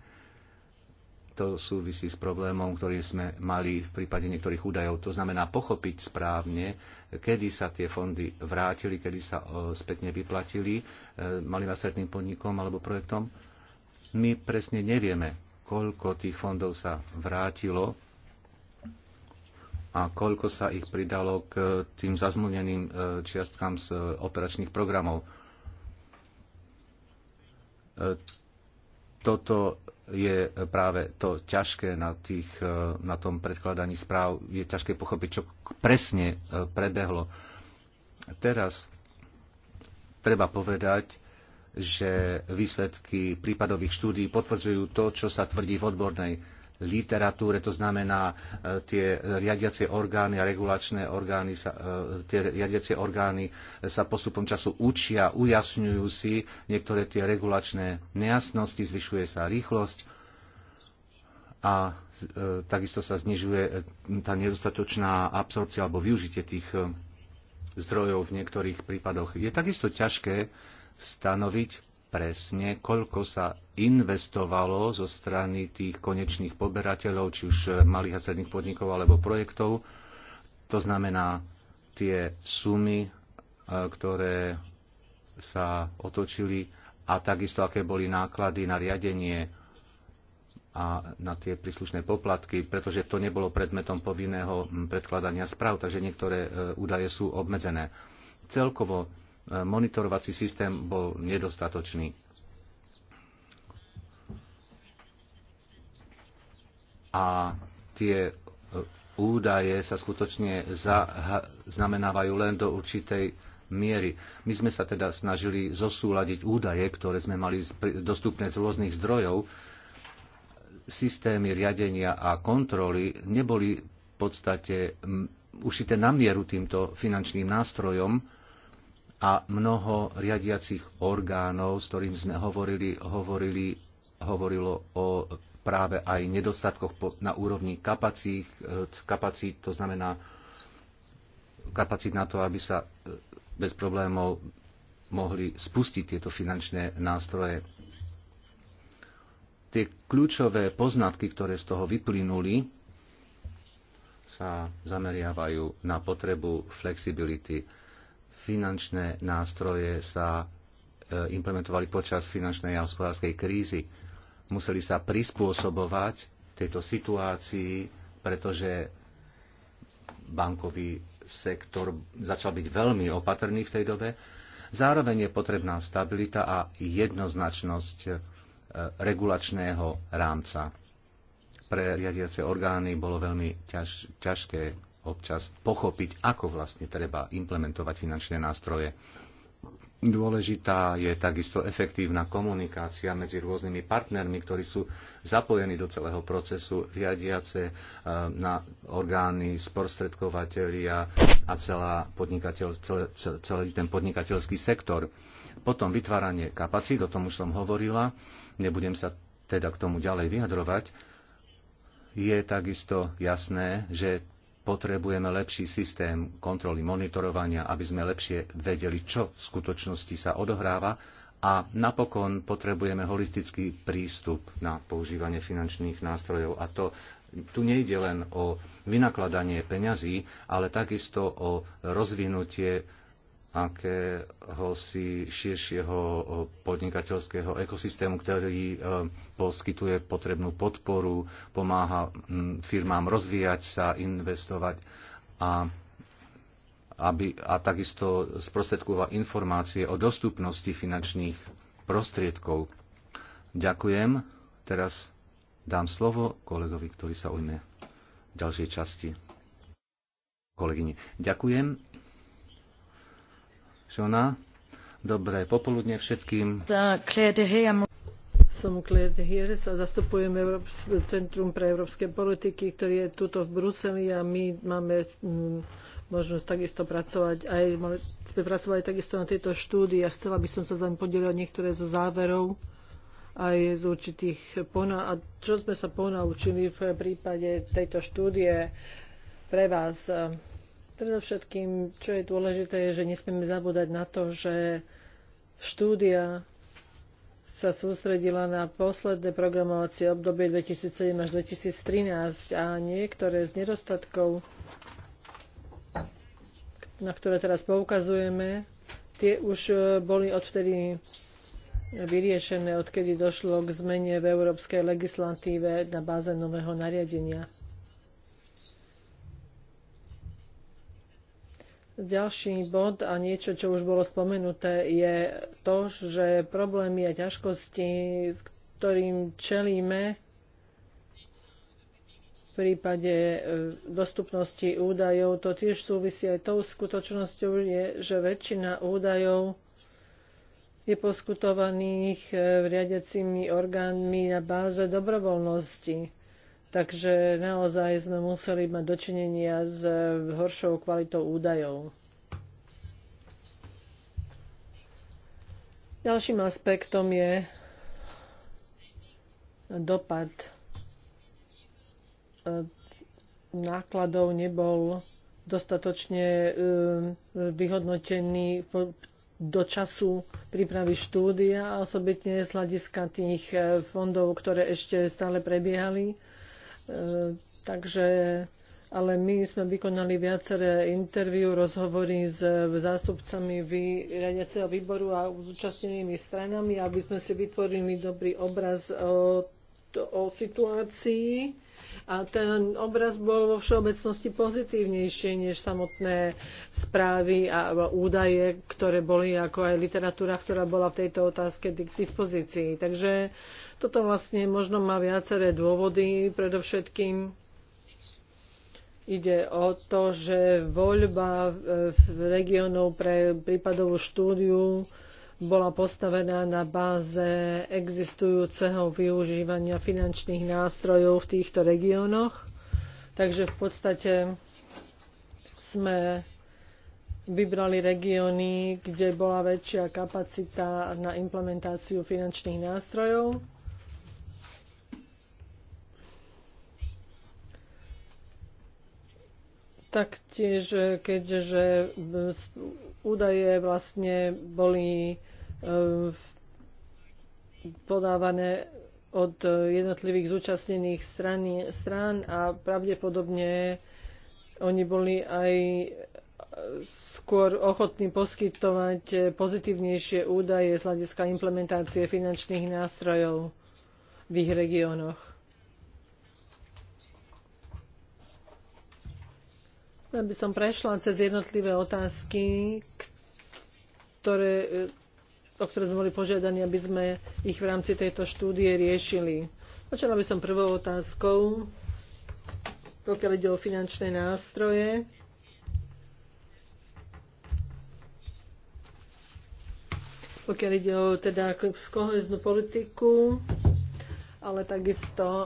S3: To súvisí s problémom, ktorý sme mali v prípade niektorých údajov. To znamená pochopiť správne, kedy sa tie fondy vrátili, kedy sa e, spätne vyplatili e, malým a stredným podnikom alebo projektom. My presne nevieme, koľko tých fondov sa vrátilo a koľko sa ich pridalo k e, tým zazmluvneným e, čiastkám z e, operačných programov. Toto je práve to ťažké na, tých, na tom predkladaní správ. Je ťažké pochopiť, čo presne prebehlo. Teraz treba povedať, že výsledky prípadových štúdí potvrdzujú to, čo sa tvrdí v odbornej literatúre, to znamená e, tie riadiacie orgány a regulačné orgány, sa, e, tie riadiacie orgány sa postupom času učia, ujasňujú si niektoré tie regulačné nejasnosti, zvyšuje sa rýchlosť a e, takisto sa znižuje tá nedostatočná absorpcia alebo využitie tých zdrojov v niektorých prípadoch. Je takisto ťažké stanoviť presne, koľko sa investovalo zo strany tých konečných poberateľov, či už malých a stredných podnikov alebo projektov. To znamená tie sumy, e, ktoré sa otočili a takisto aké boli náklady na riadenie a na tie príslušné poplatky, pretože to nebolo predmetom povinného predkladania správ, takže niektoré e, údaje sú obmedzené. Celkovo monitorovací systém bol nedostatočný. A tie údaje sa skutočne znamenávajú len do určitej miery. My sme sa teda snažili zosúľadiť údaje, ktoré sme mali dostupné z rôznych zdrojov. Systémy riadenia a kontroly neboli v podstate ušité na mieru týmto finančným nástrojom, a mnoho riadiacich orgánov, s ktorým sme hovorili, hovorili hovorilo o práve aj nedostatkoch na úrovni kapacít, eh, kapacít, to znamená kapacít na to, aby sa eh, bez problémov mohli spustiť tieto finančné nástroje. Tie kľúčové poznatky, ktoré z toho vyplynuli, sa zameriavajú na potrebu flexibility finančné nástroje sa e, implementovali počas finančnej a hospodárskej krízy. Museli sa prispôsobovať tejto situácii, pretože bankový sektor začal byť veľmi opatrný v tej dobe. Zároveň je potrebná stabilita a jednoznačnosť e, regulačného rámca. Pre riadiace orgány bolo veľmi ťaž, ťažké občas pochopiť, ako vlastne treba implementovať finančné nástroje. Dôležitá je takisto efektívna komunikácia medzi rôznymi partnermi, ktorí sú zapojení do celého procesu, riadiace eh, na orgány, sprostredkovateľia a celá podnikateľ, celý ten podnikateľský sektor. Potom vytváranie kapacít, o tom už som hovorila, nebudem sa teda k tomu ďalej vyjadrovať, je takisto jasné, že potrebujeme lepší systém kontroly monitorovania, aby sme lepšie vedeli, čo v skutočnosti sa odohráva a napokon potrebujeme holistický prístup na používanie finančných nástrojov a to tu nejde len o vynakladanie peňazí, ale takisto o rozvinutie akéhosi širšieho podnikateľského ekosystému, ktorý e, poskytuje potrebnú podporu, pomáha firmám rozvíjať sa, investovať a, aby, a takisto sprostredkúva informácie o dostupnosti finančných prostriedkov. Ďakujem. Teraz dám slovo kolegovi, ktorý sa ujme ďalšej časti. Kolegyni, ďakujem Žona. Dobré popoludne všetkým.
S1: Som Claire de Hieres a zastupujem Centrum pre európske politiky, ktorý je tuto v Bruseli a my máme mm, možnosť takisto pracovať aj, sme pracovali takisto na tejto štúdii a chcela by som sa zaň vami niektoré zo záverov aj z určitých pona- a čo sme sa ponaučili v prípade tejto štúdie pre vás. Predovšetkým, čo je dôležité, je, že nesmieme zabúdať na to, že štúdia sa sústredila na posledné programovacie obdobie 2007 až 2013 a niektoré z nedostatkov, na ktoré teraz poukazujeme, tie už e, boli odvtedy vyriešené, odkedy došlo k zmene v európskej legislatíve na báze nového nariadenia. Ďalší bod a niečo, čo už bolo spomenuté, je to, že problémy a ťažkosti, s ktorým čelíme v prípade e, dostupnosti údajov, to tiež súvisí aj tou skutočnosťou, je, že väčšina údajov je poskutovaných e, riadiacimi orgánmi na báze dobrovoľnosti Takže naozaj sme museli mať dočinenia s horšou kvalitou údajov. Ďalším aspektom je dopad e, nákladov nebol dostatočne e, vyhodnotený do času prípravy štúdia, osobitne z hľadiska tých e, fondov, ktoré ešte stále prebiehali. E, takže ale my sme vykonali viaceré interviu, rozhovory s zástupcami vy, riadiaceho výboru a zúčastnenými stranami, aby sme si vytvorili dobrý obraz o, o situácii. A ten obraz bol vo všeobecnosti pozitívnejšie než samotné správy a údaje, ktoré boli, ako aj literatúra, ktorá bola v tejto otázke k dispozícii. Takže toto vlastne možno má viaceré dôvody, predovšetkým ide o to, že voľba regiónov pre prípadovú štúdiu bola postavená na báze existujúceho využívania finančných nástrojov v týchto regiónoch. Takže v podstate sme vybrali regióny, kde bola väčšia kapacita na implementáciu finančných nástrojov taktiež, eh, keďže eh, údaje vlastne boli eh, podávané od jednotlivých zúčastnených strany, strán a pravdepodobne oni boli aj skôr ochotní poskytovať pozitívnejšie údaje z hľadiska implementácie finančných nástrojov v ich regiónoch. by som prešla cez jednotlivé otázky, ktoré, e, o ktoré sme boli požiadaní, aby sme ich v rámci tejto štúdie riešili. Začala by som prvou otázkou, pokiaľ ide o finančné nástroje. pokiaľ ide o teda koheznú politiku, ale takisto e,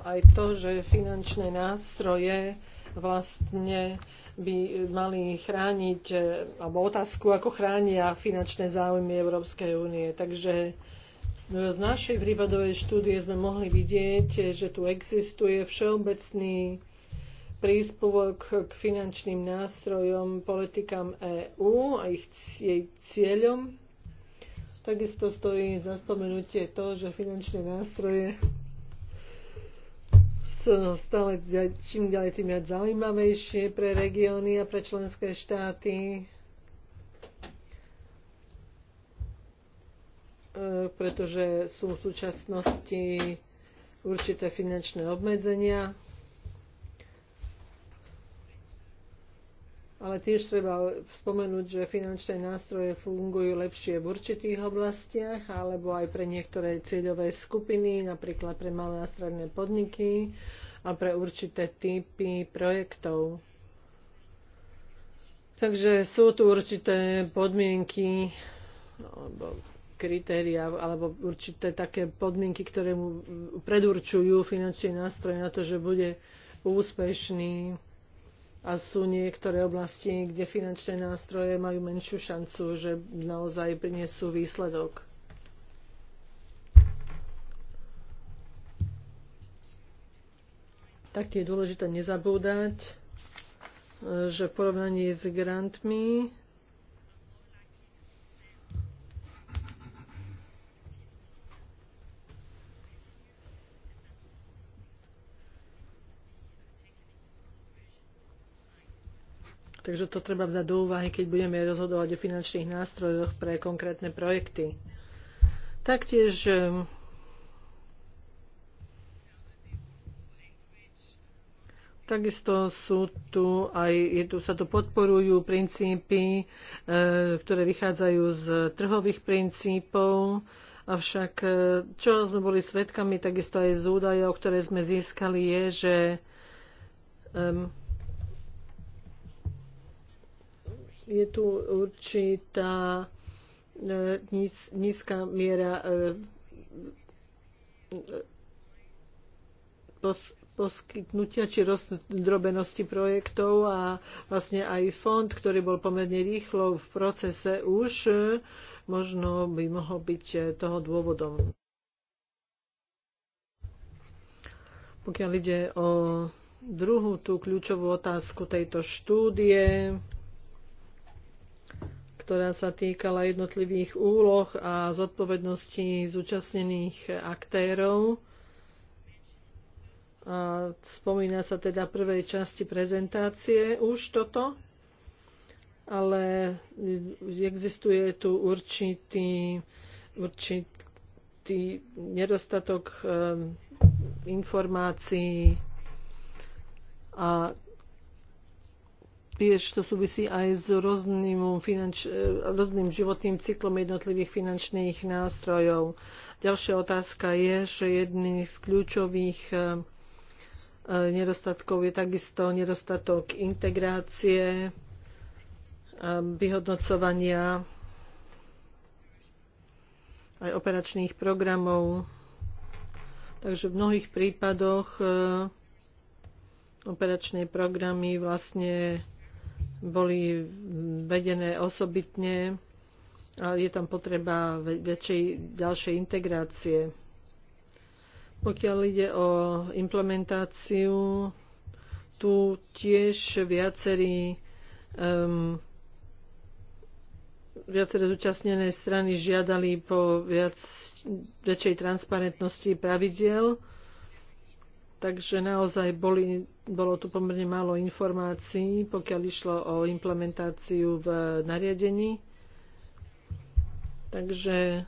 S1: aj to, že finančné nástroje vlastne by mali chrániť, e, alebo otázku, ako chránia finančné záujmy Európskej únie. Takže no, z našej prípadovej štúdie sme mohli vidieť, že tu existuje všeobecný príspevok k finančným nástrojom politikám EÚ a ich jej cieľom. Takisto stojí za spomenutie to, že finančné nástroje stále čím ďalej tým viac zaujímavejšie pre regióny a pre členské štáty. E, pretože sú v súčasnosti určité finančné obmedzenia ale tiež treba spomenúť, že finančné nástroje fungujú lepšie v určitých oblastiach alebo aj pre niektoré cieľové skupiny, napríklad pre malé a stredné podniky a pre určité typy projektov. Takže sú tu určité podmienky alebo kritéria alebo určité také podmienky, ktoré mu predurčujú finančné nástroje na to, že bude úspešný a sú niektoré oblasti, kde finančné nástroje majú menšiu šancu, že naozaj prinesú výsledok. Tak je dôležité nezabúdať, že v porovnaní s grantmi Takže to treba vzdať do úvahy, keď budeme rozhodovať o finančných nástrojoch pre konkrétne projekty. Taktiež ehm, Takisto sú tu aj, je tu, sa tu podporujú princípy, e, ktoré vychádzajú z trhových princípov, avšak ehm, čo sme boli svedkami, takisto aj z údajov, ktoré sme získali, je, že je tu určitá e, nízka miera e, e, poskytnutia či rozdrobenosti projektov a vlastne aj fond, ktorý bol pomerne rýchlo v procese už, možno by mohol byť toho dôvodom. Pokiaľ ide o druhú tú kľúčovú otázku tejto štúdie, ktorá sa týkala jednotlivých úloh a zodpovedností zúčastnených aktérov. A spomína sa teda v prvej časti prezentácie už toto, ale existuje tu určitý, určitý nedostatok ehm, informácií a tiež to súvisí aj s rôznym, finanč, e, rôznym životným cyklom jednotlivých finančných nástrojov. Ďalšia otázka je, že jedný z kľúčových e, e, nedostatkov je takisto nedostatok integrácie, vyhodnocovania aj operačných programov. Takže v mnohých prípadoch operačné programy vlastne boli vedené osobitne a je tam potreba väčšej ďalšej integrácie. Pokiaľ ide o implementáciu, tu tiež viacerí um, viaceré zúčastnené strany žiadali po viac, väčšej transparentnosti pravidiel Takže naozaj boli, bolo tu pomerne málo informácií, pokiaľ išlo o implementáciu v nariadení. Takže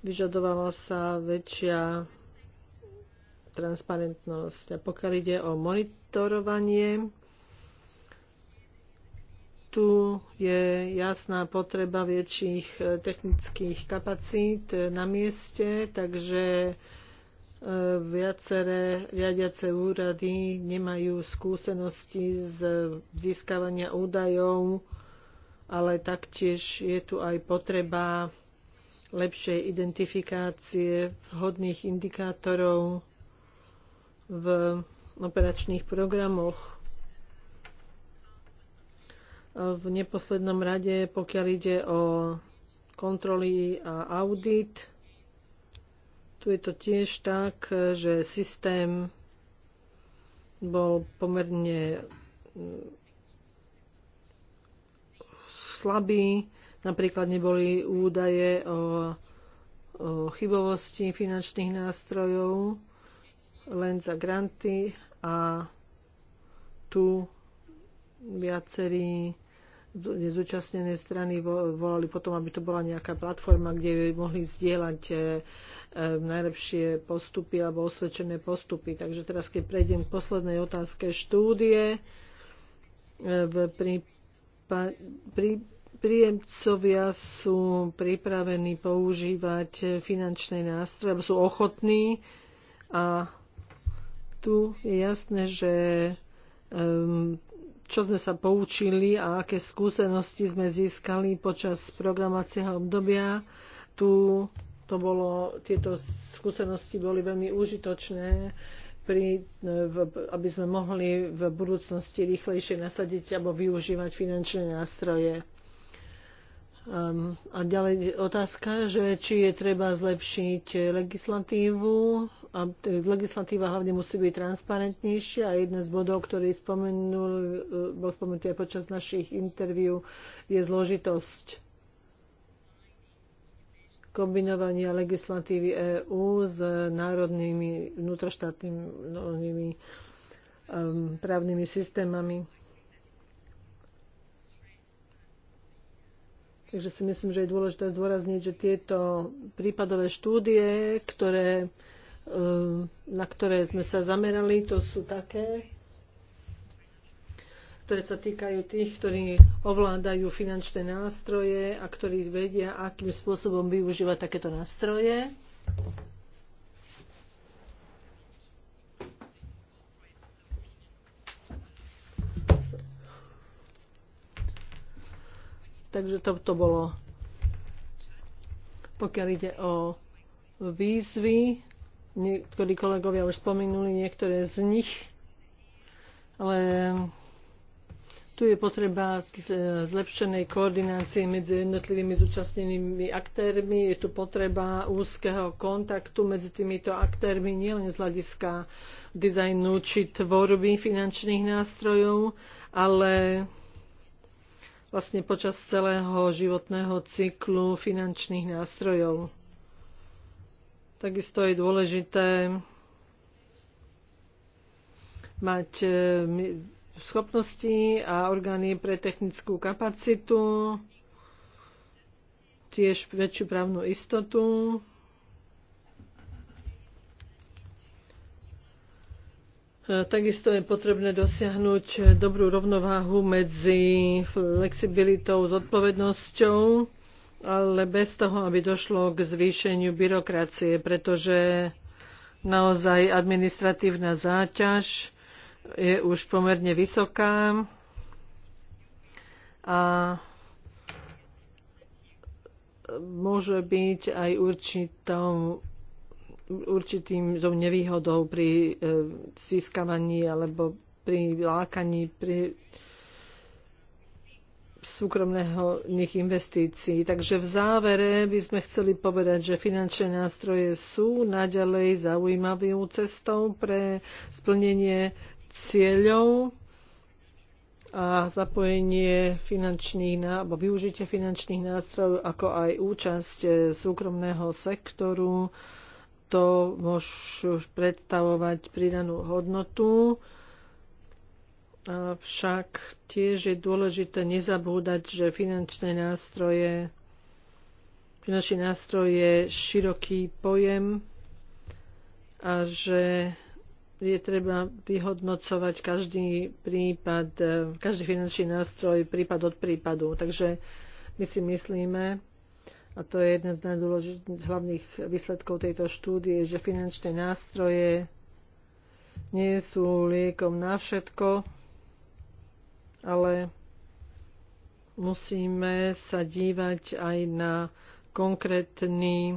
S1: vyžadovala sa väčšia transparentnosť. A pokiaľ ide o monitorovanie, tu je jasná potreba väčších technických kapacít na mieste, takže E, viaceré riadiace úrady nemajú skúsenosti z získavania údajov, ale taktiež je tu aj potreba lepšej identifikácie vhodných indikátorov v operačných programoch. V neposlednom rade, pokiaľ ide o kontroly a audit, tu je to tiež tak, že systém bol pomerne mm, slabý. Napríklad neboli údaje o, o chybovosti finančných nástrojov len za granty a tu viacerí nezúčastnené strany volali potom, aby to bola nejaká platforma, kde by mohli zdieľať e, e, najlepšie postupy alebo osvedčené postupy. Takže teraz, keď prejdem k poslednej otázke štúdie, e, pri, prí, príjemcovia sú pripravení používať finančné nástroje, alebo sú ochotní a tu je jasné, že um, čo sme sa poučili a aké skúsenosti sme získali počas programovacieho obdobia. Tu to bolo, tieto skúsenosti boli veľmi užitočné, pri, aby sme mohli v budúcnosti rýchlejšie nasadiť alebo využívať finančné nástroje. Um, a ďalej otázka, že či je treba zlepšiť legislatívu. A legislatíva hlavne musí byť transparentnejšia a jeden z bodov, ktorý spomenul, e, bol spomenutý aj počas našich interviú, je zložitosť kombinovania legislatívy EÚ s národnými vnútroštátnymi um, právnymi systémami. Takže si myslím, že je dôležité zdôrazniť, že tieto prípadové štúdie, ktoré, eh, na ktoré sme sa zamerali, to sú také, ktoré sa týkajú tých, ktorí ovládajú finančné nástroje a ktorí vedia, akým spôsobom využívať takéto nástroje. Takže to, to bolo, pokiaľ ide o výzvy, niektorí kolegovia už spomenuli niektoré z nich, ale tu je potreba zlepšenej koordinácie medzi jednotlivými zúčastnenými aktérmi, je tu potreba úzkeho kontaktu medzi týmito aktérmi nielen z hľadiska dizajnu či tvorby finančných nástrojov, ale vlastne počas celého životného cyklu finančných nástrojov. Takisto je dôležité mať e, schopnosti a orgány pre technickú kapacitu, tiež väčšiu právnu istotu E, takisto je potrebné dosiahnuť dobrú rovnováhu medzi flexibilitou, zodpovednosťou, ale bez toho, aby došlo k zvýšeniu byrokracie, pretože naozaj administratívna záťaž je už pomerne vysoká a môže byť aj určitou určitým nevýhodou pri e, získavaní alebo pri lákaní pri súkromného nich investícií. Takže v závere by sme chceli povedať, že finančné nástroje sú naďalej zaujímavým cestou pre splnenie cieľov a zapojenie finančných, alebo využitie finančných nástrojov, ako aj účasť e, súkromného sektoru to môžu predstavovať pridanú hodnotu. Avšak tiež je dôležité nezabúdať, že finančné nástroje, finančný nástroj je široký pojem a že je treba vyhodnocovať každý prípad, každý finančný nástroj prípad od prípadu. Takže my si myslíme, a to je jeden z najdôležitých hlavných výsledkov tejto štúdie, že finančné nástroje nie sú liekom na všetko, ale musíme sa dívať aj na konkrétny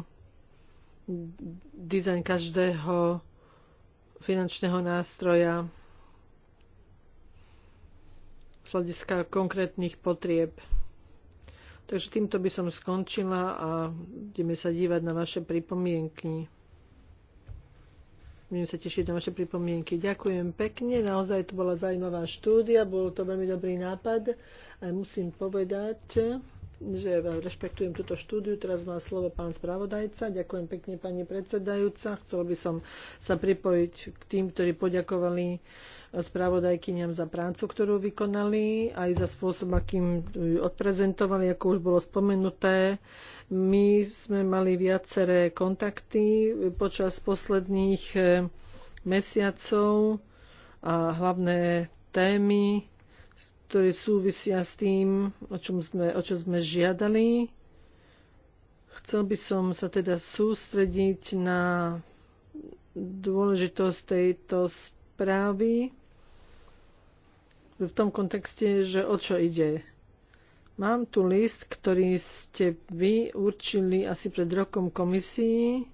S1: dizajn každého finančného nástroja z hľadiska konkrétnych potrieb. Takže týmto by som skončila a budeme sa dívať na vaše pripomienky. Budem sa tešiť na vaše pripomienky. Ďakujem pekne, naozaj to bola zaujímavá štúdia, bol to veľmi dobrý nápad a musím povedať, že rešpektujem túto štúdiu. Teraz má slovo pán spravodajca. Ďakujem pekne, pani predsedajúca. Chcel by som sa pripojiť k tým, ktorí poďakovali spravodajkyňam za prácu, ktorú vykonali, aj za spôsob, akým odprezentovali, ako už bolo spomenuté. My sme mali viaceré kontakty počas posledných eh, mesiacov a hlavné témy ktoré súvisia s tým, o, čom sme, o čo sme žiadali. Chcel by som sa teda sústrediť na dôležitosť tejto správy v tom kontexte, že o čo ide. Mám tu list, ktorý ste vy určili asi pred rokom komisii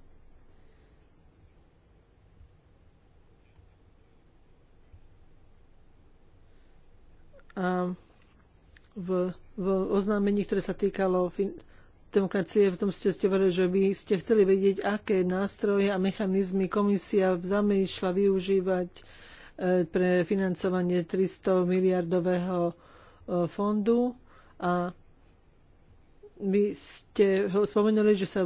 S1: A v, v oznámení, ktoré sa týkalo fin- demokracie, v tom ste ste hovorili, že by ste chceli vedieť, aké nástroje a mechanizmy komisia zamýšľa využívať e, pre financovanie 300 miliardového e, fondu a vy ste ho spomenuli, že sa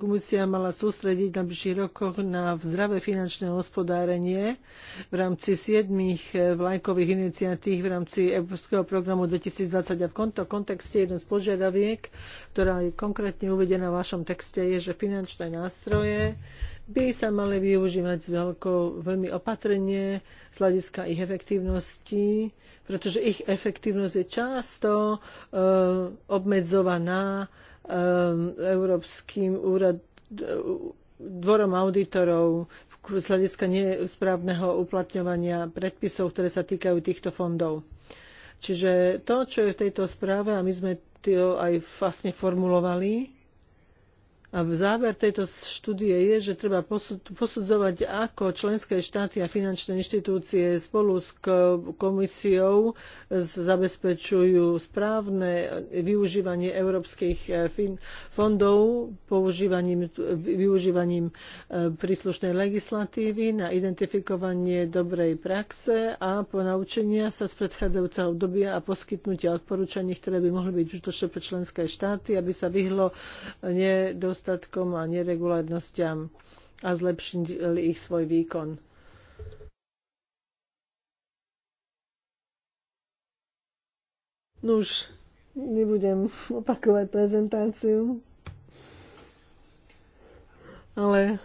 S1: komisia mala sústrediť na bližších rokoch na zdravé finančné hospodárenie v rámci siedmých eh, vlajkových iniciatív v rámci Európskeho programu 2020 a v tomto kontexte jeden z požiadaviek, ktorá je konkrétne uvedená v vašom texte, je, že finančné nástroje by sa mali využívať s veľkou, veľmi opatrne z hľadiska ich efektívnosti, pretože ich efektívnosť je často e, obmedzovaná e, Európskym úrad, dvorom auditorov z hľadiska nesprávneho uplatňovania predpisov, ktoré sa týkajú týchto fondov. Čiže to, čo je v tejto správe, a my sme to aj vlastne formulovali, a záver tejto štúdie je, že treba posudzovať, ako členské štáty a finančné inštitúcie spolu s komisiou zabezpečujú správne využívanie európskych e, fondov používaním, využívaním e, príslušnej legislatívy na identifikovanie dobrej praxe a ponaučenia sa z predchádzajúceho obdobia a poskytnutia odporúčaní, ktoré by mohli byť užitočné pre členské štáty, aby sa vyhlo e, nedostatkom nedostatkom a neregulárnostiam a zlepšili ich svoj výkon. Nuž, no nebudem opakovať
S3: prezentáciu, ale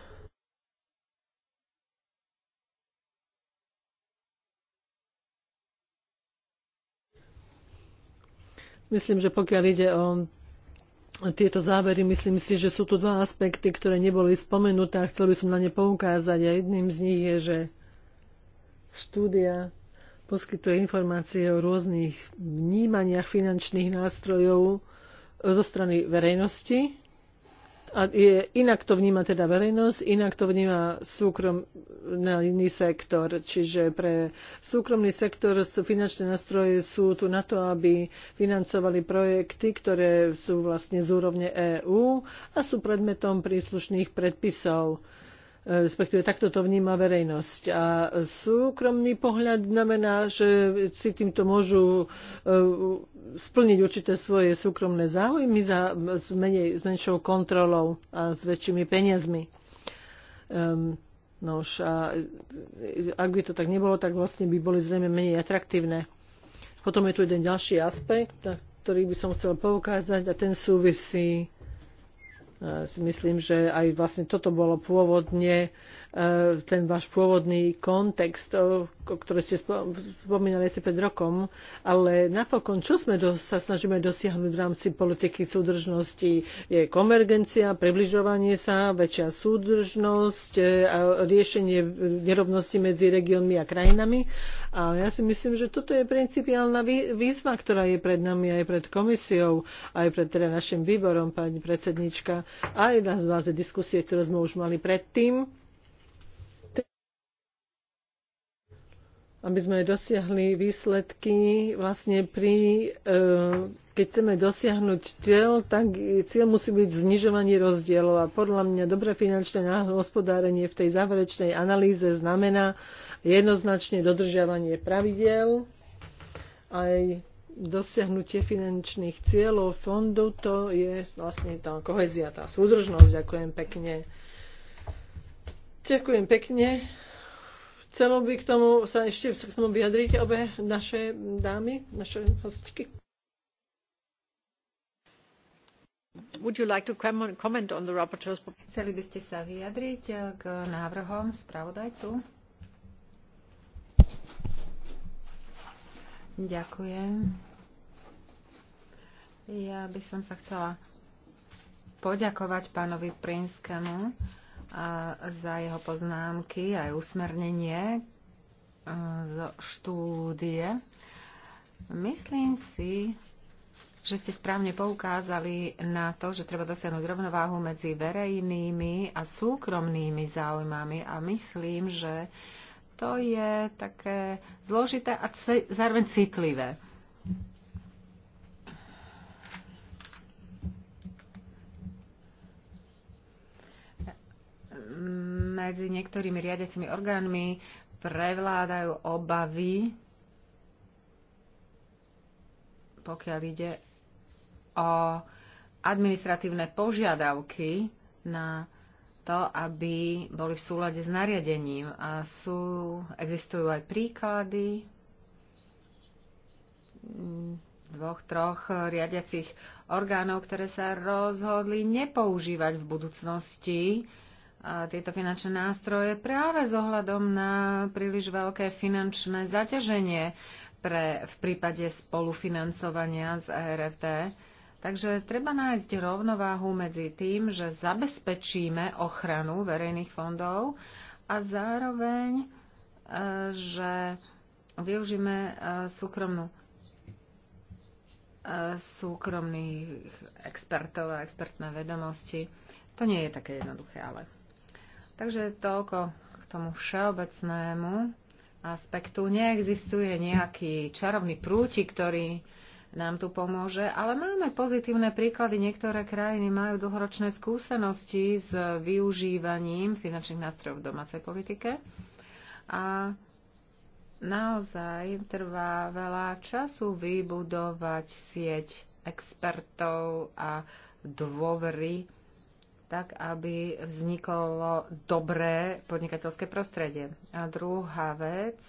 S1: Myslím, že pokiaľ ide o tieto závery, myslím si, že sú tu dva aspekty, ktoré neboli spomenuté a chcel by som na ne poukázať. A jedným z nich je, že štúdia poskytuje informácie o rôznych vnímaniach finančných nástrojov zo strany verejnosti a je, inak to vníma teda verejnosť, inak to vníma súkromný sektor. Čiže pre súkromný sektor sú finančné nástroje sú tu na to, aby financovali projekty, ktoré sú vlastne z úrovne EÚ a sú predmetom príslušných predpisov. E, respektíve takto to vníma verejnosť. A súkromný pohľad znamená, že si týmto môžu e, splniť určité svoje súkromné záujmy za, s, menej, s menšou kontrolou a s väčšími peniazmi. Um, ehm, už, a e, ak by to tak nebolo, tak vlastne by boli zrejme menej atraktívne. Potom je tu jeden ďalší aspekt, na ktorý by som chcel poukázať a ten súvisí E, si myslím, že aj vlastne toto bolo pôvodne E, ten váš pôvodný kontext, o, o ktorý ste spomínali asi pred rokom, ale napokon, čo sme do, sa snažíme dosiahnuť v rámci politiky súdržnosti, je konvergencia, približovanie sa, väčšia súdržnosť e, a riešenie nerovnosti medzi regiónmi a krajinami. A ja si myslím, že toto je principiálna výzva, ktorá je pred nami aj pred komisiou, aj pred teda našim výborom, pani predsednička, aj na báze diskusie, ktoré sme už mali predtým aby sme dosiahli výsledky vlastne pri, e, keď chceme dosiahnuť cieľ, tak cieľ musí byť znižovanie rozdielov a podľa mňa dobré finančné hospodárenie v tej záverečnej analýze znamená jednoznačne dodržiavanie pravidel aj dosiahnutie finančných cieľov fondu, to je vlastne tá kohezia, tá súdržnosť. Ďakujem pekne. Ďakujem pekne. Chcelo by k tomu sa ešte k tomu vyjadriť obe naše dámy, naše hostky. Would you like to comment on the rapporteurs? Chceli by ste sa vyjadriť eh, k návrhom
S2: spravodajcu? Ďakujem. Ja by som sa chcela poďakovať pánovi Prinskému za jeho poznámky aj usmernenie e, zo štúdie. Myslím si, že ste správne poukázali na to, že treba dosiahnuť rovnováhu medzi verejnými a súkromnými záujmami a myslím, že to je také zložité a zároveň citlivé. medzi niektorými riadiacimi orgánmi prevládajú obavy, pokiaľ ide o administratívne požiadavky na to, aby boli v súlade s nariadením. A sú, existujú aj príklady dvoch, troch riadiacich orgánov, ktoré sa rozhodli nepoužívať v budúcnosti tieto finančné nástroje práve s ohľadom na príliš veľké finančné zaťaženie pre, v prípade spolufinancovania z ERFT. Takže treba nájsť rovnováhu medzi tým, že zabezpečíme ochranu verejných fondov a zároveň, e, že využíme e, súkromnú e, súkromných expertov a expertné vedomosti. To nie je také jednoduché, ale Takže toľko k tomu všeobecnému aspektu. Neexistuje nejaký čarovný prúti, ktorý nám tu pomôže, ale máme pozitívne príklady. Niektoré krajiny majú dlhoročné skúsenosti s využívaním finančných nástrojov v domácej politike a naozaj trvá veľa času vybudovať sieť expertov a dôvery tak aby vzniklo dobré podnikateľské prostredie. A druhá vec,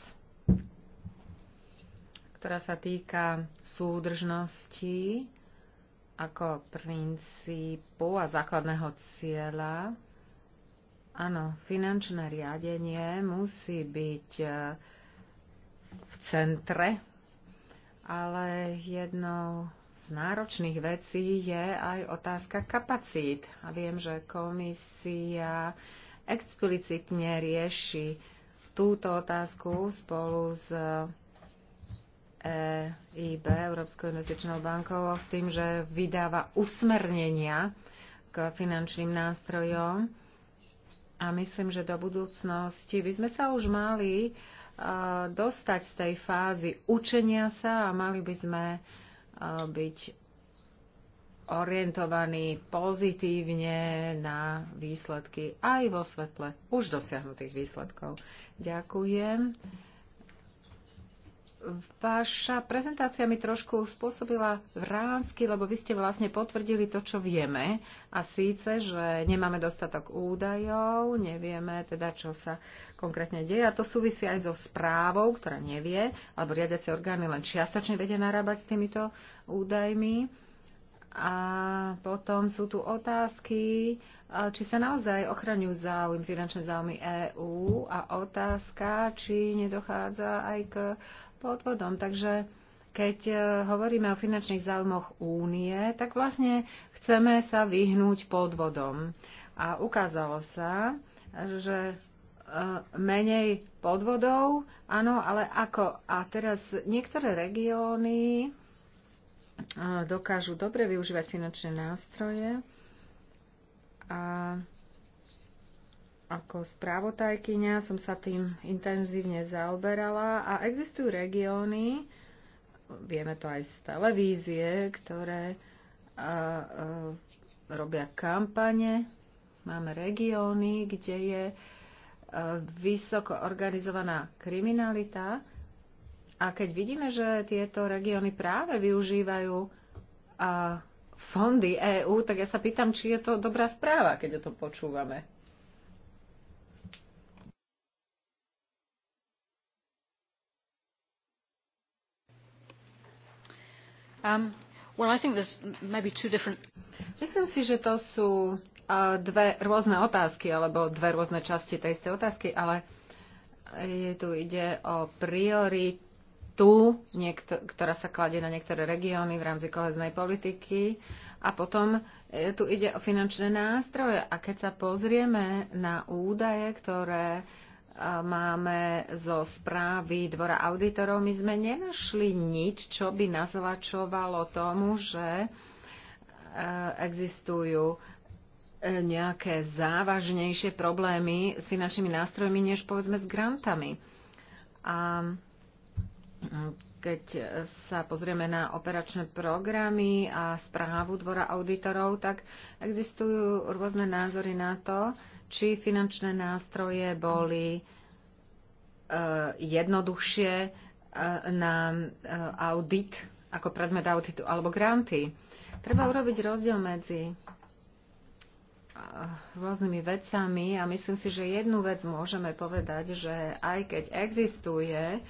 S2: ktorá sa týka súdržnosti ako princípu a základného cieľa. Áno, finančné riadenie musí byť e, v centre, ale jednou z náročných vecí je aj otázka kapacít. A viem, že komisia explicitne rieši túto otázku spolu s EIB, Európskou investičnou bankou, s tým, že vydáva usmernenia k finančným nástrojom. A myslím, že do budúcnosti by sme sa už mali dostať z tej fázy učenia sa a mali by sme uh, byť orientovaný pozitívne na výsledky aj vo svetle už dosiahnutých výsledkov. Ďakujem. Vaša prezentácia mi trošku spôsobila vránsky, lebo vy ste vlastne potvrdili to, čo vieme. A síce, že nemáme dostatok údajov, nevieme teda, čo sa konkrétne deje. A to súvisí aj so správou, ktorá nevie, alebo riadiace orgány len čiastočne vedia narábať s týmito údajmi. A potom sú tu otázky, či sa naozaj ochraňujú záujmy, finančné záujmy EÚ a otázka, či nedochádza aj k podvodom. Takže keď e, hovoríme o finančných záujmoch únie, tak vlastne chceme sa vyhnúť podvodom. A ukázalo sa, že e, menej podvodov, áno, ale ako? A teraz niektoré regióny e, dokážu dobre využívať finančné nástroje a ako správotajkyňa som sa tým intenzívne zaoberala a existujú regióny, vieme to aj z televízie, ktoré a, a, robia kampane. Máme regióny, kde je a, vysoko organizovaná kriminalita. A keď vidíme, že tieto regióny práve využívajú a, fondy EÚ, tak ja sa pýtam, či je to dobrá správa, keď o tom počúvame. Um, Myslím si, že to sú uh, dve rôzne otázky, alebo dve rôzne časti tej istej otázky, ale eh, je tu ide o prioritu, ktorá sa kladie na niektoré regióny v rámci koheznej politiky. A potom eh, tu ide o finančné nástroje. A keď sa pozrieme na údaje, ktoré máme zo správy Dvora auditorov, my sme nenašli nič, čo by naznačovalo tomu, že e, existujú e, nejaké závažnejšie problémy s finančnými nástrojmi, než povedzme s grantami. A keď sa pozrieme na operačné programy a správu Dvora auditorov, tak existujú rôzne názory na to, či finančné nástroje boli e, jednoduchšie e, na e, audit ako predmet auditu alebo granty. Treba urobiť rozdiel medzi rôznymi vecami a myslím si, že jednu vec môžeme povedať, že aj keď existuje,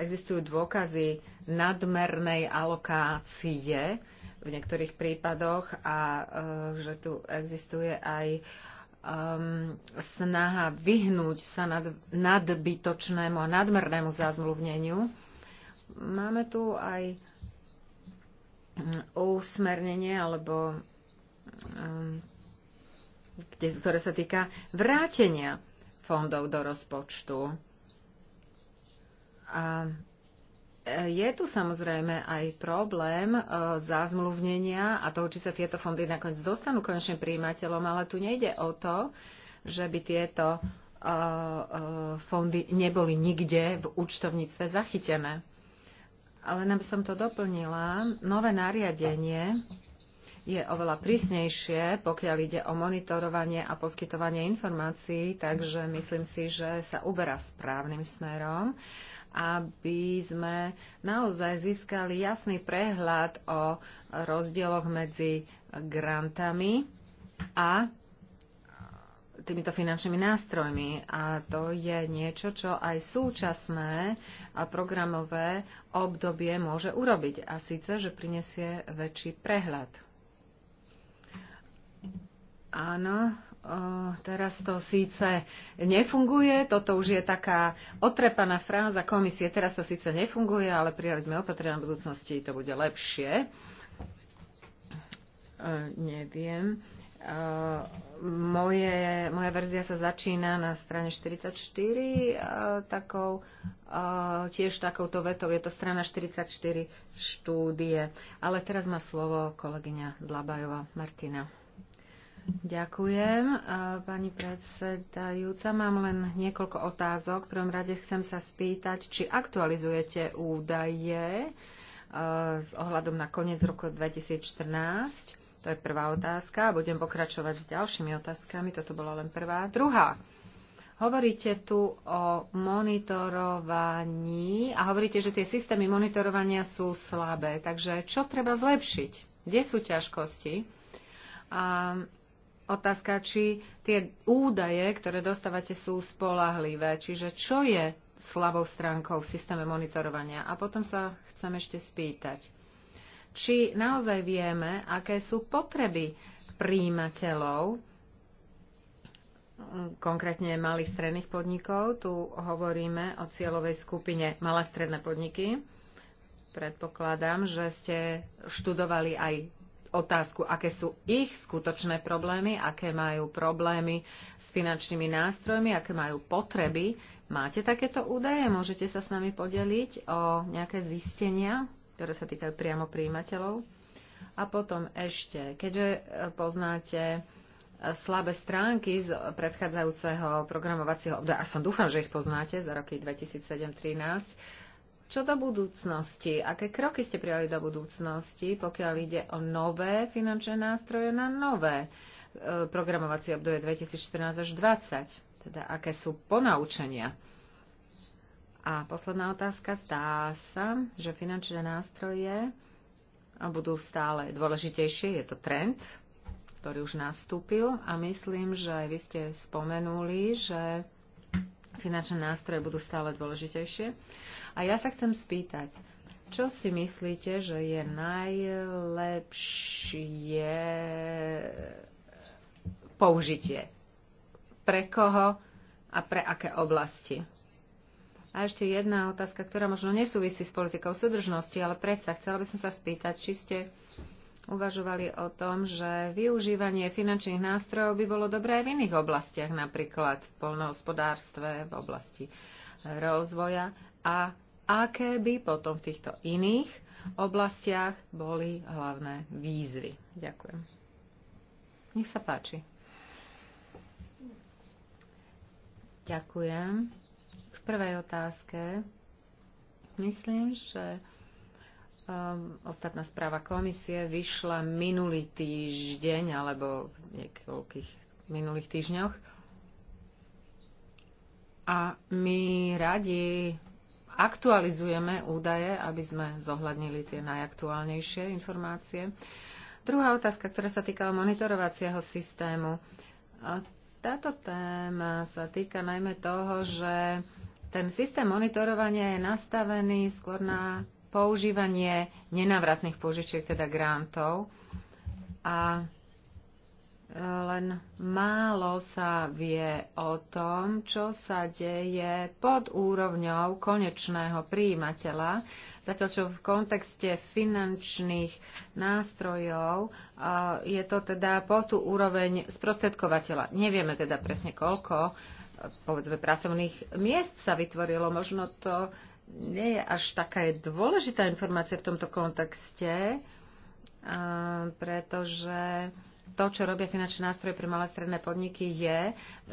S2: existujú dôkazy nadmernej alokácie v niektorých prípadoch a že tu existuje aj um, snaha vyhnúť sa nad, nadbytočnému a nadmernému zazmluvneniu. Máme tu aj mm, usmernenie alebo um, kde, ktoré sa týka vrátenia fondov do rozpočtu. A je tu samozrejme aj problém e, zazmluvnenia a toho, či sa tieto fondy nakoniec dostanú konečným príjimateľom, ale tu nejde o to, že by tieto e, e, fondy neboli nikde v účtovníctve zachytené. Ale len aby som to doplnila, nové nariadenie je oveľa prísnejšie, pokiaľ ide o monitorovanie a poskytovanie informácií, takže myslím si, že sa uberá správnym smerom aby sme naozaj získali jasný prehľad o rozdieloch medzi grantami a týmito finančnými nástrojmi. A to je niečo, čo aj súčasné programové obdobie môže urobiť. A síce, že prinesie väčší prehľad. Áno, Eh, teraz to síce nefunguje, toto už je taká otrepaná fráza komisie, teraz to síce nefunguje, ale prijali sme opatrenia v budúcnosti, to bude lepšie. Eh, neviem. Eh, moje, moja verzia sa začína na strane 44, takou, tiež takouto vetou, je to strana 44 štúdie. Ale teraz má slovo kolegyňa Dlabajová Martina. Ďakujem. Pani predsedajúca, mám len niekoľko otázok. V prvom rade chcem sa spýtať, či aktualizujete údaje e, s ohľadom na koniec roku 2014. To je prvá otázka. Budem pokračovať s ďalšími otázkami. Toto bola len prvá. Druhá. Hovoríte tu o monitorovaní a hovoríte, že tie systémy monitorovania sú slabé. Takže čo treba zlepšiť? Kde sú ťažkosti? A otázka, či tie údaje, ktoré dostávate, sú spolahlivé. Čiže čo je slabou stránkou v systéme monitorovania? A potom sa chcem ešte spýtať, či naozaj vieme, aké sú potreby príjimateľov, konkrétne malých stredných podnikov. Tu hovoríme o cieľovej skupine malé stredné podniky. Predpokladám, že ste študovali aj otázku, aké sú ich skutočné problémy, aké majú problémy s finančnými nástrojmi, aké majú potreby. Máte takéto údaje? Môžete sa s nami podeliť o nejaké zistenia, ktoré sa týkajú priamo príjimateľov? A potom ešte, keďže e, poznáte e, slabé stránky z predchádzajúceho programovacieho obdobia, aspoň dúfam, že ich poznáte za roky 2007-2013, čo do budúcnosti? Aké kroky ste prijali do budúcnosti, pokiaľ ide o nové finančné nástroje na nové e, programovacie obdobie 2014 až 2020? Teda aké sú ponaučenia? A posledná otázka. Zdá sa, že finančné nástroje budú stále dôležitejšie. Je to trend, ktorý už nastúpil a myslím, že vy ste spomenuli, že finančné nástroje budú stále dôležitejšie. A ja sa chcem spýtať, čo si myslíte, že je najlepšie použitie? Pre koho a pre aké oblasti? A ešte jedna otázka, ktorá možno nesúvisí s politikou súdržnosti, ale predsa chcela by som sa spýtať, či ste uvažovali o tom, že využívanie finančných nástrojov by bolo dobré aj v iných oblastiach, napríklad v polnohospodárstve, v oblasti rozvoja a aké by potom v týchto iných oblastiach boli hlavné výzvy. Ďakujem. Nech sa páči. Ďakujem. V prvej otázke myslím, že um, ostatná správa komisie vyšla minulý týždeň alebo v niekoľkých minulých týždňoch. A my radi aktualizujeme údaje, aby sme zohľadnili tie najaktuálnejšie informácie. Druhá otázka, ktorá sa týkala monitorovacieho systému. Táto téma sa týka najmä toho, že ten systém monitorovania je nastavený skôr na používanie nenávratných požičiek, teda grantov. A len málo sa vie o tom, čo sa deje pod úrovňou konečného príjimateľa, zatiaľ čo v kontexte finančných nástrojov je to teda pod tú úroveň sprostredkovateľa. Nevieme teda presne koľko, povedzme, pracovných miest sa vytvorilo. Možno to nie je až taká dôležitá informácia v tomto kontexte, pretože to, čo robia finančné nástroje pre malé stredné podniky, je,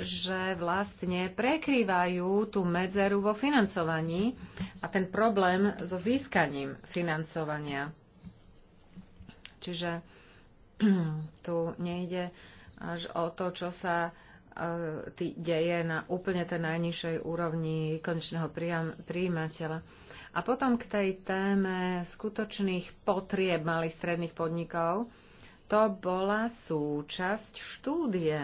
S2: že vlastne prekrývajú tú medzeru vo financovaní a ten problém so získaním financovania. Čiže tu nejde až o to, čo sa e, deje na úplne tej najnižšej úrovni konečného príjimateľa. A potom k tej téme skutočných potrieb malých stredných podnikov to bola súčasť štúdie,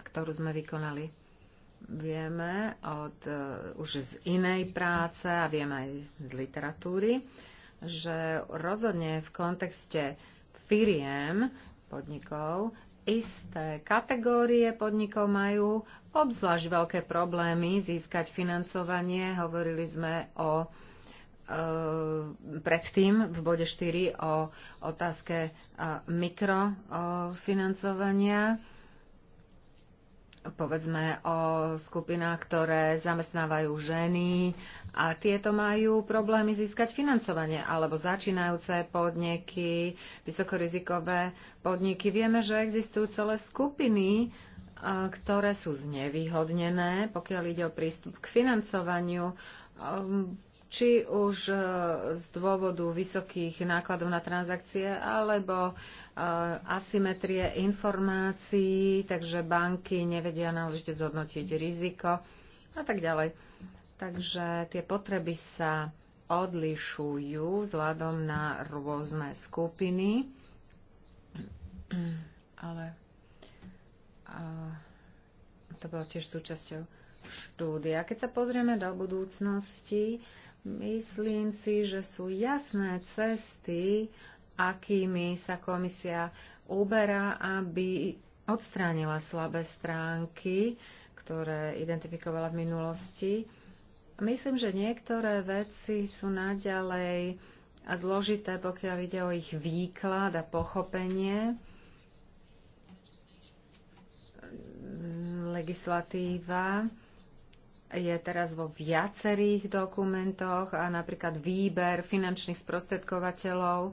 S2: ktorú sme vykonali. Vieme od, e, už z inej práce a vieme aj z literatúry, že rozhodne v kontexte firiem, podnikov, isté kategórie podnikov majú obzvlášť veľké problémy získať financovanie. Hovorili sme o E, predtým v bode 4 o otázke e, mikrofinancovania povedzme o skupinách, ktoré zamestnávajú ženy a tieto majú problémy získať financovanie alebo začínajúce podniky, vysokorizikové podniky. Vieme, že existujú celé skupiny, e, ktoré sú znevýhodnené, pokiaľ ide o prístup k financovaniu. Ehm, či už e, z dôvodu vysokých nákladov na transakcie alebo e, asymetrie informácií, takže banky nevedia náležite zhodnotiť riziko a tak ďalej. Takže tie potreby sa odlišujú vzhľadom na rôzne skupiny, ale to bolo tiež súčasťou štúdia. Keď sa pozrieme do budúcnosti, Myslím si, že sú jasné cesty, akými sa komisia uberá, aby odstránila slabé stránky, ktoré identifikovala v minulosti. Myslím, že niektoré veci sú naďalej zložité, pokiaľ ide o ich výklad a pochopenie. Legislatíva je teraz vo viacerých dokumentoch a napríklad výber finančných sprostredkovateľov e,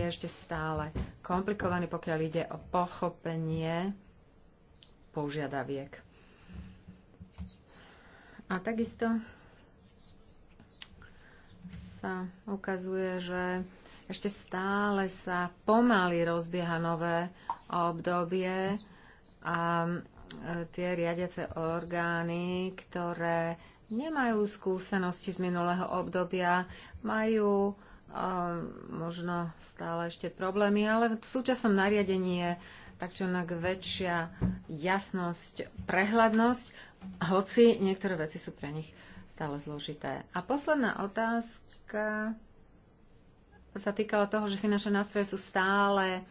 S2: je ešte stále komplikovaný, pokiaľ ide o pochopenie požiadaviek. A takisto sa ukazuje, že ešte stále sa pomaly rozbieha nové obdobie a tie riadiace orgány, ktoré nemajú skúsenosti z minulého obdobia, majú možno stále ešte problémy, ale v súčasnom nariadení je tak či onak väčšia jasnosť, prehľadnosť, hoci niektoré veci sú pre nich stále zložité. A posledná otázka sa týkala toho, že finančné nástroje sú stále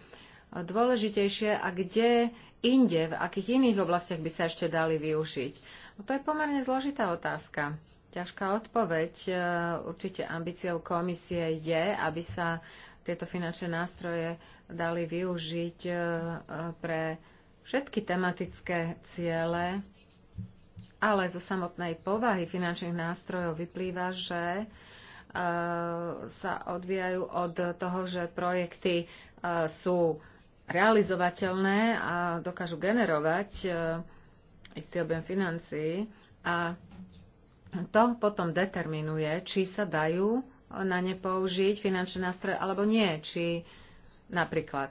S2: dôležitejšie a kde inde, v akých iných oblastiach by sa ešte dali využiť? No to je pomerne zložitá otázka. Ťažká odpoveď. E, určite ambíciou komisie je, aby sa tieto finančné nástroje dali využiť e, pre všetky tematické ciele, ale zo samotnej povahy finančných nástrojov vyplýva, že e, sa odvíjajú od toho, že projekty sú realizovateľné a dokážu generovať e, istý objem financií a to potom determinuje, či sa dajú na ne použiť finančné nástroje alebo nie. Či napríklad,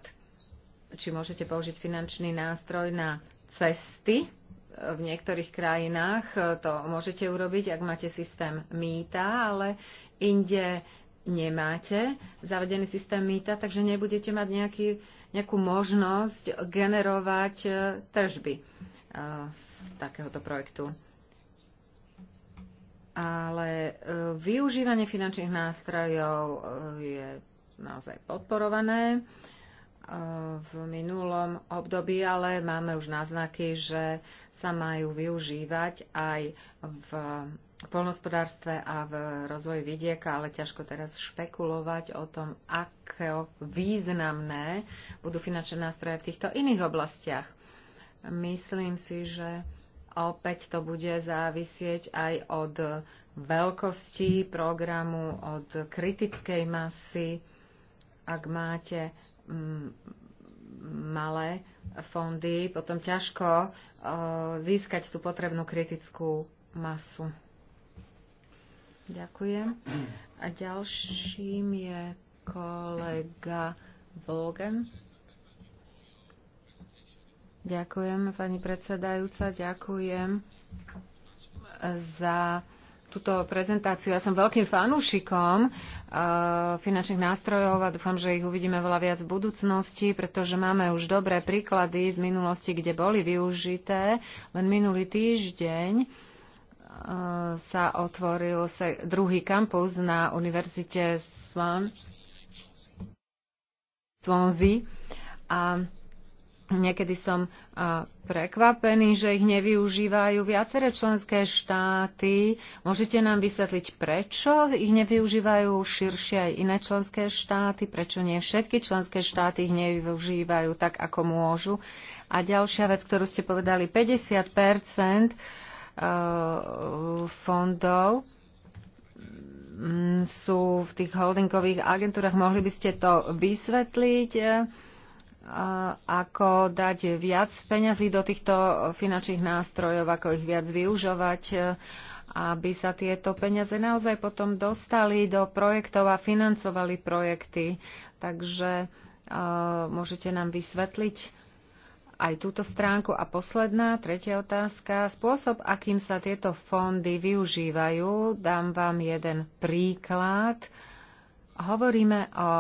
S2: či môžete použiť finančný nástroj na cesty e, v niektorých krajinách, e, to môžete urobiť, ak máte systém mýta, ale inde nemáte zavedený systém mýta, takže nebudete mať nejaký nejakú možnosť generovať e, tržby e, z takéhoto projektu. Ale e, využívanie finančných nástrojov je naozaj podporované v minulom období, ale máme už náznaky, že sa majú využívať aj v v polnospodárstve a v rozvoji vidieka, ale ťažko teraz špekulovať o tom, aké významné budú finančné nástroje v týchto iných oblastiach. Myslím si, že opäť to bude závisieť aj od veľkosti programu, od kritickej masy. Ak máte mm, malé fondy, potom ťažko eh, získať tú potrebnú kritickú masu. Ďakujem. A ďalším je kolega Vogen. Ďakujem, pani predsedajúca, ďakujem za túto prezentáciu. Ja som veľkým fanúšikom eh, finančných nástrojov a dúfam, že ich uvidíme veľa viac v budúcnosti, pretože máme už dobré príklady z minulosti, kde boli využité. Len minulý týždeň Eh, sa otvoril sa druhý kampus na univerzite Swan, Swansea a niekedy som eh, prekvapený, že ich nevyužívajú viaceré členské štáty. Môžete nám vysvetliť, prečo ich nevyužívajú širšie aj iné členské štáty, prečo nie všetky členské štáty ich nevyužívajú tak, ako môžu. A ďalšia vec, ktorú ste povedali, 50 Eh, fondov mm, sú v tých holdingových agentúrach. Mohli by ste to vysvetliť, eh, ako dať viac peňazí do týchto finančných nástrojov, ako ich viac využovať, eh, aby sa tieto peniaze naozaj potom dostali do projektov a financovali projekty. Takže môžete nám vysvetliť aj túto stránku. A posledná, tretia otázka. Spôsob, akým sa tieto fondy využívajú, dám vám jeden príklad. Hovoríme o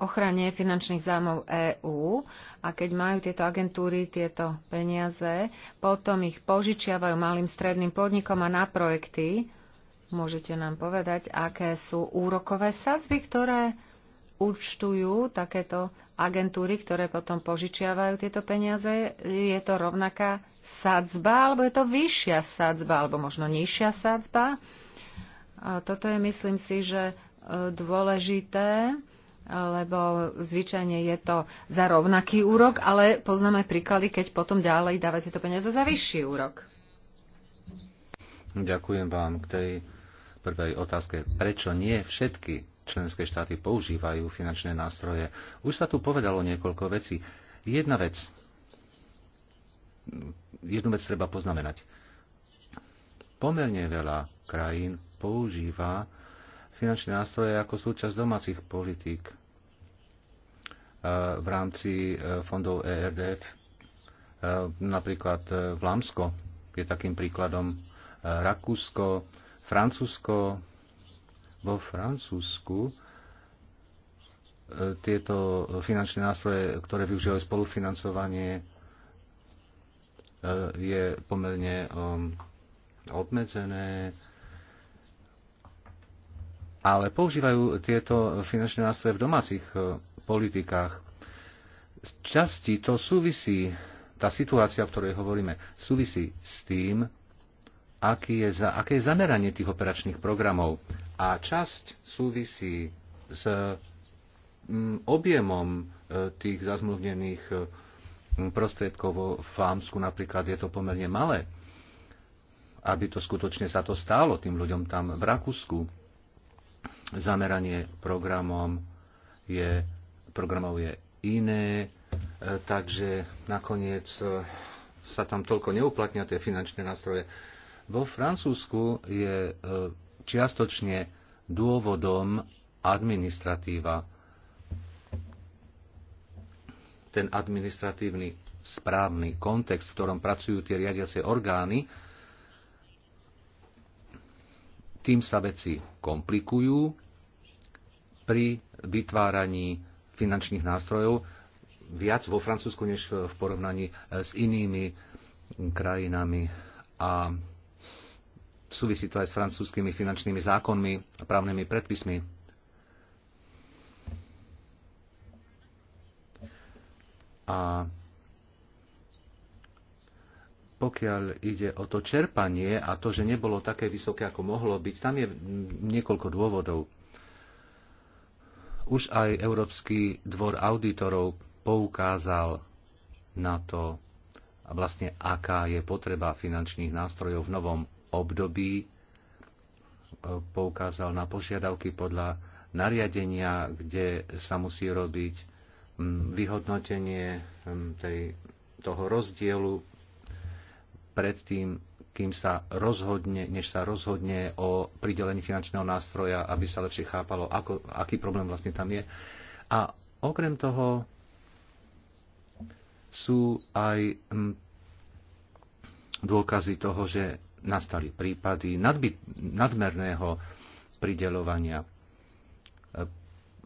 S2: ochrane finančných zámov EÚ a keď majú tieto agentúry tieto peniaze, potom ich požičiavajú malým stredným podnikom a na projekty. Môžete nám povedať, aké sú úrokové sadzby, ktoré účtujú takéto agentúry, ktoré potom požičiavajú tieto peniaze, je to rovnaká sadzba, alebo je to vyššia sadzba, alebo možno nižšia sadzba. Toto je, myslím si, že e, dôležité, lebo zvyčajne je to za rovnaký úrok, ale poznáme príklady, keď potom ďalej dávate tieto peniaze za vyšší úrok.
S3: Ďakujem vám k tej prvej otázke. Prečo nie všetky členské štáty používajú finančné nástroje. Už sa tu povedalo niekoľko vecí. Jedna vec, jednu vec treba poznamenať. Pomerne veľa krajín používa finančné nástroje ako súčasť domácich politík e, v rámci e, fondov ERDF. E, napríklad Vlámsko je takým príkladom, Rakúsko, Francúzsko, vo Francúzsku e, tieto finančné nástroje, ktoré využívajú spolufinancovanie, e, je pomerne um, obmedzené, ale používajú tieto finančné nástroje v domácich e, politikách. Z časti to súvisí, tá situácia, o ktorej hovoríme, súvisí s tým, aký je, aké je zameranie tých operačných programov a časť súvisí s mm, objemom e, tých zazmluvnených e, prostriedkov vo Flámsku napríklad je to pomerne malé, aby to skutočne sa to stálo tým ľuďom tam v Rakúsku. Zameranie programom je, programov je iné, e, takže nakoniec sa tam toľko neuplatnia tie finančné nástroje. Vo Francúzsku je čiastočne dôvodom administratíva. Ten administratívny správny kontext, v ktorom pracujú tie riadiace orgány, tým sa veci komplikujú pri vytváraní finančných nástrojov viac vo Francúzsku než v porovnaní s inými krajinami. A Súvisí to aj s francúzskými finančnými zákonmi a právnymi predpismi. A pokiaľ ide o to čerpanie a to, že nebolo také vysoké, ako mohlo byť, tam je niekoľko dôvodov. Už aj Európsky dvor auditorov poukázal na to, vlastne aká je potreba finančných nástrojov v novom období e, poukázal na požiadavky podľa nariadenia, kde sa musí robiť vyhodnotenie tej, toho rozdielu predtým, kým sa rozhodne, než sa rozhodne o pridelení finančného nástroja, aby sa lepšie chápalo, ako, aký problém vlastne tam je. A okrem toho sú aj dôkazy toho, že nastali prípady nadby, nadmerného pridelovania e,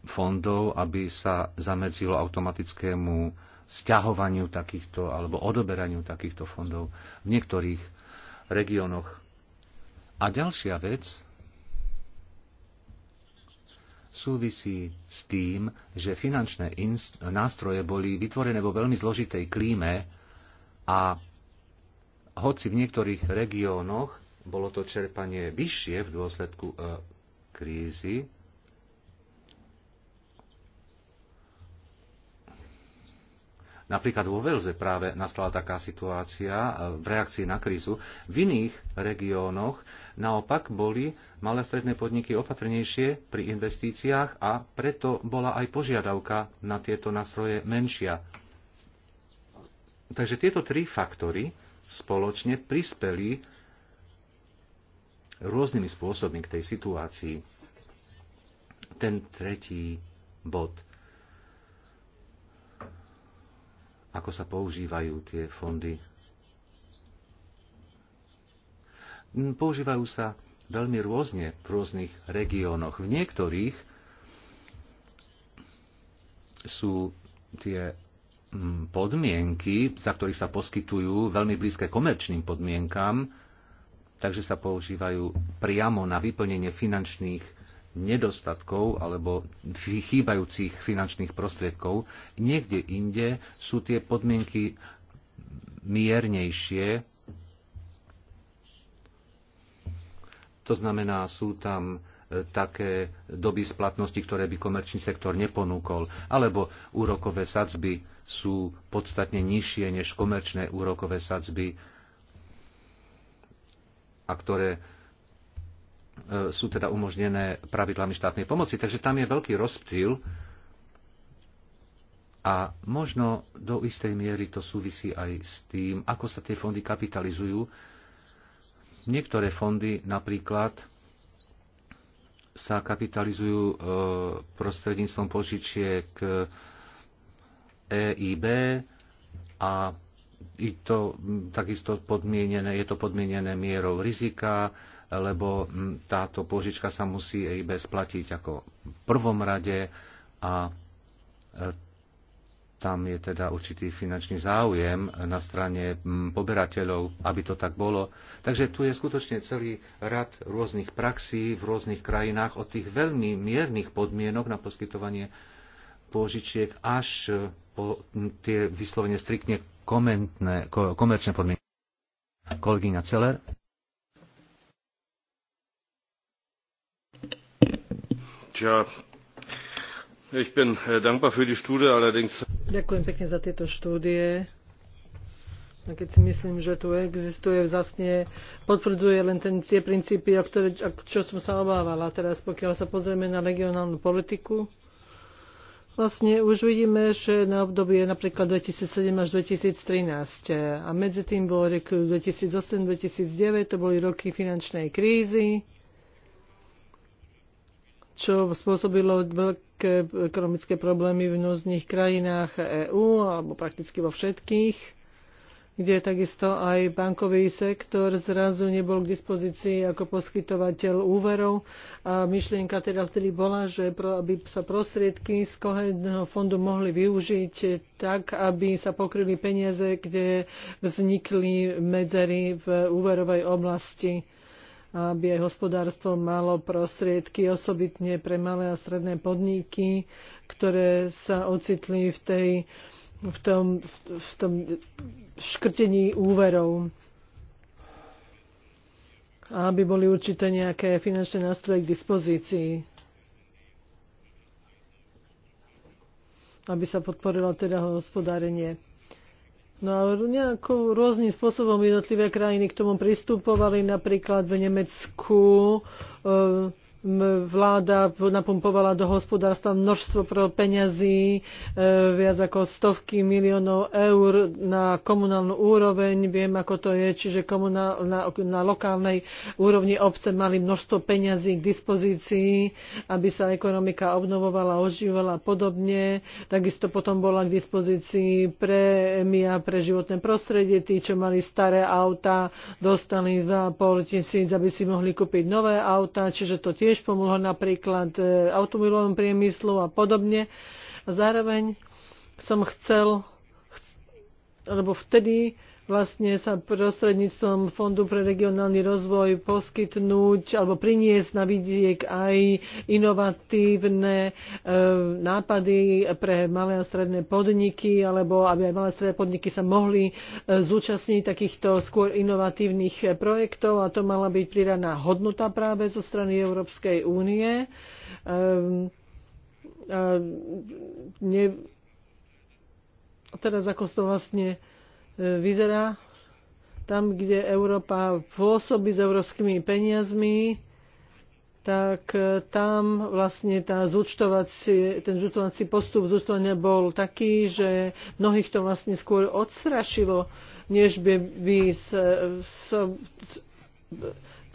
S3: fondov, aby sa zamedzilo automatickému sťahovaniu takýchto alebo odoberaniu takýchto fondov v niektorých regiónoch. A ďalšia vec súvisí s tým, že finančné nástroje boli vytvorené vo veľmi zložitej klíme a hoci v niektorých regiónoch bolo to čerpanie vyššie v dôsledku e, krízy, Napríklad vo Velze práve nastala taká situácia e, v reakcii na krízu. V iných regiónoch naopak boli malé stredné podniky opatrnejšie pri investíciách a preto bola aj požiadavka na tieto nástroje menšia. Takže tieto tri faktory spoločne prispeli rôznymi spôsobmi k tej situácii. Ten tretí bod. Ako sa používajú tie fondy? Hm, používajú sa veľmi rôzne v rôznych regiónoch. V niektorých sú tie podmienky, za ktorých sa poskytujú, veľmi blízke komerčným podmienkam, takže sa používajú priamo na vyplnenie finančných nedostatkov alebo chýbajúcich finančných prostriedkov. Niekde inde sú tie podmienky miernejšie. To znamená, sú tam také doby splatnosti, ktoré by komerčný sektor neponúkol, alebo úrokové sadzby sú podstatne nižšie než komerčné úrokové sadzby, a ktoré e, sú teda umožnené pravidlami štátnej pomoci. Takže tam je veľký rozptýl a možno do istej miery to súvisí aj s tým, ako sa tie fondy kapitalizujú. Niektoré fondy napríklad sa kapitalizujú e, prostredníctvom požičiek EIB e a je to takisto podmienené, je to podmienené mierou rizika, lebo táto požička sa musí EIB splatiť ako v prvom rade a e, tam je teda určitý finančný záujem na strane poberateľov, aby to tak bolo. Takže tu je skutočne celý rad rôznych praxí v rôznych krajinách od tých veľmi miernych podmienok na poskytovanie pôžičiek až e, po tie vyslovene striktne komentné, komerčné podmienky. Kolegyňa Celer. Ja, ich bin äh, dankbar für die Studie, allerdings
S1: Ďakujem pekne za tieto štúdie. A keď si myslím, že tu existuje, vlastne potvrdzuje len ten, tie princípy, o ktoré, čo som sa obávala. Teraz pokiaľ sa pozrieme na regionálnu politiku, Vlastne už vidíme, že na obdobie napríklad 2007 až 2013 a medzi tým bol rok 2008-2009, to boli roky finančnej krízy, čo spôsobilo veľké ekonomické problémy v mnohých krajinách EÚ, alebo prakticky vo všetkých, kde takisto aj bankový sektor zrazu nebol k dispozícii ako poskytovateľ úverov. A myšlienka teda vtedy bola, že aby sa prostriedky z kohedného fondu mohli využiť tak, aby sa pokryli peniaze, kde vznikli medzery v úverovej oblasti aby aj hospodárstvo malo prostriedky osobitne pre malé a stredné podniky, ktoré sa ocitli v, tej, v, tom, v tom škrtení úverov a aby boli určité nejaké finančné nástroje k dispozícii, aby sa podporilo teda hospodárenie. No nejako rôznym spôsobom jednotlivé krajiny k tomu pristupovali, napríklad v Nemecku e, vláda napumpovala do hospodárstva množstvo peňazí, e, viac ako stovky miliónov eur na komunálnu úroveň. Viem, ako to je, čiže komunál, na, na lokálnej úrovni obce mali množstvo peňazí k dispozícii, aby sa ekonomika obnovovala, ožívala a podobne. Takisto potom bola k dispozícii prémia pre životné prostredie. Tí, čo mali staré auta, dostali 2,5 tisíc, aby si mohli kúpiť nové auta, čiže to tiež tiež pomohlo napríklad e, automobilovom priemyslu a podobne. A zároveň som chcel, lebo vtedy vlastne sa prostredníctvom Fondu pre regionálny rozvoj poskytnúť alebo priniesť na vidiek aj inovatívne e, nápady pre malé a stredné podniky, alebo aby aj malé a stredné podniky sa mohli e, zúčastniť takýchto skôr inovatívnych projektov a to mala byť pridaná hodnota práve zo strany Európskej únie. E, ne, teraz ako to vlastne E, vyzerá tam, kde Európa pôsobí s európskymi peniazmi, tak e, tam vlastne tá ten zúčtovací postup zúčtovania bol taký, že mnohých to vlastne skôr odstrašilo, než by, by sa, e, sa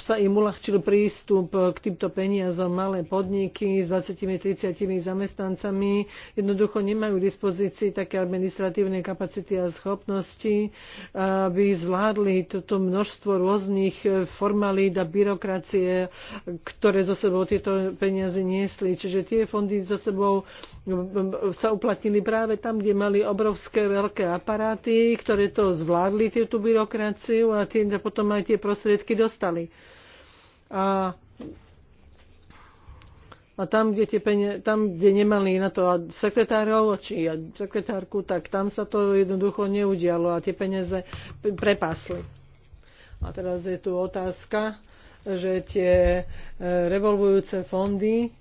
S1: sa im uľahčil prístup k týmto peniazom. Malé podniky s 20-30 zamestnancami jednoducho nemajú k dispozícii také administratívne kapacity a schopnosti, aby zvládli toto množstvo rôznych formalít a byrokracie, ktoré zo sebou tieto peniaze niesli. Čiže tie fondy zo sebou sa uplatnili práve tam, kde mali obrovské veľké aparáty, ktoré to zvládli, tieto byrokraciu a tie potom aj tie prostriedky dostali a a tam, kde, tie penie, tam, kde nemali na to sekretárov či sekretárku, tak tam sa to jednoducho neudialo a tie peniaze prepasli. A teraz je tu otázka, že tie e, revolvujúce fondy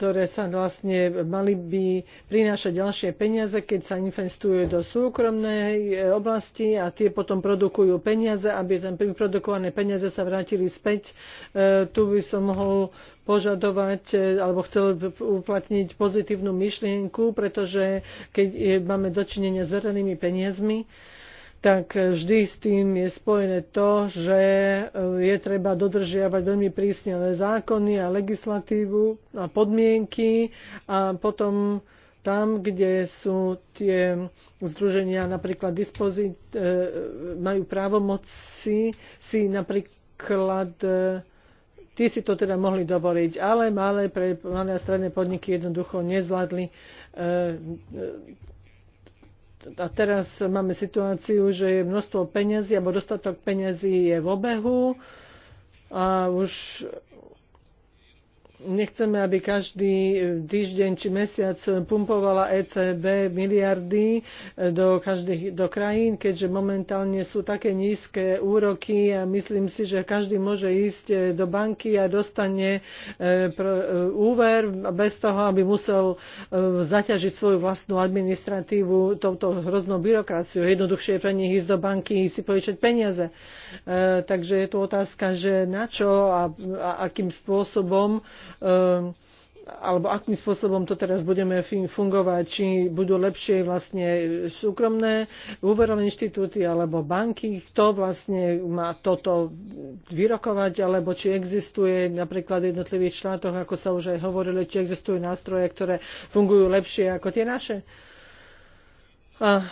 S1: ktoré sa vlastne mali by prinášať ďalšie peniaze, keď sa investujú do súkromnej e, oblasti a tie potom produkujú peniaze, aby tam produkované peniaze sa vrátili späť. E, tu by som mohol požadovať e, alebo chcel uplatniť pozitívnu myšlienku, pretože keď e, máme dočinenia s verejnými peniazmi, tak vždy s tým je spojené to, že eh, je treba dodržiavať veľmi prísne ale zákony a legislatívu a podmienky a potom tam, kde sú tie združenia napríklad dispozit, eh, majú právomoci si napríklad eh, tí si to teda mohli dovoliť, ale malé, pre, malé a stredné podniky jednoducho nezvládli e, a teraz máme situáciu, že je množstvo peňazí, alebo dostatok peňazí je v obehu a už nechceme, aby každý e, týždeň či mesiac pumpovala ECB miliardy e, do, každých, do krajín, keďže momentálne sú také nízke úroky a myslím si, že každý môže ísť e, do banky a dostane úver bez toho, aby musel zaťažiť svoju vlastnú administratívu touto hroznou byrokraciou. Jednoduchšie je pre nich ísť do banky a si povičať peniaze. Takže je tu otázka, že na čo a, a akým spôsobom uh, Ehm, alebo akým spôsobom to teraz budeme fungovať, či budú lepšie vlastne e, súkromné úverové inštitúty alebo banky, kto vlastne má toto vyrokovať, alebo či existuje napríklad v jednotlivých štátoch, ako sa už aj hovorili, či existujú nástroje, ktoré fungujú lepšie ako tie naše. A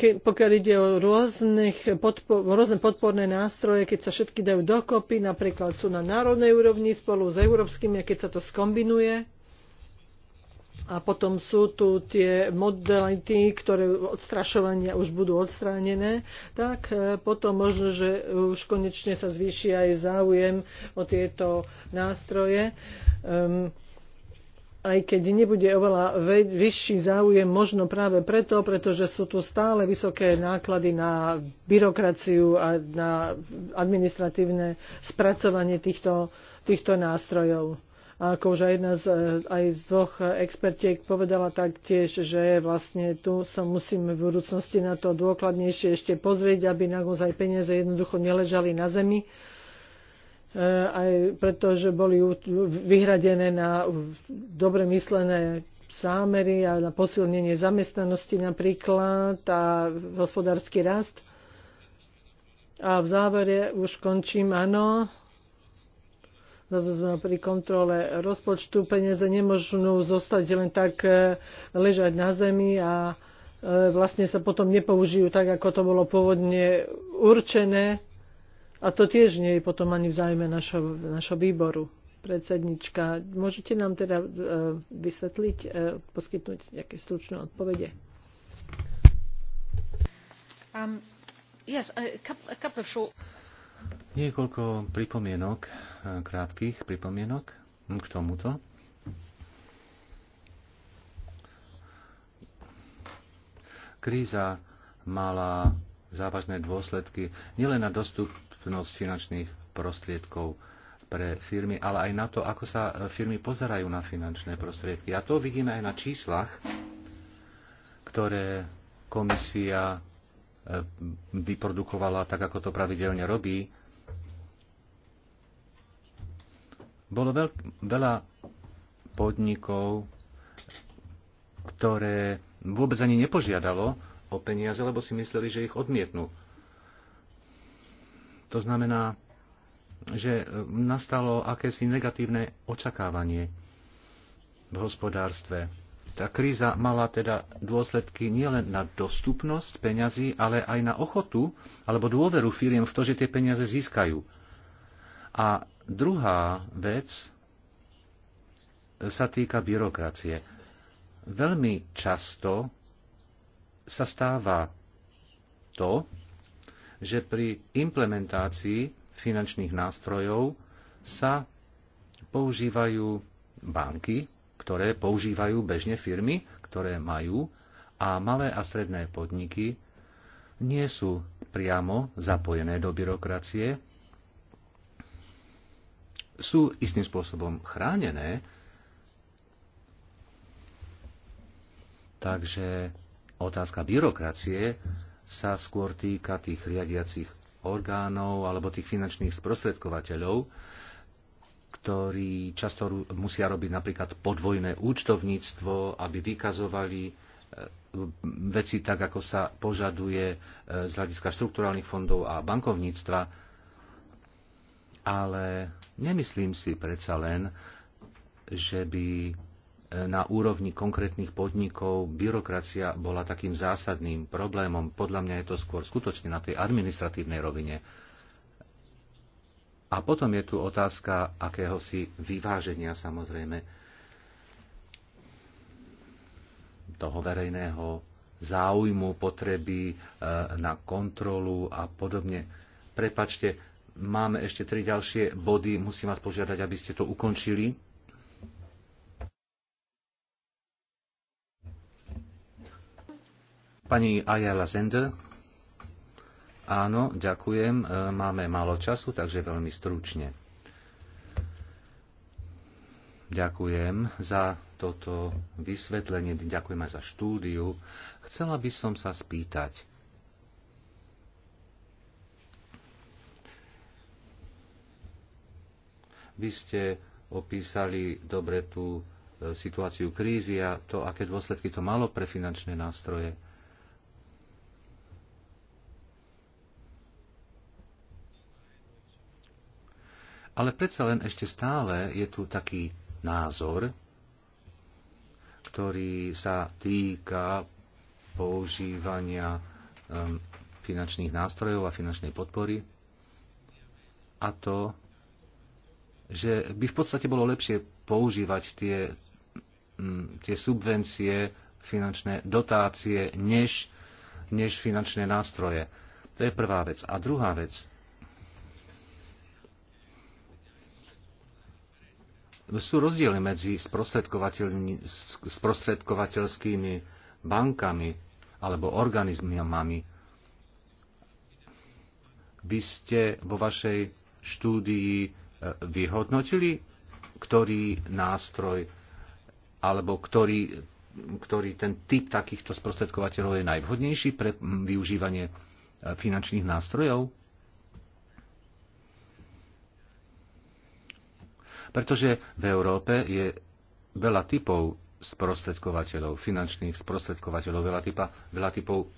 S1: pokiaľ ide o rôznych rôzne podporné nástroje, keď sa všetky dajú dokopy, napríklad sú na národnej úrovni spolu s európskymi a keď sa to skombinuje. A potom sú tu tie modality, ktoré odstrašovania už budú odstránené, tak e, potom možno, že už konečne sa zvýši aj záujem o tieto nástroje. Um, aj keď nebude oveľa vyšší záujem, možno práve preto, pretože sú tu stále vysoké náklady na byrokraciu a na administratívne spracovanie týchto, týchto nástrojov. A ako už aj jedna z, aj z dvoch expertiek povedala taktiež, že vlastne tu sa musíme v budúcnosti na to dôkladnejšie ešte pozrieť, aby naozaj peniaze jednoducho neležali na zemi, E, aj pretože boli vyhradené na dobre myslené zámery a na posilnenie zamestnanosti napríklad a hospodársky rast. A v závere už končím, áno, pri kontrole rozpočtu peniaze nemôžu zostať len tak e, ležať na zemi a e, vlastne sa potom nepoužijú tak, ako to bolo pôvodne určené a to tiež nie je potom ani v zájme našo, našho výboru. Predsednička, môžete nám teda e, vysvetliť, e, poskytnúť nejaké stručné odpovede? Um, yes, a couple, a couple short...
S3: Niekoľko pripomienok, e, krátkých pripomienok k tomuto. Kríza mala závažné dôsledky nielen na dostup dostupnosť finančných prostriedkov pre firmy, ale aj na to, ako sa e, firmy pozerajú na finančné prostriedky. A to vidíme aj na číslach, ktoré komisia e, vyprodukovala tak, ako to pravidelne robí. Bolo veľk, veľa podnikov, ktoré vôbec ani nepožiadalo o peniaze, lebo si mysleli, že ich odmietnú. To znamená, že e, nastalo akési negatívne očakávanie v hospodárstve. Tá kríza mala teda dôsledky nielen na dostupnosť peňazí, ale aj na ochotu alebo dôveru firiem v to, že tie peniaze získajú. A druhá vec sa týka byrokracie. Veľmi často sa stáva to, že pri implementácii finančných nástrojov sa používajú banky, ktoré používajú bežne firmy, ktoré majú a malé a stredné podniky nie sú priamo zapojené do byrokracie, sú istým spôsobom chránené, takže otázka byrokracie sa skôr týka tých riadiacich orgánov alebo tých finančných sprostredkovateľov, ktorí často musia robiť napríklad podvojné účtovníctvo, aby vykazovali e, veci tak, ako sa požaduje e, z hľadiska štrukturálnych fondov a bankovníctva. Ale nemyslím si predsa len, že by na úrovni konkrétnych podnikov byrokracia bola takým zásadným problémom. Podľa mňa je to skôr skutočne na tej administratívnej rovine. A potom je tu otázka akéhosi vyváženia samozrejme toho verejného záujmu, potreby e, na kontrolu a podobne. Prepačte, máme ešte tri ďalšie body. Musím vás požiadať, aby ste to ukončili Pani Ayala Zender. Áno, ďakujem. E, máme málo času, takže veľmi stručne. Ďakujem za toto vysvetlenie, ďakujem aj za štúdiu. Chcela by som sa spýtať. Vy ste opísali dobre tú e, situáciu krízy a to, aké dôsledky to malo pre finančné nástroje. Ale predsa len ešte stále je tu taký názor, ktorý sa týka používania um, finančných nástrojov a finančnej podpory a to, že by v podstate bolo lepšie používať tie, um, tie subvencie, finančné dotácie, než, než finančné nástroje. To je prvá vec. A druhá vec, sú rozdiely medzi sprostredkovateľskými bankami alebo organizmami. Vy ste vo vašej štúdii e, vyhodnotili, ktorý nástroj alebo ktorý, ktorý ten typ takýchto sprostredkovateľov je najvhodnejší pre využívanie e, finančných nástrojov? Pretože v Európe je veľa typov sprostredkovateľov, finančných sprostredkovateľov, veľa, typa, veľa typov eh,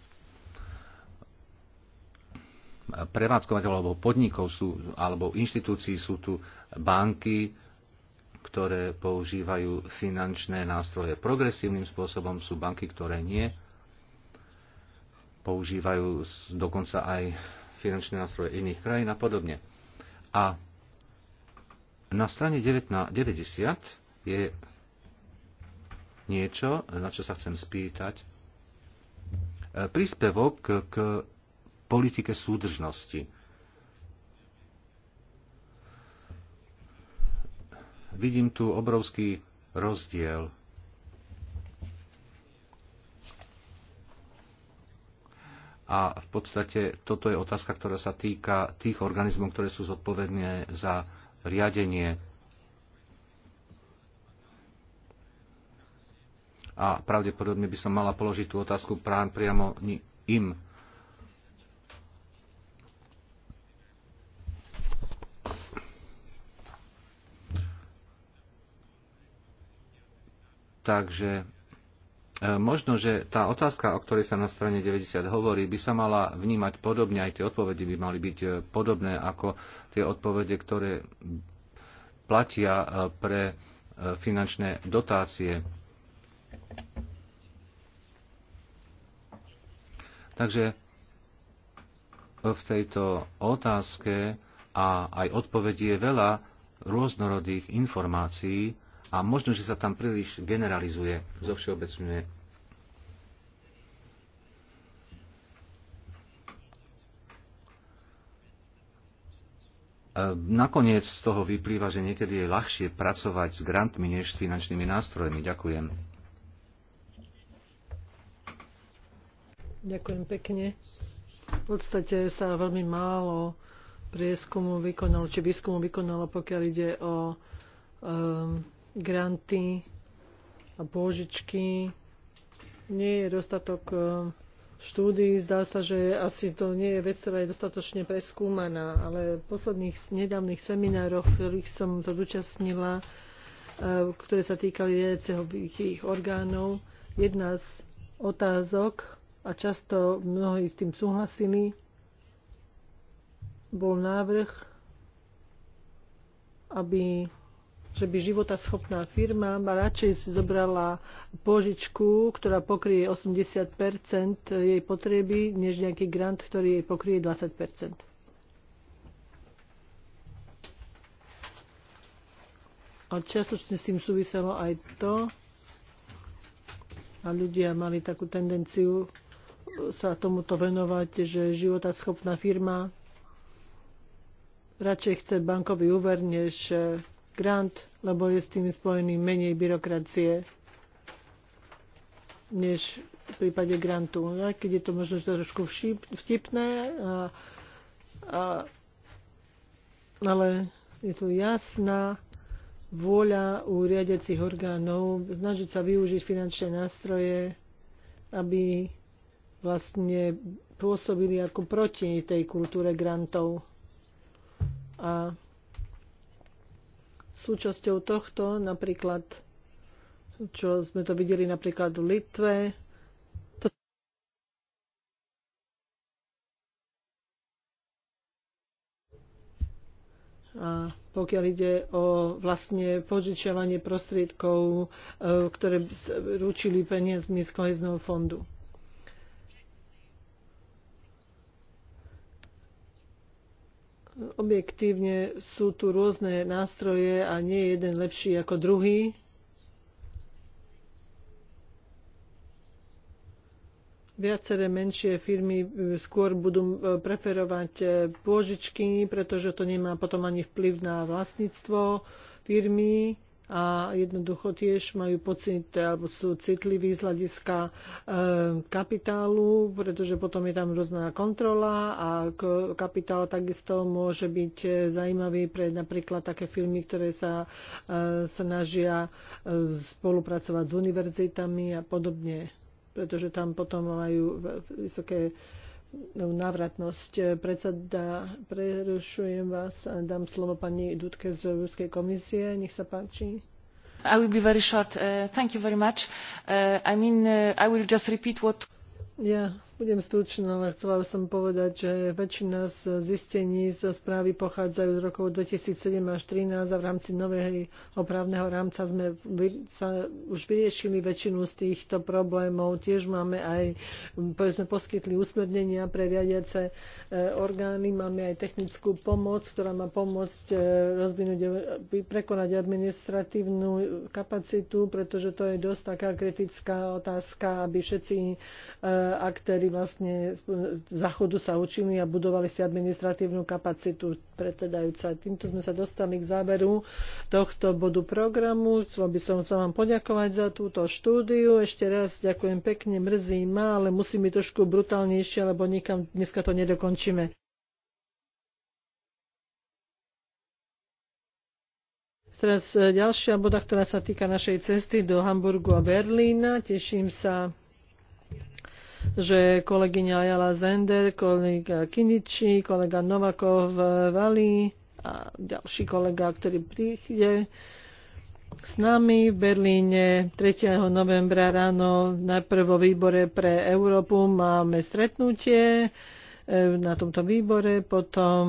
S3: prevádzkovateľov alebo podnikov sú, alebo inštitúcií sú tu banky, ktoré používajú finančné nástroje progresívnym spôsobom, sú banky, ktoré nie. Používajú dokonca aj finančné nástroje iných krajín a podobne. A na strane 90 je niečo, na čo sa chcem spýtať. E, príspevok k politike súdržnosti. Vidím tu obrovský rozdiel A v podstate toto je otázka, ktorá sa týka tých organizmov, ktoré sú zodpovedné za riadenie a pravdepodobne by som mala položiť tú otázku prám priamo im. Takže E, možno, že tá otázka, o ktorej sa na strane 90 hovorí, by sa mala vnímať podobne, aj tie odpovede by mali byť e, podobné ako tie odpovede, ktoré platia e, pre finančné dotácie. Takže v tejto otázke a aj odpovedi je veľa rôznorodých informácií, a možno, že sa tam príliš generalizuje, zovšeobecňuje. E, nakoniec z toho vyplýva, že niekedy je ľahšie pracovať s grantmi než s finančnými nástrojmi. Ďakujem.
S1: Ďakujem pekne. V podstate sa veľmi málo prieskumu vykonalo, či výskumu vykonalo, pokiaľ ide o um, granty a pôžičky. Nie je dostatok e, štúdií. Zdá sa, že asi to nie je vec, ktorá je dostatočne preskúmaná, ale v posledných nedávnych seminároch, ktorých som sa zúčastnila, e, ktoré sa týkali riadiacich orgánov, jedna z otázok, a často mnohí s tým súhlasili, bol návrh, aby že by životaschopná firma radšej si zobrala požičku, ktorá pokrie 80 jej potreby, než nejaký grant, ktorý jej pokrie 20 A čiastočne s tým súviselo aj to, a ľudia mali takú tendenciu sa tomuto venovať, že schopná firma radšej chce bankový úver, než grant, lebo je s tým spojený menej byrokracie než v prípade grantu. Ja, keď je to možno trošku vtipné, a, a, ale je tu jasná vôľa u riadiacich orgánov snažiť sa využiť finančné nástroje, aby vlastne pôsobili ako proti tej kultúre grantov. A súčasťou tohto, napríklad, čo sme to videli napríklad v Litve, A pokiaľ ide o vlastne požičiavanie prostriedkov, e, ktoré ručili peniazmi z kohezného fondu. objektívne sú tu rôzne nástroje a nie je jeden lepší ako druhý. Viaceré menšie firmy e, skôr budú e, preferovať e, pôžičky, pretože to nemá potom ani vplyv na vlastníctvo firmy a jednoducho tiež majú pocit alebo sú citliví z hľadiska e, kapitálu, pretože potom je tam rôzna kontrola a kapitál takisto môže byť e, zaujímavý pre napríklad také firmy, ktoré sa e, snažia e, spolupracovať s univerzitami a podobne, pretože tam potom majú vysoké návratnosť. E, predseda, prerušujem vás a dám slovo pani Dudke z Európskej komisie. Nech sa páči. I will be very short. Uh, thank you very much. Uh, I mean, uh, I will just repeat what... Yeah budem stručná, ale chcela som povedať, že väčšina z zistení z správy pochádzajú z rokov 2007 až 2013 a v rámci nového opravného rámca sme sa už vyriešili väčšinu z týchto problémov. Tiež máme aj, sme poskytli usmernenia pre riadiace e, orgány, máme aj technickú pomoc, ktorá má pomôcť e, rozvinúť, e, prekonať administratívnu kapacitu, pretože to je dosť taká kritická otázka, aby všetci aktéry vlastne záchodu sa učili a budovali si administratívnu kapacitu predsedajúca. Týmto sme sa dostali k záveru tohto bodu programu. Chcel by som sa vám poďakovať za túto štúdiu. Ešte raz ďakujem pekne, mrzí ma, ale musí mi trošku brutálnejšie, lebo nikam dneska to nedokončíme. Teraz e, ďalšia boda, ktorá sa týka našej cesty do Hamburgu a Berlína. Teším sa že kolegyňa Jala Zender, kolega Kiniči, kolega Novakov Vali a ďalší kolega, ktorý príde, s nami v Berlíne 3. novembra ráno najprv vo výbore pre Európu máme stretnutie e, na tomto výbore, potom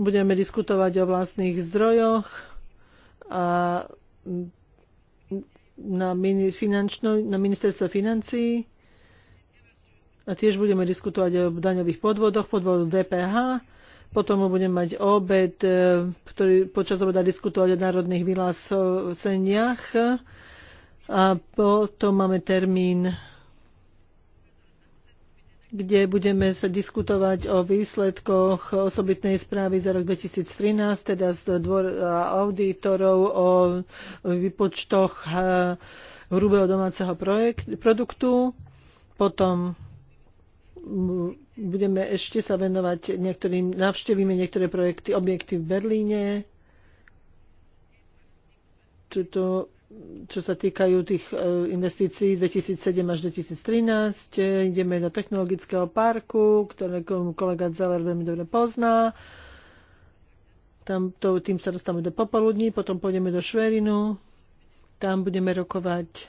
S1: budeme diskutovať o vlastných zdrojoch a na, finančno, na ministerstvo financí a tiež budeme diskutovať o daňových podvodoch, podvodu DPH. Potom budeme mať obed, e, ktorý počas obeda diskutovať o národných vyhláseniach. A potom máme termín kde budeme sa diskutovať o výsledkoch osobitnej správy za rok 2013, teda z dvor auditorov o vypočtoch e, hrubého domáceho projekt, produktu. Potom mm, budeme ešte sa venovať niektorým, navštevíme niektoré projekty, objekty v Berlíne. Tuto čo sa týkajú tých e, investícií 2007 až 2013. E, ideme do technologického parku, ktoré kolega Zeller veľmi dobre pozná. Tam to, tým sa dostávame do popoludní, potom pôjdeme do Šverinu. Tam budeme rokovať e,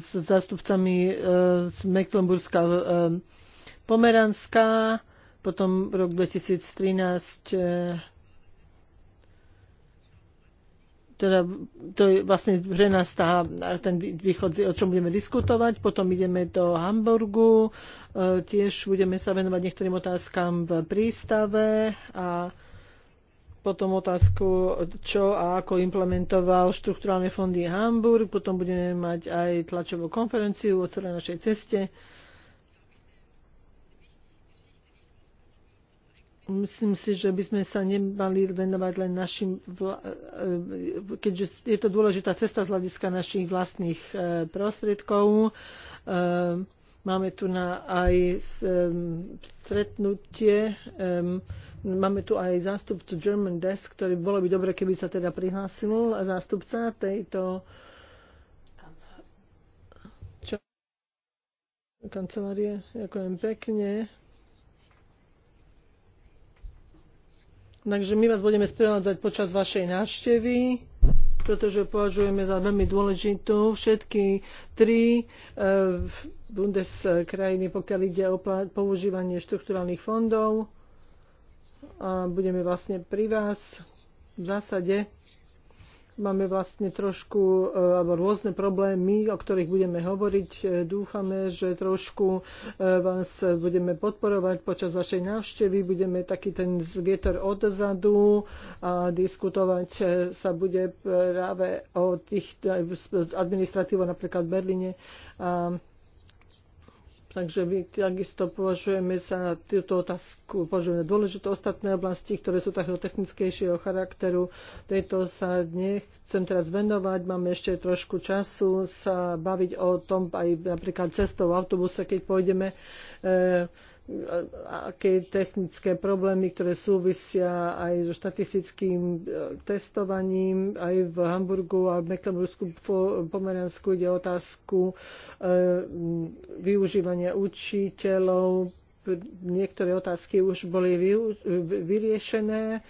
S1: s zástupcami z Mecklenburska Pomeranská. Potom rok 2013 teda to je vlastne pre nás tá, ten východ, o čom budeme diskutovať. Potom ideme do Hamburgu, e, tiež budeme sa venovať niektorým otázkam v prístave a potom otázku, čo a ako implementoval štruktúrálne fondy Hamburg. Potom budeme mať aj tlačovú konferenciu o celej našej ceste. myslím si, že by sme sa nemali venovať len našim, e, e, keďže je to dôležitá cesta z hľadiska našich vlastných e, prostriedkov. Máme tu na aj stretnutie, máme tu aj zástupcu German Desk, ktorý bolo by dobre, keby sa teda prihlásil zástupca tejto kancelárie. Ďakujem pekne. Takže my vás budeme sprevádzať počas vašej návštevy, pretože považujeme za veľmi dôležitú všetky tri e, Bundes krajiny, pokiaľ ide o používanie štrukturálnych fondov. A budeme vlastne pri vás v zásade Máme vlastne trošku e, alebo rôzne problémy, o ktorých budeme hovoriť. E, dúfame, že trošku e, vás budeme podporovať počas vašej návštevy. Budeme taký ten vietor odzadu a diskutovať sa bude práve o tých administratívo napríklad v Berlíne. Takže my takisto považujeme sa túto otázku, považujeme dôležité ostatné oblasti, ktoré sú takého technickejšieho charakteru. Tejto sa nechcem teraz venovať, máme ešte trošku času sa baviť o tom aj napríklad cestou v autobuse, keď pôjdeme. E, aké technické problémy, ktoré súvisia aj so štatistickým e, testovaním. Aj v Hamburgu a v Mecklenburgsku Pomeransku ide otázku e, využívania učiteľov. Niektoré otázky už boli vyriešené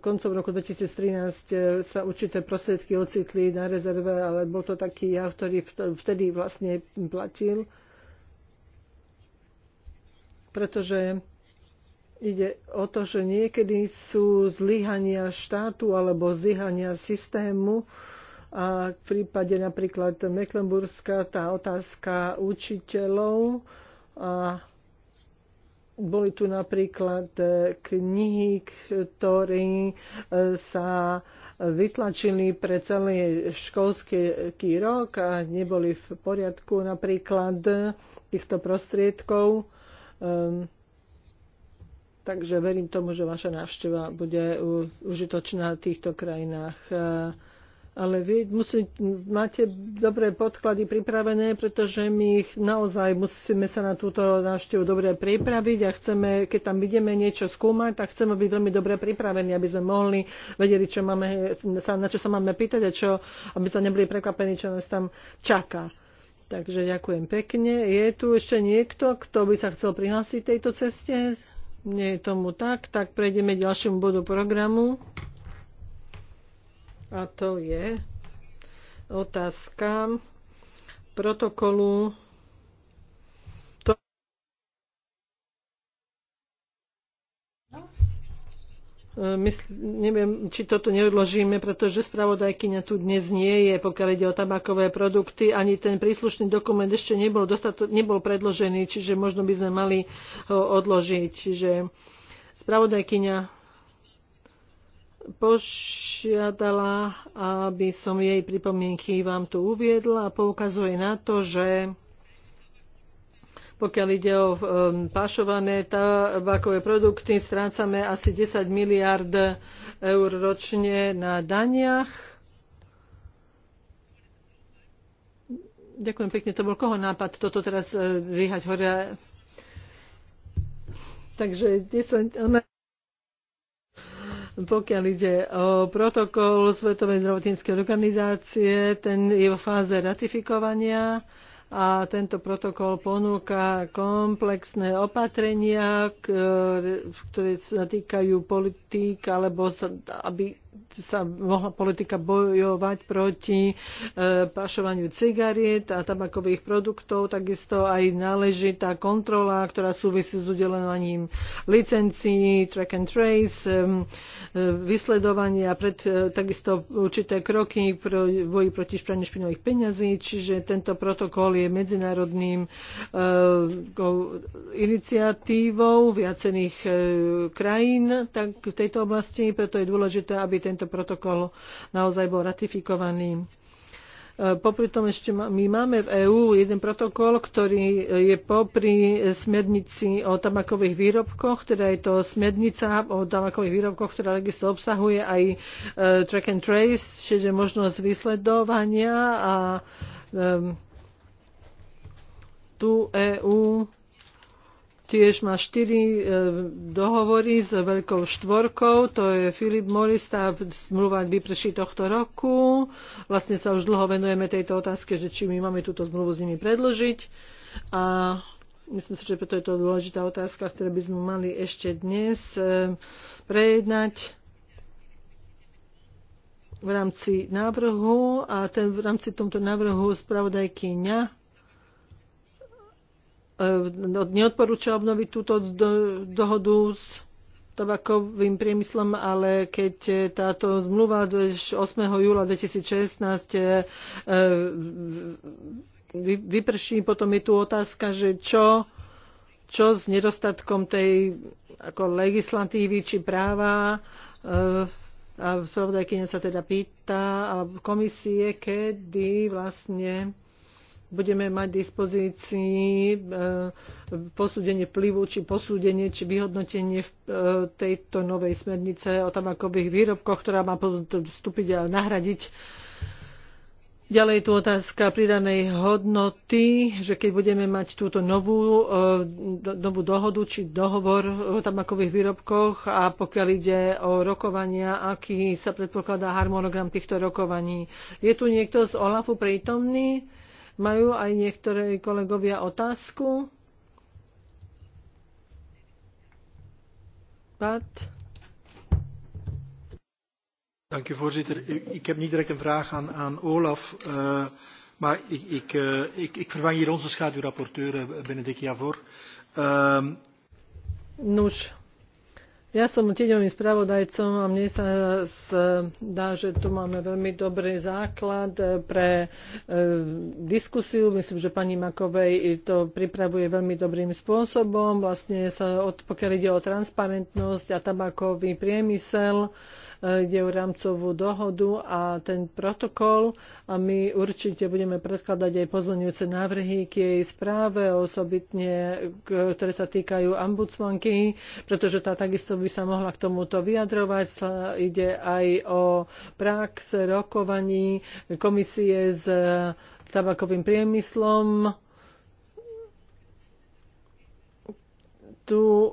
S1: koncom roku 2013 e, sa určité prostriedky ocitli na rezerve, ale bol to taký ja, ktorý vtedy vlastne platil pretože Ide o to, že niekedy sú zlyhania štátu alebo zlyhania systému. A v prípade napríklad Mecklenburgska tá otázka učiteľov a boli tu napríklad knihy, ktoré sa vytlačili pre celý školský rok a neboli v poriadku napríklad týchto prostriedkov Ehm, takže verím tomu, že vaša návšteva bude užitočná v týchto krajinách. Ehm, ale vy musí, máte dobré podklady pripravené, pretože my ich naozaj musíme sa na túto návštevu dobre pripraviť a chceme, keď tam ideme niečo skúmať, tak chceme byť veľmi dobre pripravení, aby sme mohli vedeli, čo máme, na čo sa máme pýtať a čo, aby sa neboli prekvapení, čo nás tam čaká. Takže ďakujem pekne. Je tu ešte niekto, kto by sa chcel prihlásiť tejto ceste? Nie je tomu tak. Tak prejdeme k ďalšiemu bodu programu. A to je otázka protokolu E, mysl, neviem, či toto neodložíme, pretože spravodajkyňa tu dnes nie je, pokiaľ ide o tabakové produkty. Ani ten príslušný dokument ešte nebol, dostato, nebol predložený, čiže možno by sme mali ho odložiť. Čiže spravodajkyňa požiadala, aby som jej pripomienky vám tu uviedla a poukazuje na to, že pokiaľ ide o um, pašované tabakové produkty, strácame asi 10 miliard eur ročne na daniach. Ďakujem pekne, to bol koho nápad toto teraz e, vyhať hore. Takže 10, pokiaľ ide o protokol Svetovej zdravotníckej organizácie, ten je v fáze ratifikovania a tento protokol ponúka komplexné opatrenia, ktoré sa týkajú politík alebo aby sa mohla politika bojovať proti e, pašovaniu cigariet a tabakových produktov, takisto aj náležitá kontrola, ktorá súvisí s udelovaním licencií, track and trace, e, e, a pred, e, takisto určité kroky pro boji proti špraní špinových peňazí, čiže tento protokol je medzinárodným e, iniciatívou viacerých e, krajín tak v tejto oblasti, preto je dôležité, aby tento protokol naozaj bol ratifikovaný. E, popri tom ešte my máme v EÚ jeden protokol, ktorý je popri smernici o tabakových výrobkoch, teda je to smernica o tabakových výrobkoch, ktorá takisto obsahuje aj e, track and trace, čiže možnosť vysledovania a e, tu EÚ Tiež má štyri e, dohovory s Veľkou štvorkou, to je Filip Morris, tá zmluva vyprší tohto roku. Vlastne sa už dlho venujeme tejto otázke, že či my máme túto zmluvu s nimi predložiť. A myslím si, že preto je to dôležitá otázka, ktorú by sme mali ešte dnes e, prejednať v rámci návrhu a ten v rámci tomto návrhu spravodajkyňa E, neodporúča obnoviť túto dohodu s tabakovým priemyslom, ale keď e, táto zmluva 8. júla 2016 e, vyprší, potom je tu otázka, že čo, čo s nedostatkom tej ako legislatívy či práva a spravodajkyňa sa teda pýta, alebo komisie, kedy vlastne budeme mať v dispozícii eh, posúdenie vplyvu, či posúdenie, či vyhodnotenie eh, tejto novej smernice o tabakových výrobkoch, ktorá má vstúpiť a nahradiť Ďalej je tu otázka pridanej hodnoty, že keď budeme mať túto novú, eh, novú dohodu či dohovor o tabakových výrobkoch a pokiaľ ide o rokovania, aký sa predpokladá harmonogram týchto rokovaní. Je tu niekto z OLAFu prítomný? Majú aj niektoré kolegovia otázku?
S3: Pat? Dank u voorzitter. Ik ik heb niet direct een vraag aan, aan Olaf, uh, maar ik, ik, uh, ik, ik vervang hier onze schaduwrapporteur, eh, Benedict Javor. Uh, Noes.
S1: Ja som tieňovým spravodajcom a mne sa zdá, že tu máme veľmi dobrý základ pre e, diskusiu. Myslím, že pani Makovej to pripravuje veľmi dobrým spôsobom. Vlastne sa, pokiaľ ide o transparentnosť a tabakový priemysel, Eh, ide o rámcovú dohodu a ten protokol a my určite budeme predkladať aj pozvonujúce návrhy k jej správe, osobitne ktoré sa týkajú ambudsmanky, pretože tá takisto by sa mohla k tomuto vyjadrovať. Ide aj o prax rokovaní komisie s eh, tabakovým priemyslom. Tu eh,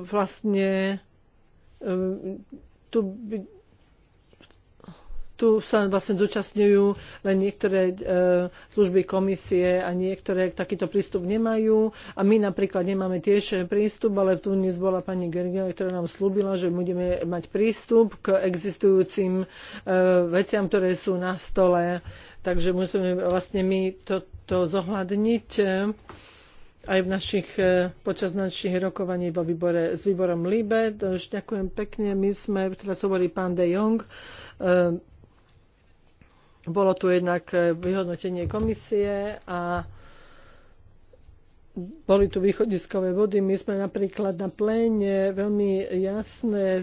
S1: vlastne tu by, tu sa vlastne zúčastňujú len niektoré e, služby komisie a niektoré takýto prístup nemajú. A my napríklad nemáme tiež prístup, ale tu dnes bola pani Gergia, ktorá nám slúbila, že budeme mať prístup k existujúcim e, veciam, ktoré sú na stole. Takže musíme vlastne my toto to zohľadniť. E, aj v našich, e, počas našich rokovaní vo výbore s výborom LIBE. Tož ďakujem pekne. My sme, teraz hovorí pán De Jong, e, bolo tu jednak e, vyhodnotenie komisie a boli tu východiskové body. My sme napríklad na pléne veľmi jasné e,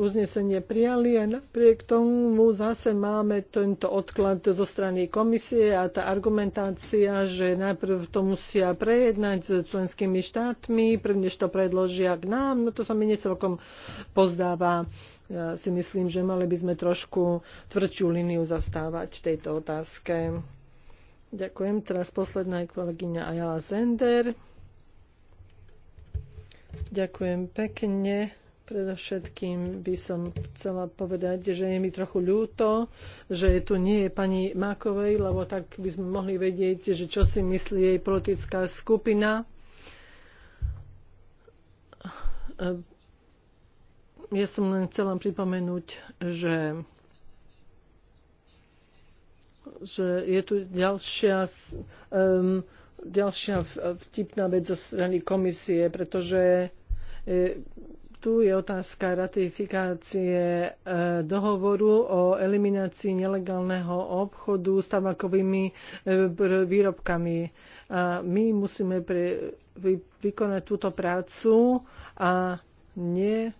S1: uznesenie prijali a napriek tomu zase máme tento odklad zo strany komisie a tá argumentácia, že najprv to musia prejednať s členskými štátmi, prvnež to predložia k nám, no to sa mi necelkom pozdáva. Ja si myslím, že mali by sme trošku tvrdšiu líniu zastávať v tejto otázke. Ďakujem. Teraz posledná je kolegyňa Ayala Zender. Ďakujem pekne. Predovšetkým by som chcela povedať, že je mi trochu ľúto, že tu nie je pani Mákovej, lebo tak by sme mohli vedieť, že čo si myslí jej politická skupina. Ja som len chcela pripomenúť, že že je tu ďalšia, um, ďalšia vtipná vec zo strany komisie, pretože e, tu je otázka ratifikácie e, dohovoru o eliminácii nelegálneho obchodu s tabakovými e, výrobkami. A my musíme pre, vy, vykonať túto prácu a nie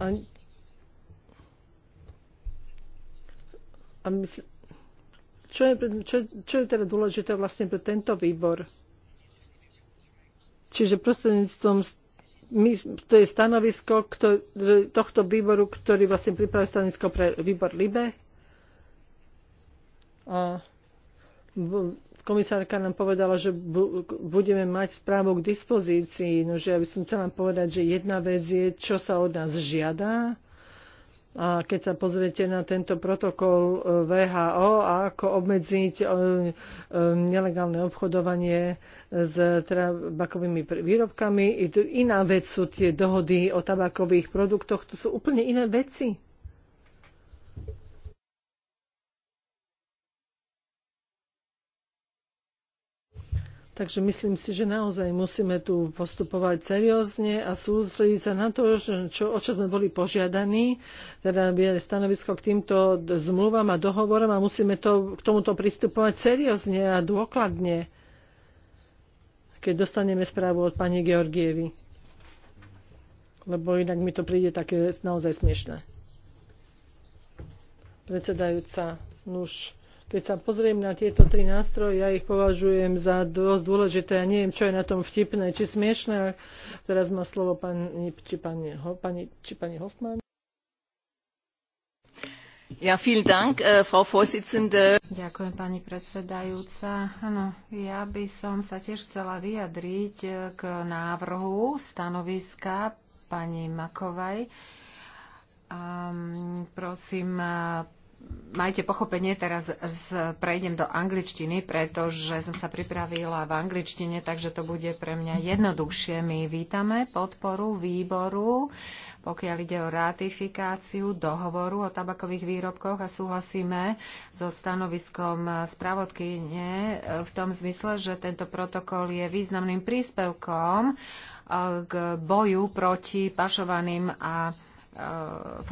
S1: a čo je, čo, čo je teda dôležité vlastne pre tento výbor? Čiže prostredníctvom my, to je stanovisko ktoré, tohto výboru, ktorý vlastne pripravil stanovisko pre výbor LIBE. A komisárka nám povedala, že bu, budeme mať správu k dispozícii. Nože ja by som chcela povedať, že jedna vec je, čo sa od nás žiada a keď sa pozriete na tento protokol e, VHO a ako obmedziť e, e, nelegálne obchodovanie s tabakovými výrobkami, iná vec sú tie dohody o tabakových produktoch, to sú úplne iné veci. Takže myslím si, že naozaj musíme tu postupovať seriózne a sústrediť sa na to, čo, o čo sme boli požiadaní, teda je stanovisko k týmto zmluvám a dohovorom a musíme to, k tomuto pristupovať seriózne a dôkladne, keď dostaneme správu od pani Georgievy. Lebo inak mi to príde také naozaj smiešné predsedajúca. Nuž, keď sa pozriem na tieto tri nástroje, ja ich považujem za dosť dôležité. Ja neviem, čo je na tom vtipné či smiešné. Teraz má slovo pani, či pani, pani, či pani Hoffmann. Ja, vielen Dank, äh, Frau Vorsitzende. Ďakujem, pani predsedajúca. Áno, ja by
S2: som sa tiež chcela vyjadriť äh, k návrhu stanoviska pani Makovej. Um, prosím, äh, majte pochopenie, teraz prejdem do angličtiny, pretože som sa pripravila v angličtine, takže to bude pre mňa jednoduchšie. My vítame podporu výboru, pokiaľ ide o ratifikáciu dohovoru o tabakových výrobkoch a súhlasíme so stanoviskom spravodkyne eh, v tom zmysle, že tento protokol je významným príspevkom eh, k boju proti pašovaným a E,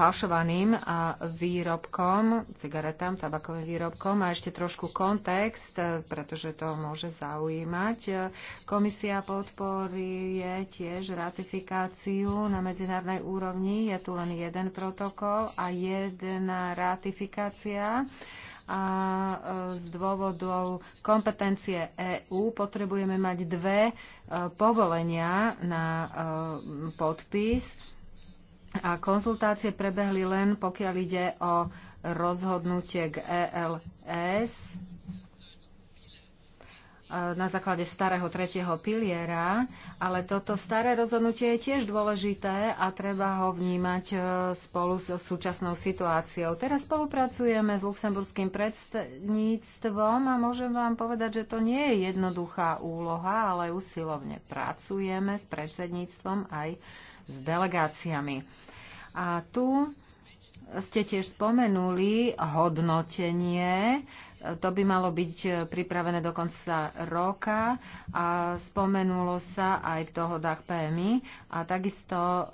S2: falšovaným výrobkom, cigaretám, tabakovým výrobkom a ešte trošku kontext, e, pretože to môže zaujímať. E, komisia podporuje tiež ratifikáciu na medzinárodnej úrovni. Je tu len jeden protokol a jedna ratifikácia a z dôvodov kompetencie EÚ potrebujeme mať dve povolenia na podpis a konzultácie prebehli len pokiaľ ide o rozhodnutie k ELS e, na základe starého tretieho piliera, ale toto staré rozhodnutie je tiež dôležité a treba ho vnímať e, spolu so súčasnou situáciou. Teraz spolupracujeme s luxemburským predstavníctvom a môžem vám povedať, že to nie je jednoduchá úloha, ale usilovne pracujeme s predsedníctvom aj s delegáciami. A tu ste tiež spomenuli hodnotenie. To by malo byť pripravené do konca roka a spomenulo sa aj v dohodách PMI a takisto e,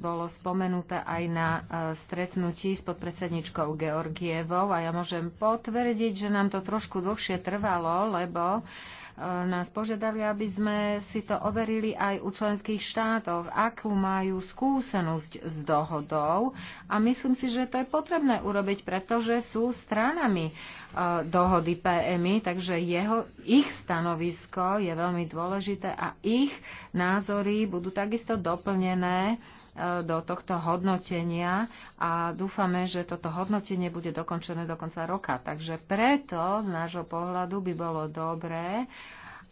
S2: bolo spomenuté aj na e, stretnutí s podpredsedničkou Georgievou a ja môžem potvrdiť, že nám to trošku dlhšie trvalo, lebo uh, Eh, nás požiadali, aby sme si to overili aj u členských štátov, akú majú skúsenosť s dohodou. A myslím si, že to je potrebné urobiť, pretože sú stranami eh, dohody PMI, takže jeho, ich stanovisko je veľmi dôležité a ich názory budú takisto doplnené do tohto hodnotenia a dúfame, že toto hodnotenie bude dokončené do konca roka. Takže preto z nášho pohľadu by bolo dobré,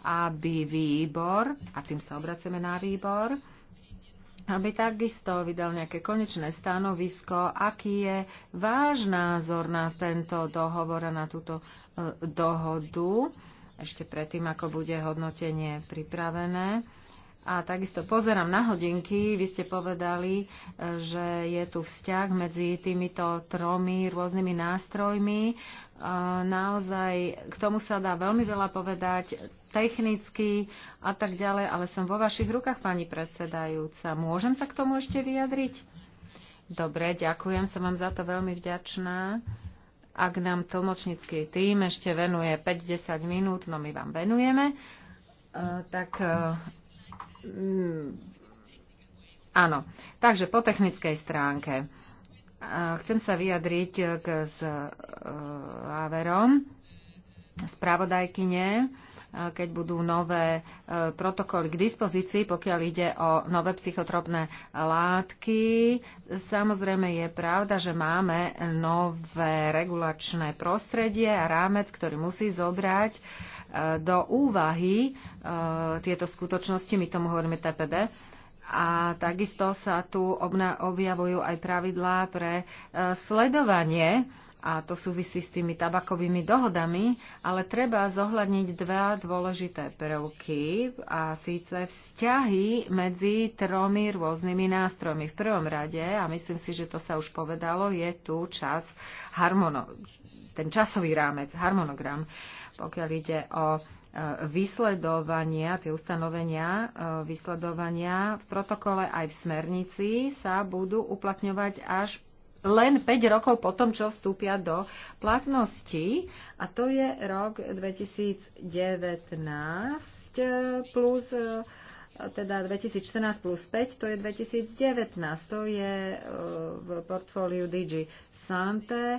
S2: aby výbor, a tým sa obraceme na výbor, aby takisto vydal nejaké konečné stanovisko, aký je váš názor na tento dohovor a na túto e, dohodu, ešte predtým, ako bude hodnotenie pripravené a takisto pozerám na hodinky, vy ste povedali, e, že je tu vzťah medzi týmito tromi rôznymi nástrojmi. E, naozaj k tomu sa dá veľmi veľa povedať technicky a tak ďalej, ale som vo vašich rukách, pani predsedajúca. Môžem sa k tomu ešte vyjadriť? Dobre, ďakujem, som vám za to veľmi vďačná. Ak nám tlmočnícky tým ešte venuje 5-10 minút, no my vám venujeme, e, tak Mm. Áno, takže po technickej stránke. Chcem sa vyjadriť k e, záverom spravodajkyne, e, keď budú nové e, protokoly k dispozícii, pokiaľ ide o nové psychotropné látky. Samozrejme je pravda, že máme nové regulačné prostredie a rámec, ktorý musí zobrať do úvahy e, tieto skutočnosti, my tomu hovoríme TPD, a takisto sa tu objavujú aj pravidlá pre e, sledovanie a to súvisí s tými tabakovými dohodami, ale treba zohľadniť dva dôležité prvky a síce vzťahy medzi tromi rôznymi nástrojmi. V prvom rade, a myslím si, že to sa už povedalo, je tu čas harmono, ten časový rámec, harmonogram. Uh, pokiaľ ide o e, vysledovania, tie ustanovenia e, vysledovania v protokole aj v smernici sa budú uplatňovať až len 5 rokov po tom, čo vstúpia do platnosti. A to je rok 2019 e, plus teda 2014 plus 5, to je 2019, to je eh, v portfóliu DG Sante. Eh,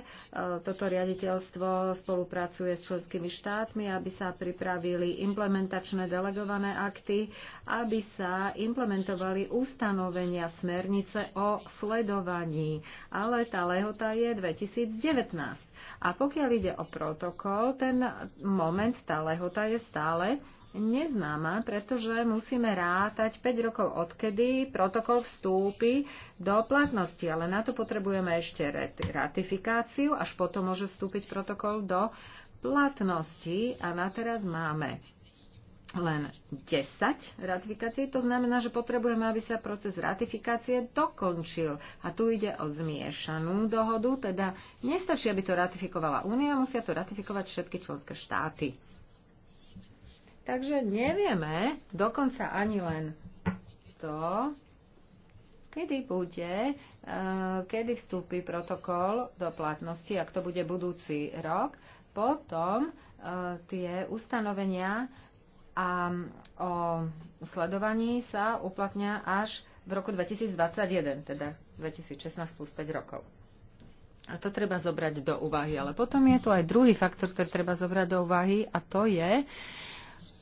S2: toto riaditeľstvo spolupracuje s členskými štátmi, aby sa pripravili implementačné delegované akty, aby sa implementovali ustanovenia smernice o sledovaní. Ale tá lehota je 2019. A pokiaľ ide o protokol, ten moment, tá lehota je stále neznáma, pretože musíme rátať 5 rokov odkedy protokol vstúpi do platnosti, ale na to potrebujeme ešte ratifikáciu, až potom môže vstúpiť protokol do platnosti a na teraz máme len 10 ratifikácií. To znamená, že potrebujeme, aby sa proces ratifikácie dokončil. A tu ide o zmiešanú dohodu, teda nestačí, aby to ratifikovala Únia, musia to ratifikovať všetky členské štáty. Takže nevieme dokonca ani len to, kedy bude, e, kedy vstúpi protokol do platnosti, ak to bude budúci rok. Potom e, tie ustanovenia a o sledovaní sa uplatňa až v roku 2021, teda 2016 plus 5 rokov. A to treba zobrať do úvahy. Ale potom je tu aj druhý faktor, ktorý treba zobrať do úvahy a to je, uh,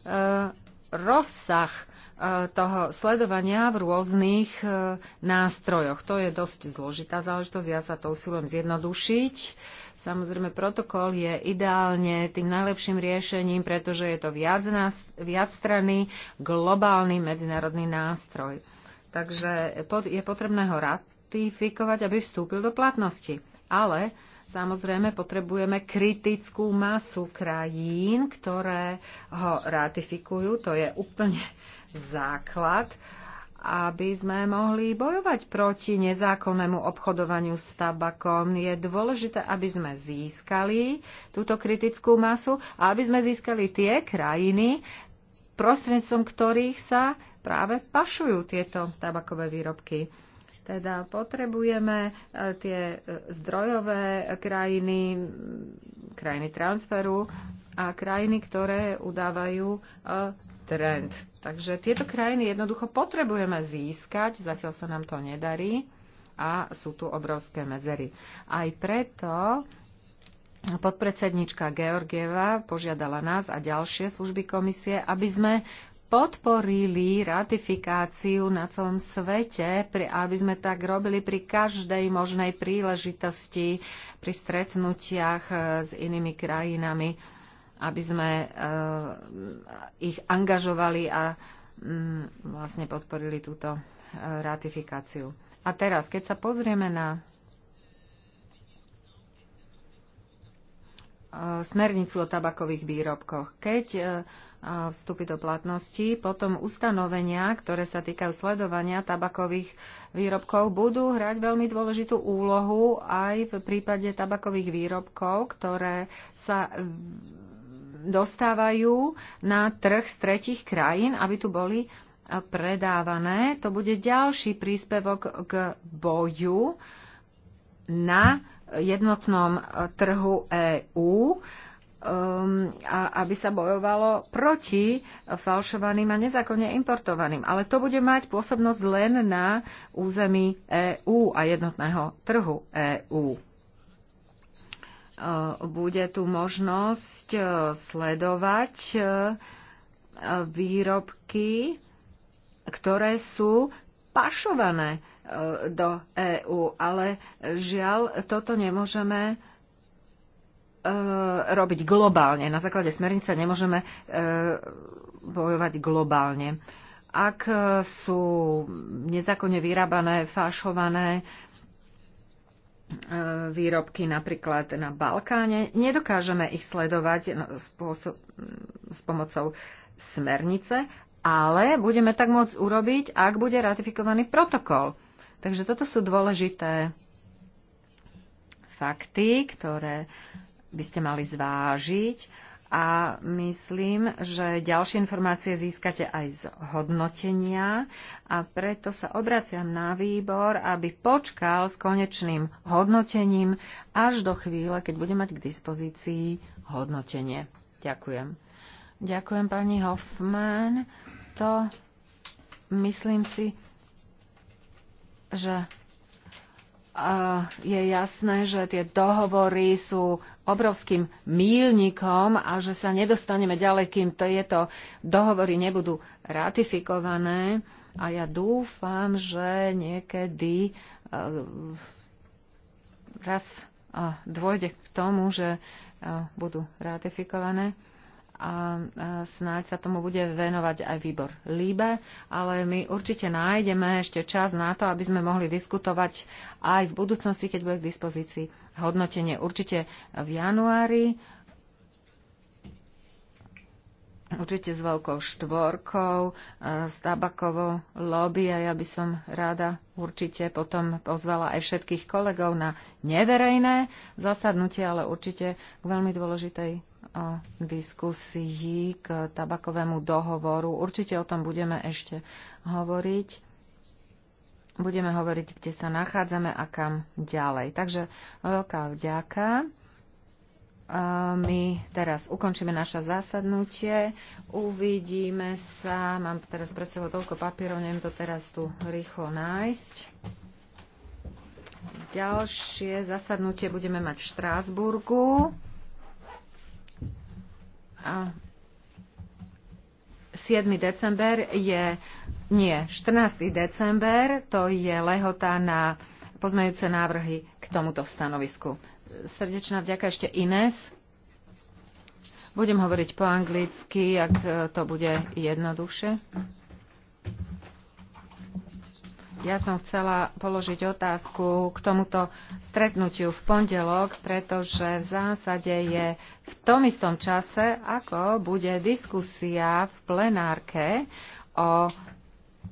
S2: Eh, rozsah eh, toho sledovania v rôznych eh, nástrojoch. To je dosť zložitá záležitosť, ja sa to usilujem zjednodušiť. Samozrejme, protokol je ideálne tým najlepším riešením, pretože je to viac, strany globálny medzinárodný nástroj. Takže je potrebné ho ratifikovať, aby vstúpil do platnosti. Ale Samozrejme, potrebujeme kritickú masu krajín, ktoré ho ratifikujú. To je úplne základ, aby sme mohli bojovať proti nezákonnému obchodovaniu s tabakom. Je dôležité, aby sme získali túto kritickú masu a aby sme získali tie krajiny, prostredníctvom ktorých sa práve pašujú tieto tabakové výrobky. Teda potrebujeme e, tie e, zdrojové krajiny, krajiny transferu a krajiny, ktoré udávajú e, trend. Takže tieto krajiny jednoducho potrebujeme získať, zatiaľ sa nám to nedarí a sú tu obrovské medzery. Aj preto podpredsednička Georgieva požiadala nás a ďalšie služby komisie, aby sme podporili ratifikáciu na celom svete, aby sme tak robili pri každej možnej príležitosti, pri stretnutiach eh, s inými krajinami, aby sme eh, ich angažovali a mm, vlastne podporili túto eh, ratifikáciu. A teraz, keď sa pozrieme na smernicu o tabakových výrobkoch, keď vstúpi do platnosti. Potom ustanovenia, ktoré sa týkajú sledovania tabakových výrobkov, budú hrať veľmi dôležitú úlohu aj v prípade tabakových výrobkov, ktoré sa dostávajú na trh z tretich krajín, aby tu boli predávané. To bude ďalší príspevok k boju na jednotnom trhu EÚ um, a aby sa bojovalo proti falšovaným a nezákonne importovaným. Ale to bude mať pôsobnosť len na území EÚ a jednotného trhu EÚ. Uh, bude tu možnosť uh, sledovať uh, výrobky, ktoré sú pašované do EÚ, ale žiaľ, toto nemôžeme E, robiť globálne. Na základe smernice nemôžeme e, bojovať globálne. Ak e, sú nezákonne vyrábané, fášované výrobky napríklad na Balkáne, nedokážeme ich sledovať no, spôsob, s pomocou smernice, ale budeme tak môcť urobiť, ak bude ratifikovaný protokol. Takže toto sú dôležité fakty, ktoré by ste mali zvážiť a myslím, že ďalšie informácie získate aj z hodnotenia a preto sa obraciam na výbor, aby počkal s konečným hodnotením až do chvíle, keď bude mať k dispozícii hodnotenie. Ďakujem. Ďakujem pani Hoffman. To myslím si, že je jasné, že tie dohovory sú obrovským mílnikom a že sa nedostaneme ďalej, kým tieto dohovory nebudú ratifikované. A ja dúfam, že niekedy eh, raz eh, dôjde k tomu, že eh, budú ratifikované a snáď sa tomu bude venovať aj výbor Líbe, ale my určite nájdeme ešte čas na to, aby sme mohli diskutovať aj v budúcnosti, keď bude k dispozícii hodnotenie. Určite v januári, určite s veľkou štvorkou, e, s tabakovou lobby a ja by som rada určite potom pozvala aj všetkých kolegov na neverejné zasadnutie, ale určite k veľmi dôležitej diskusii k tabakovému dohovoru. Určite o tom budeme ešte hovoriť. Budeme hovoriť, kde sa nachádzame a kam ďalej. Takže veľká vďaka. My teraz ukončíme naše zásadnutie. Uvidíme sa. Mám teraz pred sebou toľko papierov, neviem to teraz tu rýchlo nájsť. Ďalšie zasadnutie budeme mať v Štrásburgu. 7. december je, nie, 14. december, to je lehota na pozmejúce návrhy k tomuto stanovisku. Srdečná vďaka ešte Ines. Budem hovoriť po anglicky, ak e, to bude jednoduchšie. Ja som chcela položiť otázku k tomuto stretnutiu v pondelok, pretože v zásade je v tom istom čase, ako bude diskusia v plenárke o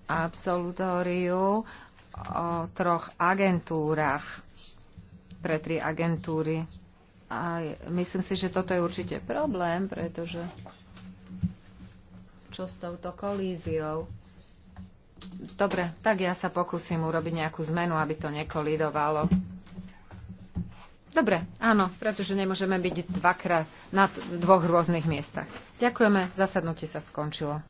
S2: absolutóriu o troch agentúrach pre tri agentúry. A myslím si, že toto je určite problém, pretože čo s touto kolíziou? Dobre, tak ja sa pokúsim urobiť nejakú zmenu, aby to nekolidovalo. Dobre, áno, pretože nemôžeme byť dvakrát na dvoch rôznych miestach. Ďakujeme, zasadnutie sa skončilo.